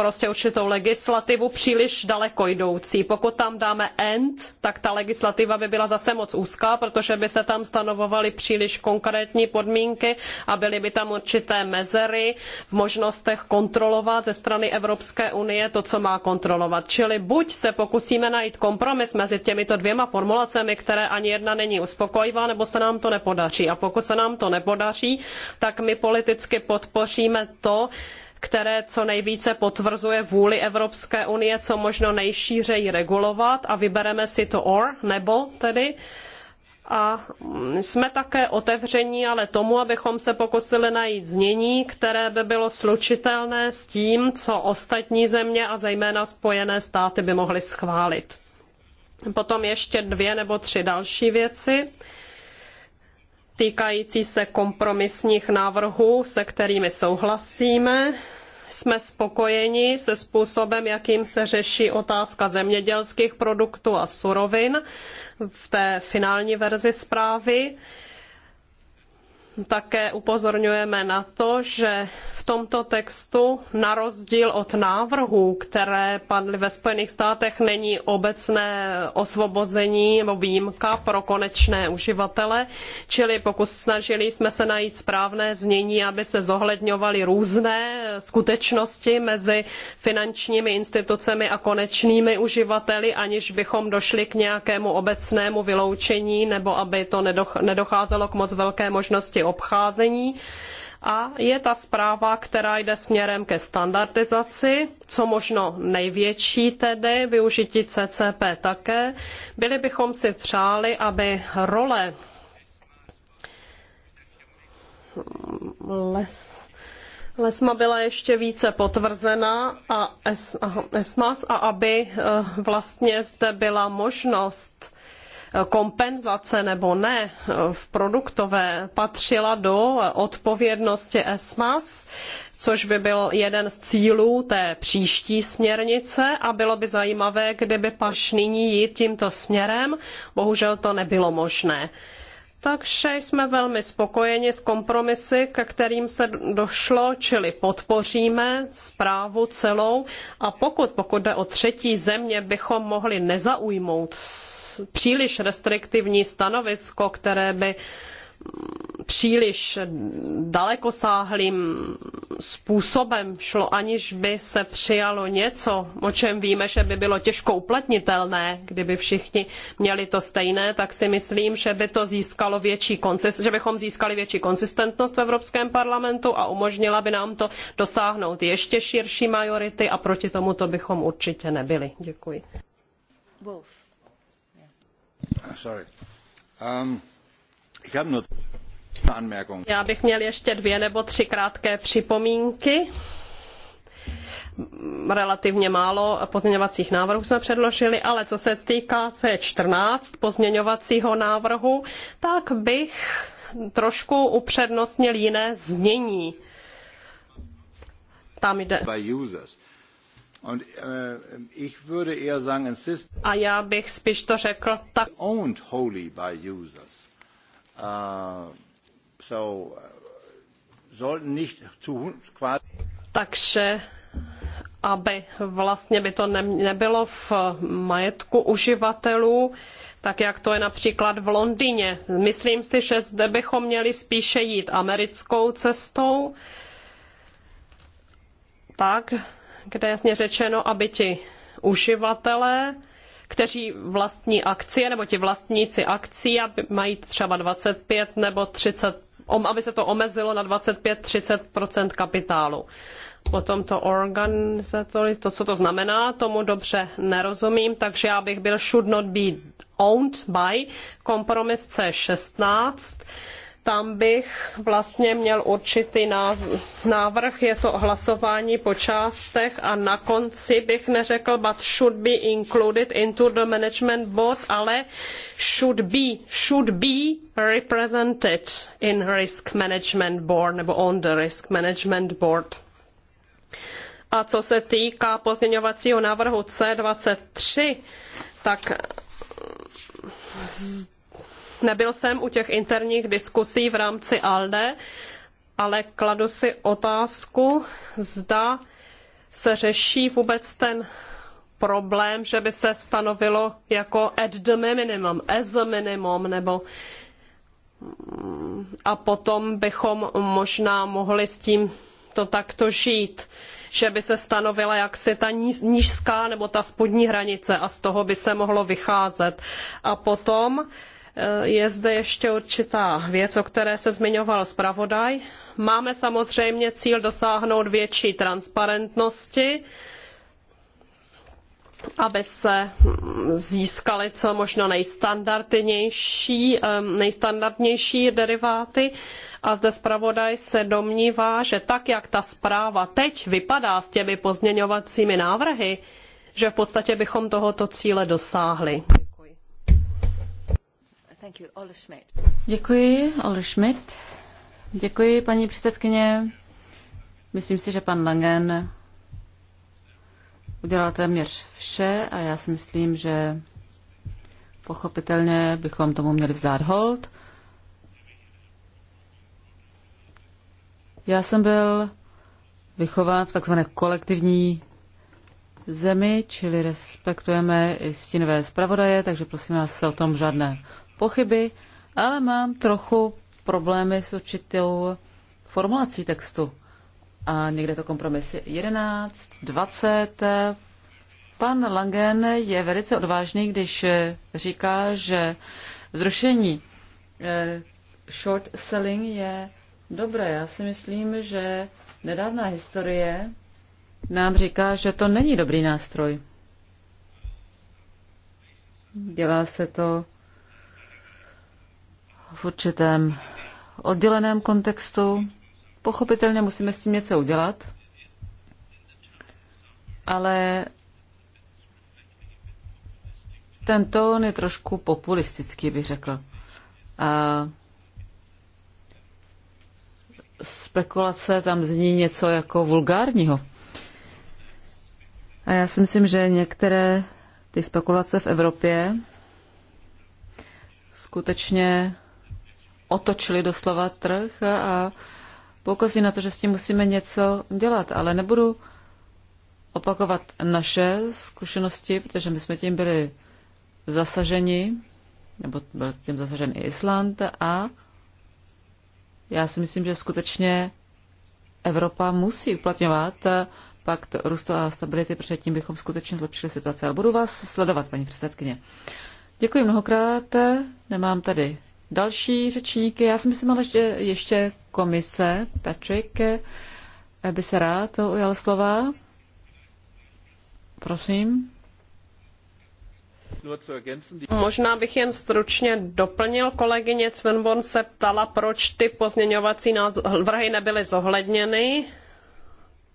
prostě určitou legislativu příliš daleko jdoucí. Pokud tam dáme end, tak ta legislativa by byla zase moc úzká, protože by se tam stanovovaly příliš konkrétní podmínky a byly by tam určité mezery v možnostech kontrolovat ze strany Evropské unie to, co má kontrolovat. Čili buď se pokusíme najít kompromis mezi těmito dvěma formulacemi, které ani jedna není uspokojivá, nebo se nám to nepodaří. A pokud se nám to nepodaří, tak my politicky podpoříme to, které co nejvíce potvrzuje vůli Evropské unie co možno nejšířeji regulovat a vybereme si to or, nebo tedy. A jsme také otevření ale tomu, abychom se pokusili najít znění, které by bylo slučitelné s tím, co ostatní země a zejména Spojené státy by mohly schválit. Potom ještě dvě nebo tři další věci. Uh, týkající se kompromisních návrhů, se kterými souhlasíme. Jsme spokojeni se způsobem, jakým se řeší otázka zemědělských produktů a surovin v té finální verzi zprávy. Také upozorňujeme na to, že v tomto textu, na rozdíl od návrhů, které padly ve Spojených státech, není obecné osvobození nebo výjimka pro konečné uživatele, čili pokus snažili jsme se najít správné znění, aby se zohledňovaly různé skutečnosti mezi finančními institucemi a konečnými uživateli, aniž bychom došli k nějakému obecnému vyloučení nebo aby to nedocházelo k moc velké možnosti obcházení. A je ta zpráva, která jde směrem ke standardizaci, co možno největší tedy, využití CCP také. Byli bychom si přáli, aby role les, Lesma byla ještě více potvrzena a es, aha, ESMAS a aby eh, vlastně zde byla možnost kompenzace nebo ne v produktové patřila do odpovědnosti ESMAS, což by byl jeden z cílů té příští směrnice a bylo by zajímavé, kdyby paš nyní jít tímto směrem. Bohužel to nebylo možné. Takže jsme velmi spokojeni s kompromisy, ke kterým se došlo, čili podpoříme zprávu celou a pokud, pokud jde o třetí země, bychom mohli nezaujmout příliš restriktivní stanovisko, které by příliš dalekosáhlým způsobem šlo, aniž by se přijalo něco, o čem víme, že by bylo těžko uplatnitelné, kdyby všichni měli to stejné, tak si myslím, že by to získalo větší konsist- že bychom získali větší konsistentnost v Evropském parlamentu a umožnila by nám to dosáhnout ještě širší majority a proti tomu to bychom určitě nebyli. Děkuji. Wolf. Um, já bych měl ještě dvě nebo tři krátké připomínky. Relativně málo pozměňovacích návrhů jsme předložili, ale co se týká C14 pozměňovacího návrhu, tak bych trošku upřednostnil jiné znění. Tam jde. Äh, A já bych spíš to řekl tak. Owned by users. Äh, äh, takže aby vlastně by to nebylo v majetku uživatelů, tak jak to je například v Londýně. Myslím si, že zde bychom měli spíše jít americkou cestou, tak kde je jasně řečeno, aby ti uživatelé, kteří vlastní akcie nebo ti vlastníci akcí aby mají třeba 25 nebo 30, aby se to omezilo na 25-30 kapitálu. Potom to organizatory, to, co to znamená, tomu dobře nerozumím, takže já bych byl should not be owned by kompromis C16 tam bych vlastně měl určitý návrh, je to hlasování po částech a na konci bych neřekl but should be included into the management board, ale should be, should be represented in risk management board nebo on the risk management board. A co se týká pozměňovacího návrhu C23, tak Nebyl jsem u těch interních diskusí v rámci ALDE, ale kladu si otázku, zda se řeší vůbec ten problém, že by se stanovilo jako at the minimum, as a minimum, nebo mm, a potom bychom možná mohli s tím to takto žít, že by se stanovila jaksi ta nížská nebo ta spodní hranice a z toho by se mohlo vycházet. A potom Eh, je zde ještě určitá věc, o které se zmiňoval zpravodaj. Máme samozřejmě cíl dosáhnout větší transparentnosti, aby se mm, získaly co možno nejstandardnější, nejstandardnější deriváty. A zde zpravodaj se domnívá, že tak, jak ta zpráva teď vypadá s těmi pozměňovacími návrhy, že v podstatě bychom tohoto cíle dosáhli. Děkuji, Ole Schmidt. Děkuji, paní předsedkyně. Myslím si, že pan Langen udělal téměř vše a já si myslím, že pochopitelně bychom tomu měli vzdát hold. Já jsem byl vychován v takzvané kolektivní zemi, čili respektujeme i stínové zpravodaje, takže prosím vás o tom žádné pochyby, ale mám trochu problémy s určitou formulací textu. A někde to kompromis je 11, 20. Pan Langen je velice odvážný, když říká, že zrušení eh, short selling je dobré. Já si myslím, že nedávná historie nám říká, že to není dobrý nástroj. Dělá se to v určitém odděleném kontextu. Pochopitelně musíme s tím něco udělat, ale ten tón je trošku populistický, bych řekl. A spekulace tam zní něco jako vulgárního. A já si myslím, že některé ty spekulace v Evropě skutečně otočili doslova trh a poukazují na to, že s tím musíme něco dělat. Ale nebudu opakovat naše zkušenosti, protože my jsme tím byli zasaženi, nebo byl tím zasažen i Island a já si myslím, že skutečně Evropa musí uplatňovat pakt růstu a stability, protože tím bychom skutečně zlepšili situaci. Ale budu vás sledovat, paní předsedkyně. Děkuji mnohokrát. Nemám tady další řečníky. Já si myslím ale, ještě, ještě komise, Patrick, by se rád to ujal slova. Prosím. Možná bych jen stručně doplnil, kolegyně Cvenbon se ptala, proč ty pozměňovací návrhy nebyly zohledněny.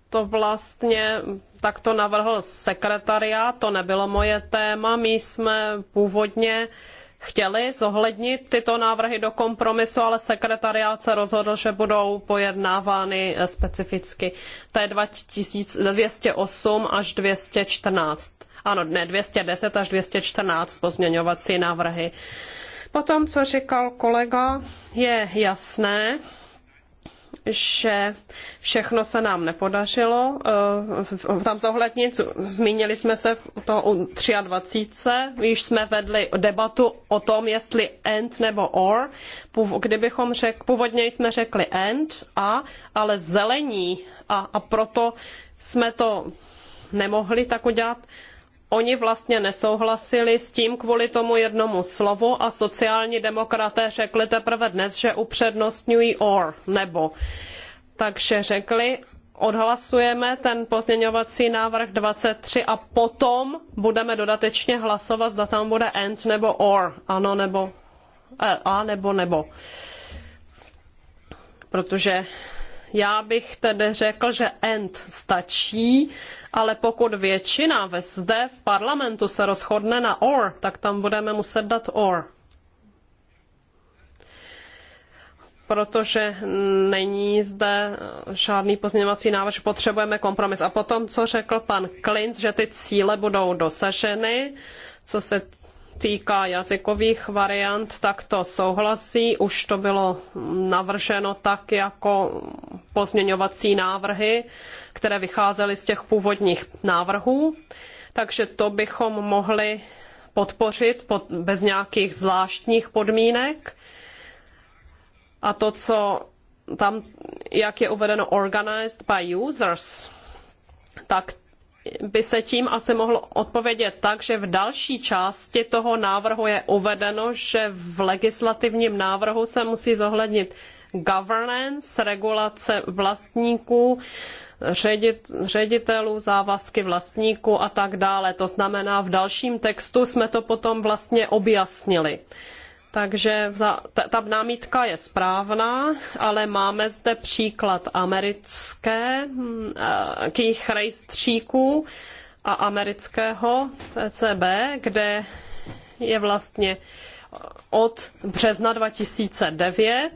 To vlastně tak to navrhl sekretariát, to nebylo moje téma. My jsme původně uh, chtěli zohlednit tyto návrhy do kompromisu, ale sekretariát se rozhodl, že budou pojednávány eh, specificky. To je 208 až 214. Ano, ne, 210 až 214 pozměňovací návrhy. Potom, co říkal kolega, je jasné, že všechno se nám nepodařilo. Eh, tam zohlednit, zmínili jsme se to u 23. Již jsme vedli debatu o tom, jestli and nebo or. Kdybychom řek, původně jsme řekli and a, ale zelení a, a proto jsme to nemohli tak udělat Oni vlastně nesouhlasili s tím kvůli tomu jednomu slovu a sociální demokraté řekli teprve dnes, že upřednostňují or nebo. Takže řekli, odhlasujeme ten pozměňovací návrh 23 a potom budeme dodatečně hlasovat, zda tam bude and nebo or, ano nebo eh, a nebo nebo. Protože já bych tedy řekl, že end stačí, ale pokud většina ve zde v parlamentu se rozhodne na or, tak tam budeme muset dát or. protože není zde žádný pozměňovací návrh, potřebujeme kompromis. A potom, co řekl pan Klinc, že ty cíle budou dosaženy, co se týká jazykových variant, tak to souhlasí. Už to bylo navrženo tak jako pozměňovací návrhy, které vycházely z těch původních návrhů. Takže to bychom mohli podpořit pod, bez nějakých zvláštních podmínek. A to, co tam, jak je uvedeno organized by users, tak by se tím asi mohlo odpovědět tak, že v další části toho návrhu je uvedeno, že v legislativním návrhu se musí zohlednit governance, regulace vlastníků, ředit, ředitelů, závazky vlastníků a tak dále. To znamená, v dalším textu jsme to potom vlastně objasnili. Takže ta námítka je správná, ale máme zde příklad amerických hm, eh, rejstříků a amerického CCB, kde je vlastně uh, od března 2009,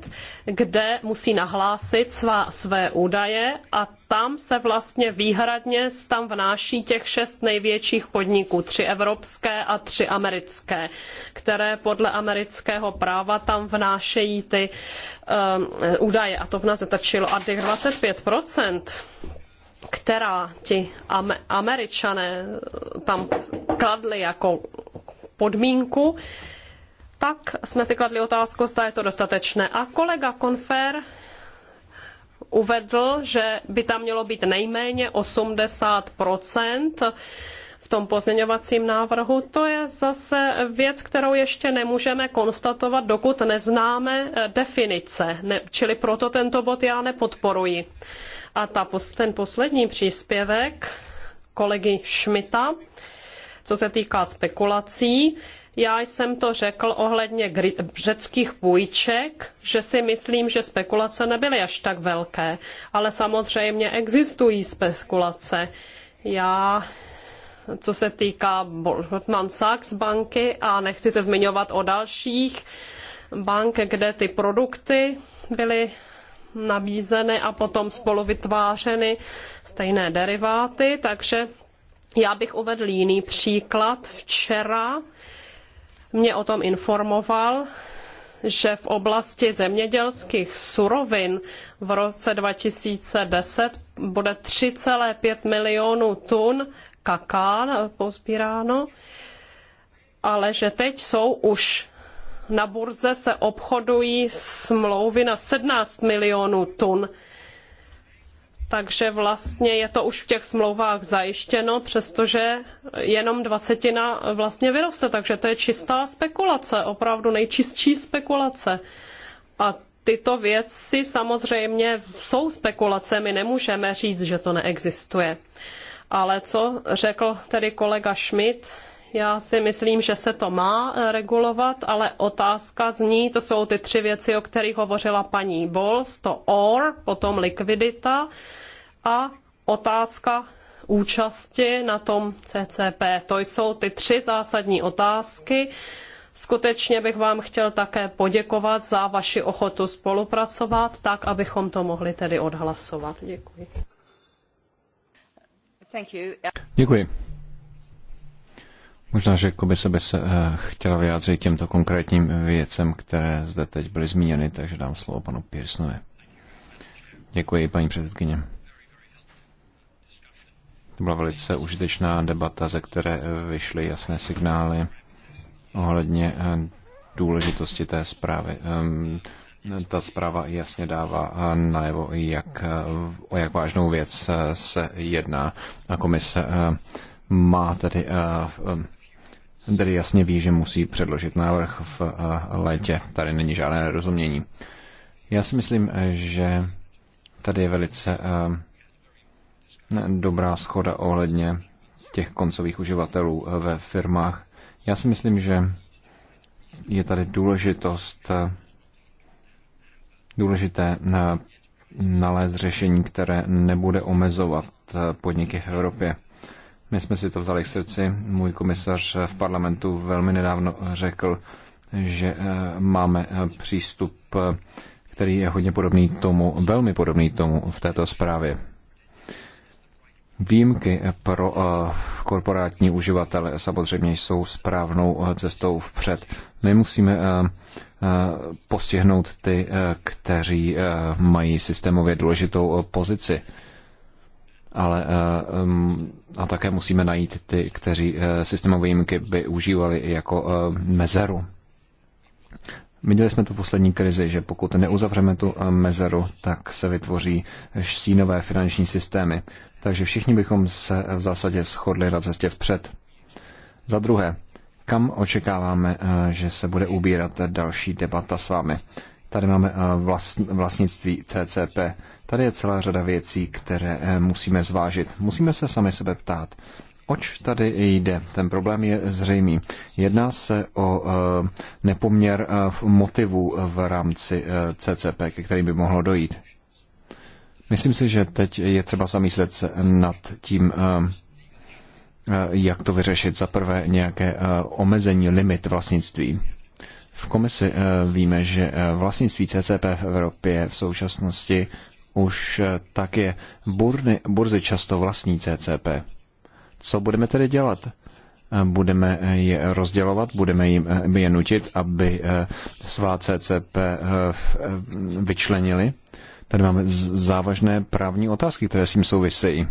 kde musí nahlásit svá, své údaje a tam se vlastně výhradně tam vnáší těch šest největších podniků, tři evropské a tři americké, které podle amerického práva tam vnášejí ty um, údaje. A to v nás zatačilo. A těch 25 která ti američané tam kladli jako podmínku, tak jsme si kladli otázku, zda je to dostatečné. A kolega Konfer uvedl, že by tam mělo být nejméně 80 v tom pozměňovacím návrhu. To je zase věc, kterou ještě nemůžeme konstatovat, dokud neznáme eh, definice. Ne, čili proto tento bod já nepodporuji. A ta, ten poslední příspěvek kolegy Šmita, co se týká spekulací, já jsem to řekl ohledně řeckých půjček, že si myslím, že spekulace nebyly až tak velké, ale samozřejmě existují spekulace. Já co se týká Goldman Sachs banky a nechci se zmiňovat o dalších bank, kde ty produkty byly nabízeny a potom spolu vytvářeny stejné deriváty, takže já bych uvedl jiný příklad. Včera mě o tom informoval, že v oblasti zemědělských surovin v roce 2010 bude 3,5 milionů tun kaká pozbíráno, ale že teď jsou už na burze se obchodují smlouvy na 17 milionů tun takže vlastně je to už v těch smlouvách zajištěno, přestože jenom dvacetina vlastně vyroste, takže to je čistá spekulace, opravdu nejčistší spekulace. A tyto věci samozřejmě jsou spekulace, my nemůžeme říct, že to neexistuje. Ale co řekl tedy kolega Schmidt, já si myslím, že se to má eh, regulovat, ale otázka zní, to jsou ty tři věci, o kterých hovořila paní Bols, to OR, potom likvidita a otázka účasti na tom CCP. To jsou ty tři zásadní otázky. Skutečně bych vám chtěl také poděkovat za vaši ochotu spolupracovat, tak abychom to mohli tedy odhlasovat. Děkuji. Děkuji. Možná, že komise by se eh, chtěla vyjádřit těmto konkrétním věcem, které zde teď byly zmíněny, takže dám slovo panu Pearsonovi. Děkuji, paní předsedkyně. To byla velice užitečná debata, ze které eh, vyšly jasné signály ohledně eh, důležitosti té zprávy. Ehm, ta zpráva jasně dává najevo, jak, o jak vážnou věc se jedná. A komise má tedy tedy jasně ví, že musí předložit návrh v eh, létě. Tady není žádné rozumění. Já si myslím, eh, že tady je velice eh, dobrá schoda ohledně těch koncových uživatelů ve firmách. Já si myslím, že je tady důležitost důležité nalézt řešení, které nebude omezovat podniky v Evropě. My jsme si to vzali k srdci. Můj komisař v parlamentu velmi nedávno řekl, že eh, máme eh, přístup, eh, který je hodně podobný tomu, velmi podobný tomu v této zprávě. Výjimky pro korporátní uživatele samozřejmě jsou správnou cestou vpřed. My musíme postihnout ty, kteří mají systémově důležitou pozici ale eh, a také musíme najít ty, kteří eh, systémové výjimky by užívali jako eh, mezeru. Viděli jsme tu poslední krizi, že pokud neuzavřeme tu mezeru, tak se vytvoří štínové finanční systémy. Takže všichni bychom se v zásadě shodli na cestě vpřed. Za druhé, kam očekáváme, že se bude ubírat další debata s vámi? Tady máme eh, vlastnictví CCP. Tady je celá řada věcí, které eh, musíme zvážit. Musíme se sami sebe ptát, oč tady jde. Ten problém je zřejmý. Jedná se o eh, nepoměr v motivu v rámci CCP, ke kterým by mohlo dojít. Myslím si, že teď je třeba zamyslet se nad tím, jak to vyřešit. Za prvé nějaké omezení limit vlastnictví v komisi eh, víme, že eh, vlastnictví CCP v Evropě v současnosti už eh, tak je. Burny, burzy často vlastní CCP. Co budeme tedy dělat? Budeme je rozdělovat, budeme jim je nutit, aby svá CCP vyčlenili. Tady máme závažné právní otázky, které s tím souvisejí.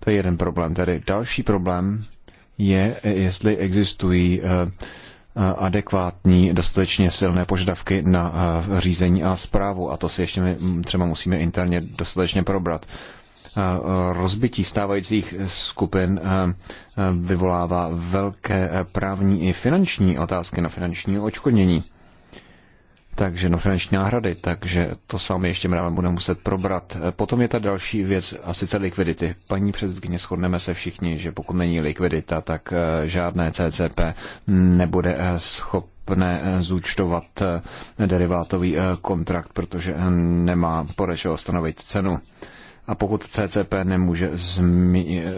To je jeden problém. Tady další problém je, jestli existují adekvátní, dostatečně silné požadavky na řízení a zprávu. A to si ještě my třeba musíme interně dostatečně probrat. Rozbití stávajících skupin vyvolává velké právní i finanční otázky na finanční očkodnění takže no finanční náhrady, takže to s vámi ještě mrávem budeme muset probrat. Potom je ta další věc, a sice likvidity. Paní předsedkyně, shodneme se všichni, že pokud není likvidita, tak eh, žádné CCP nebude eh, schopné schopné eh, zúčtovat derivátový kontrakt, protože nemá podle čeho stanovit cenu a pokud CCP nemůže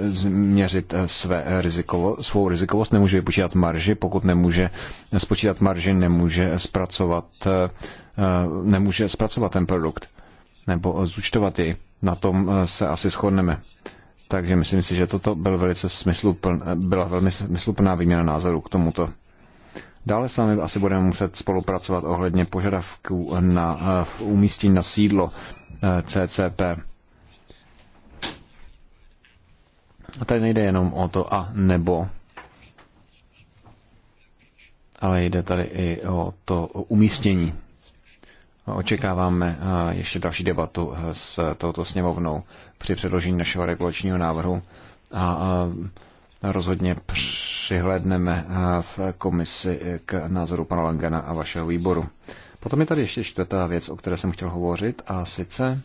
změřit eh, své rizikovo, svou rizikovost, nemůže vypočítat marži, pokud nemůže spočítat marži, nemůže zpracovat, eh, eh, nemůže zpracovat ten produkt nebo zúčtovat ji. Na tom se asi shodneme. Takže myslím si, že toto byl velice smyslupln, byla velmi smysluplná výměna názoru k tomuto. Dále s vámi asi budeme muset spolupracovat ohledně požadavků na umístění na sídlo CCP. A tady nejde jenom o to a nebo, ale jde tady i o to umístění. Očekáváme eh, ještě další debatu eh, s touto sněmovnou při předložení našeho regulačního návrhu a eh, rozhodně přihlédneme v komisi k názoru pana Langana a vašeho výboru. Potom je tady ještě čtvrtá věc, o které jsem chtěl hovořit, a sice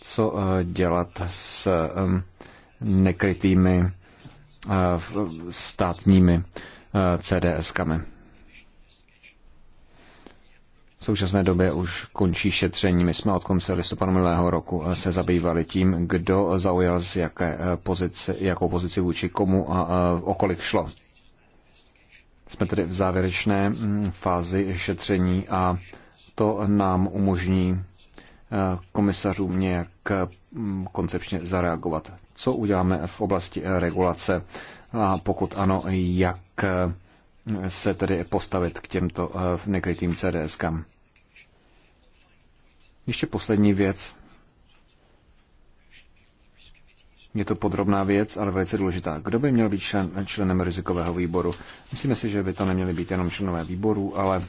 co eh, dělat s nekrytými eh, státními eh, CDS-kami. V současné době už končí šetření. My jsme od konce listopadu minulého roku se zabývali tím, kdo zaujal z jaké pozici, jakou pozici vůči komu a, o kolik šlo. Jsme tedy v závěrečné mm, fázi šetření a to nám umožní komisařům nějak mm, koncepčně zareagovat. Co uděláme v oblasti regulace a pokud ano, jak se tedy postavit k těmto eh, nekrytým CDSkám. Ještě poslední věc. Je to podrobná věc, ale velice důležitá. Kdo by měl být člen, členem rizikového výboru? Myslíme si, že by to neměli být jenom členové výboru, ale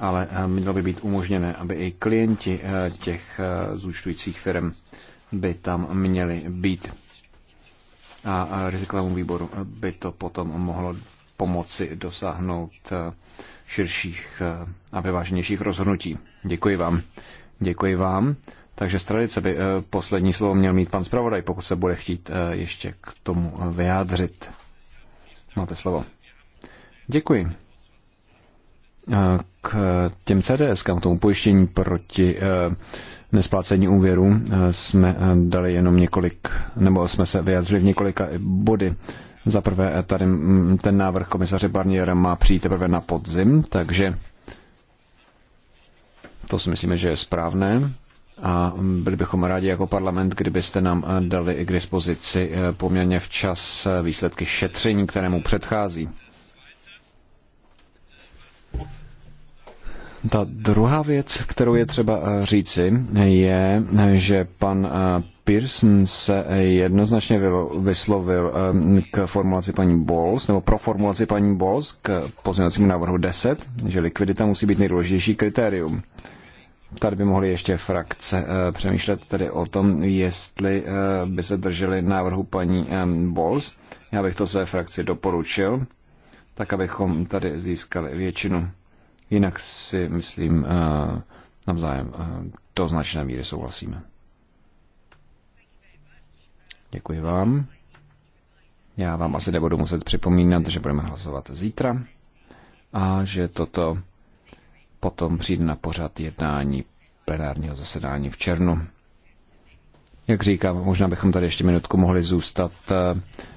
ale eh, mělo by být umožněné, aby i klienti eh, těch eh, zúčtujících firm by tam měli být. A rizikovému výboru by to potom mohlo pomoci dosáhnout širších a vyváženějších rozhodnutí. Děkuji vám. Děkuji vám. Takže z tradice by poslední slovo měl mít pan zpravodaj, pokud se bude chtít ještě k tomu vyjádřit. Máte slovo. Děkuji k eh, těm CDS, k tomu pojištění proti eh, nesplácení úvěru, eh, jsme dali jenom několik, nebo jsme se vyjadřili v několika body. Za prvé, tady mm, ten návrh komisaře Barniera má přijít teprve na podzim, takže to si myslíme, že je správné. A byli bychom rádi jako parlament, kdybyste nám dali k dispozici poměrně včas výsledky šetření, kterému předchází. Ta druhá věc, kterou je třeba eh, říci, je, že pan eh, Pearson se eh, jednoznačně vyslovil ehm, k formulaci paní Bowles, nebo pro formulaci paní Bowles k pozměňovacímu návrhu 10, že likvidita musí být nejdůležitější kritérium. Tady by mohly ještě frakce přemýšlet tedy o tom, jestli by se drželi návrhu paní ehm, Bowles. Já bych to své frakci doporučil, tak abychom tady získali většinu. Jinak si myslím eh, navzájem eh, do značné míry souhlasíme. Děkuji vám. Já vám asi nebudu muset připomínat, že budeme hlasovat zítra a že toto potom přijde na pořad jednání plenárního zasedání v Černu. Jak říkám, možná bychom tady ještě minutku mohli zůstat eh,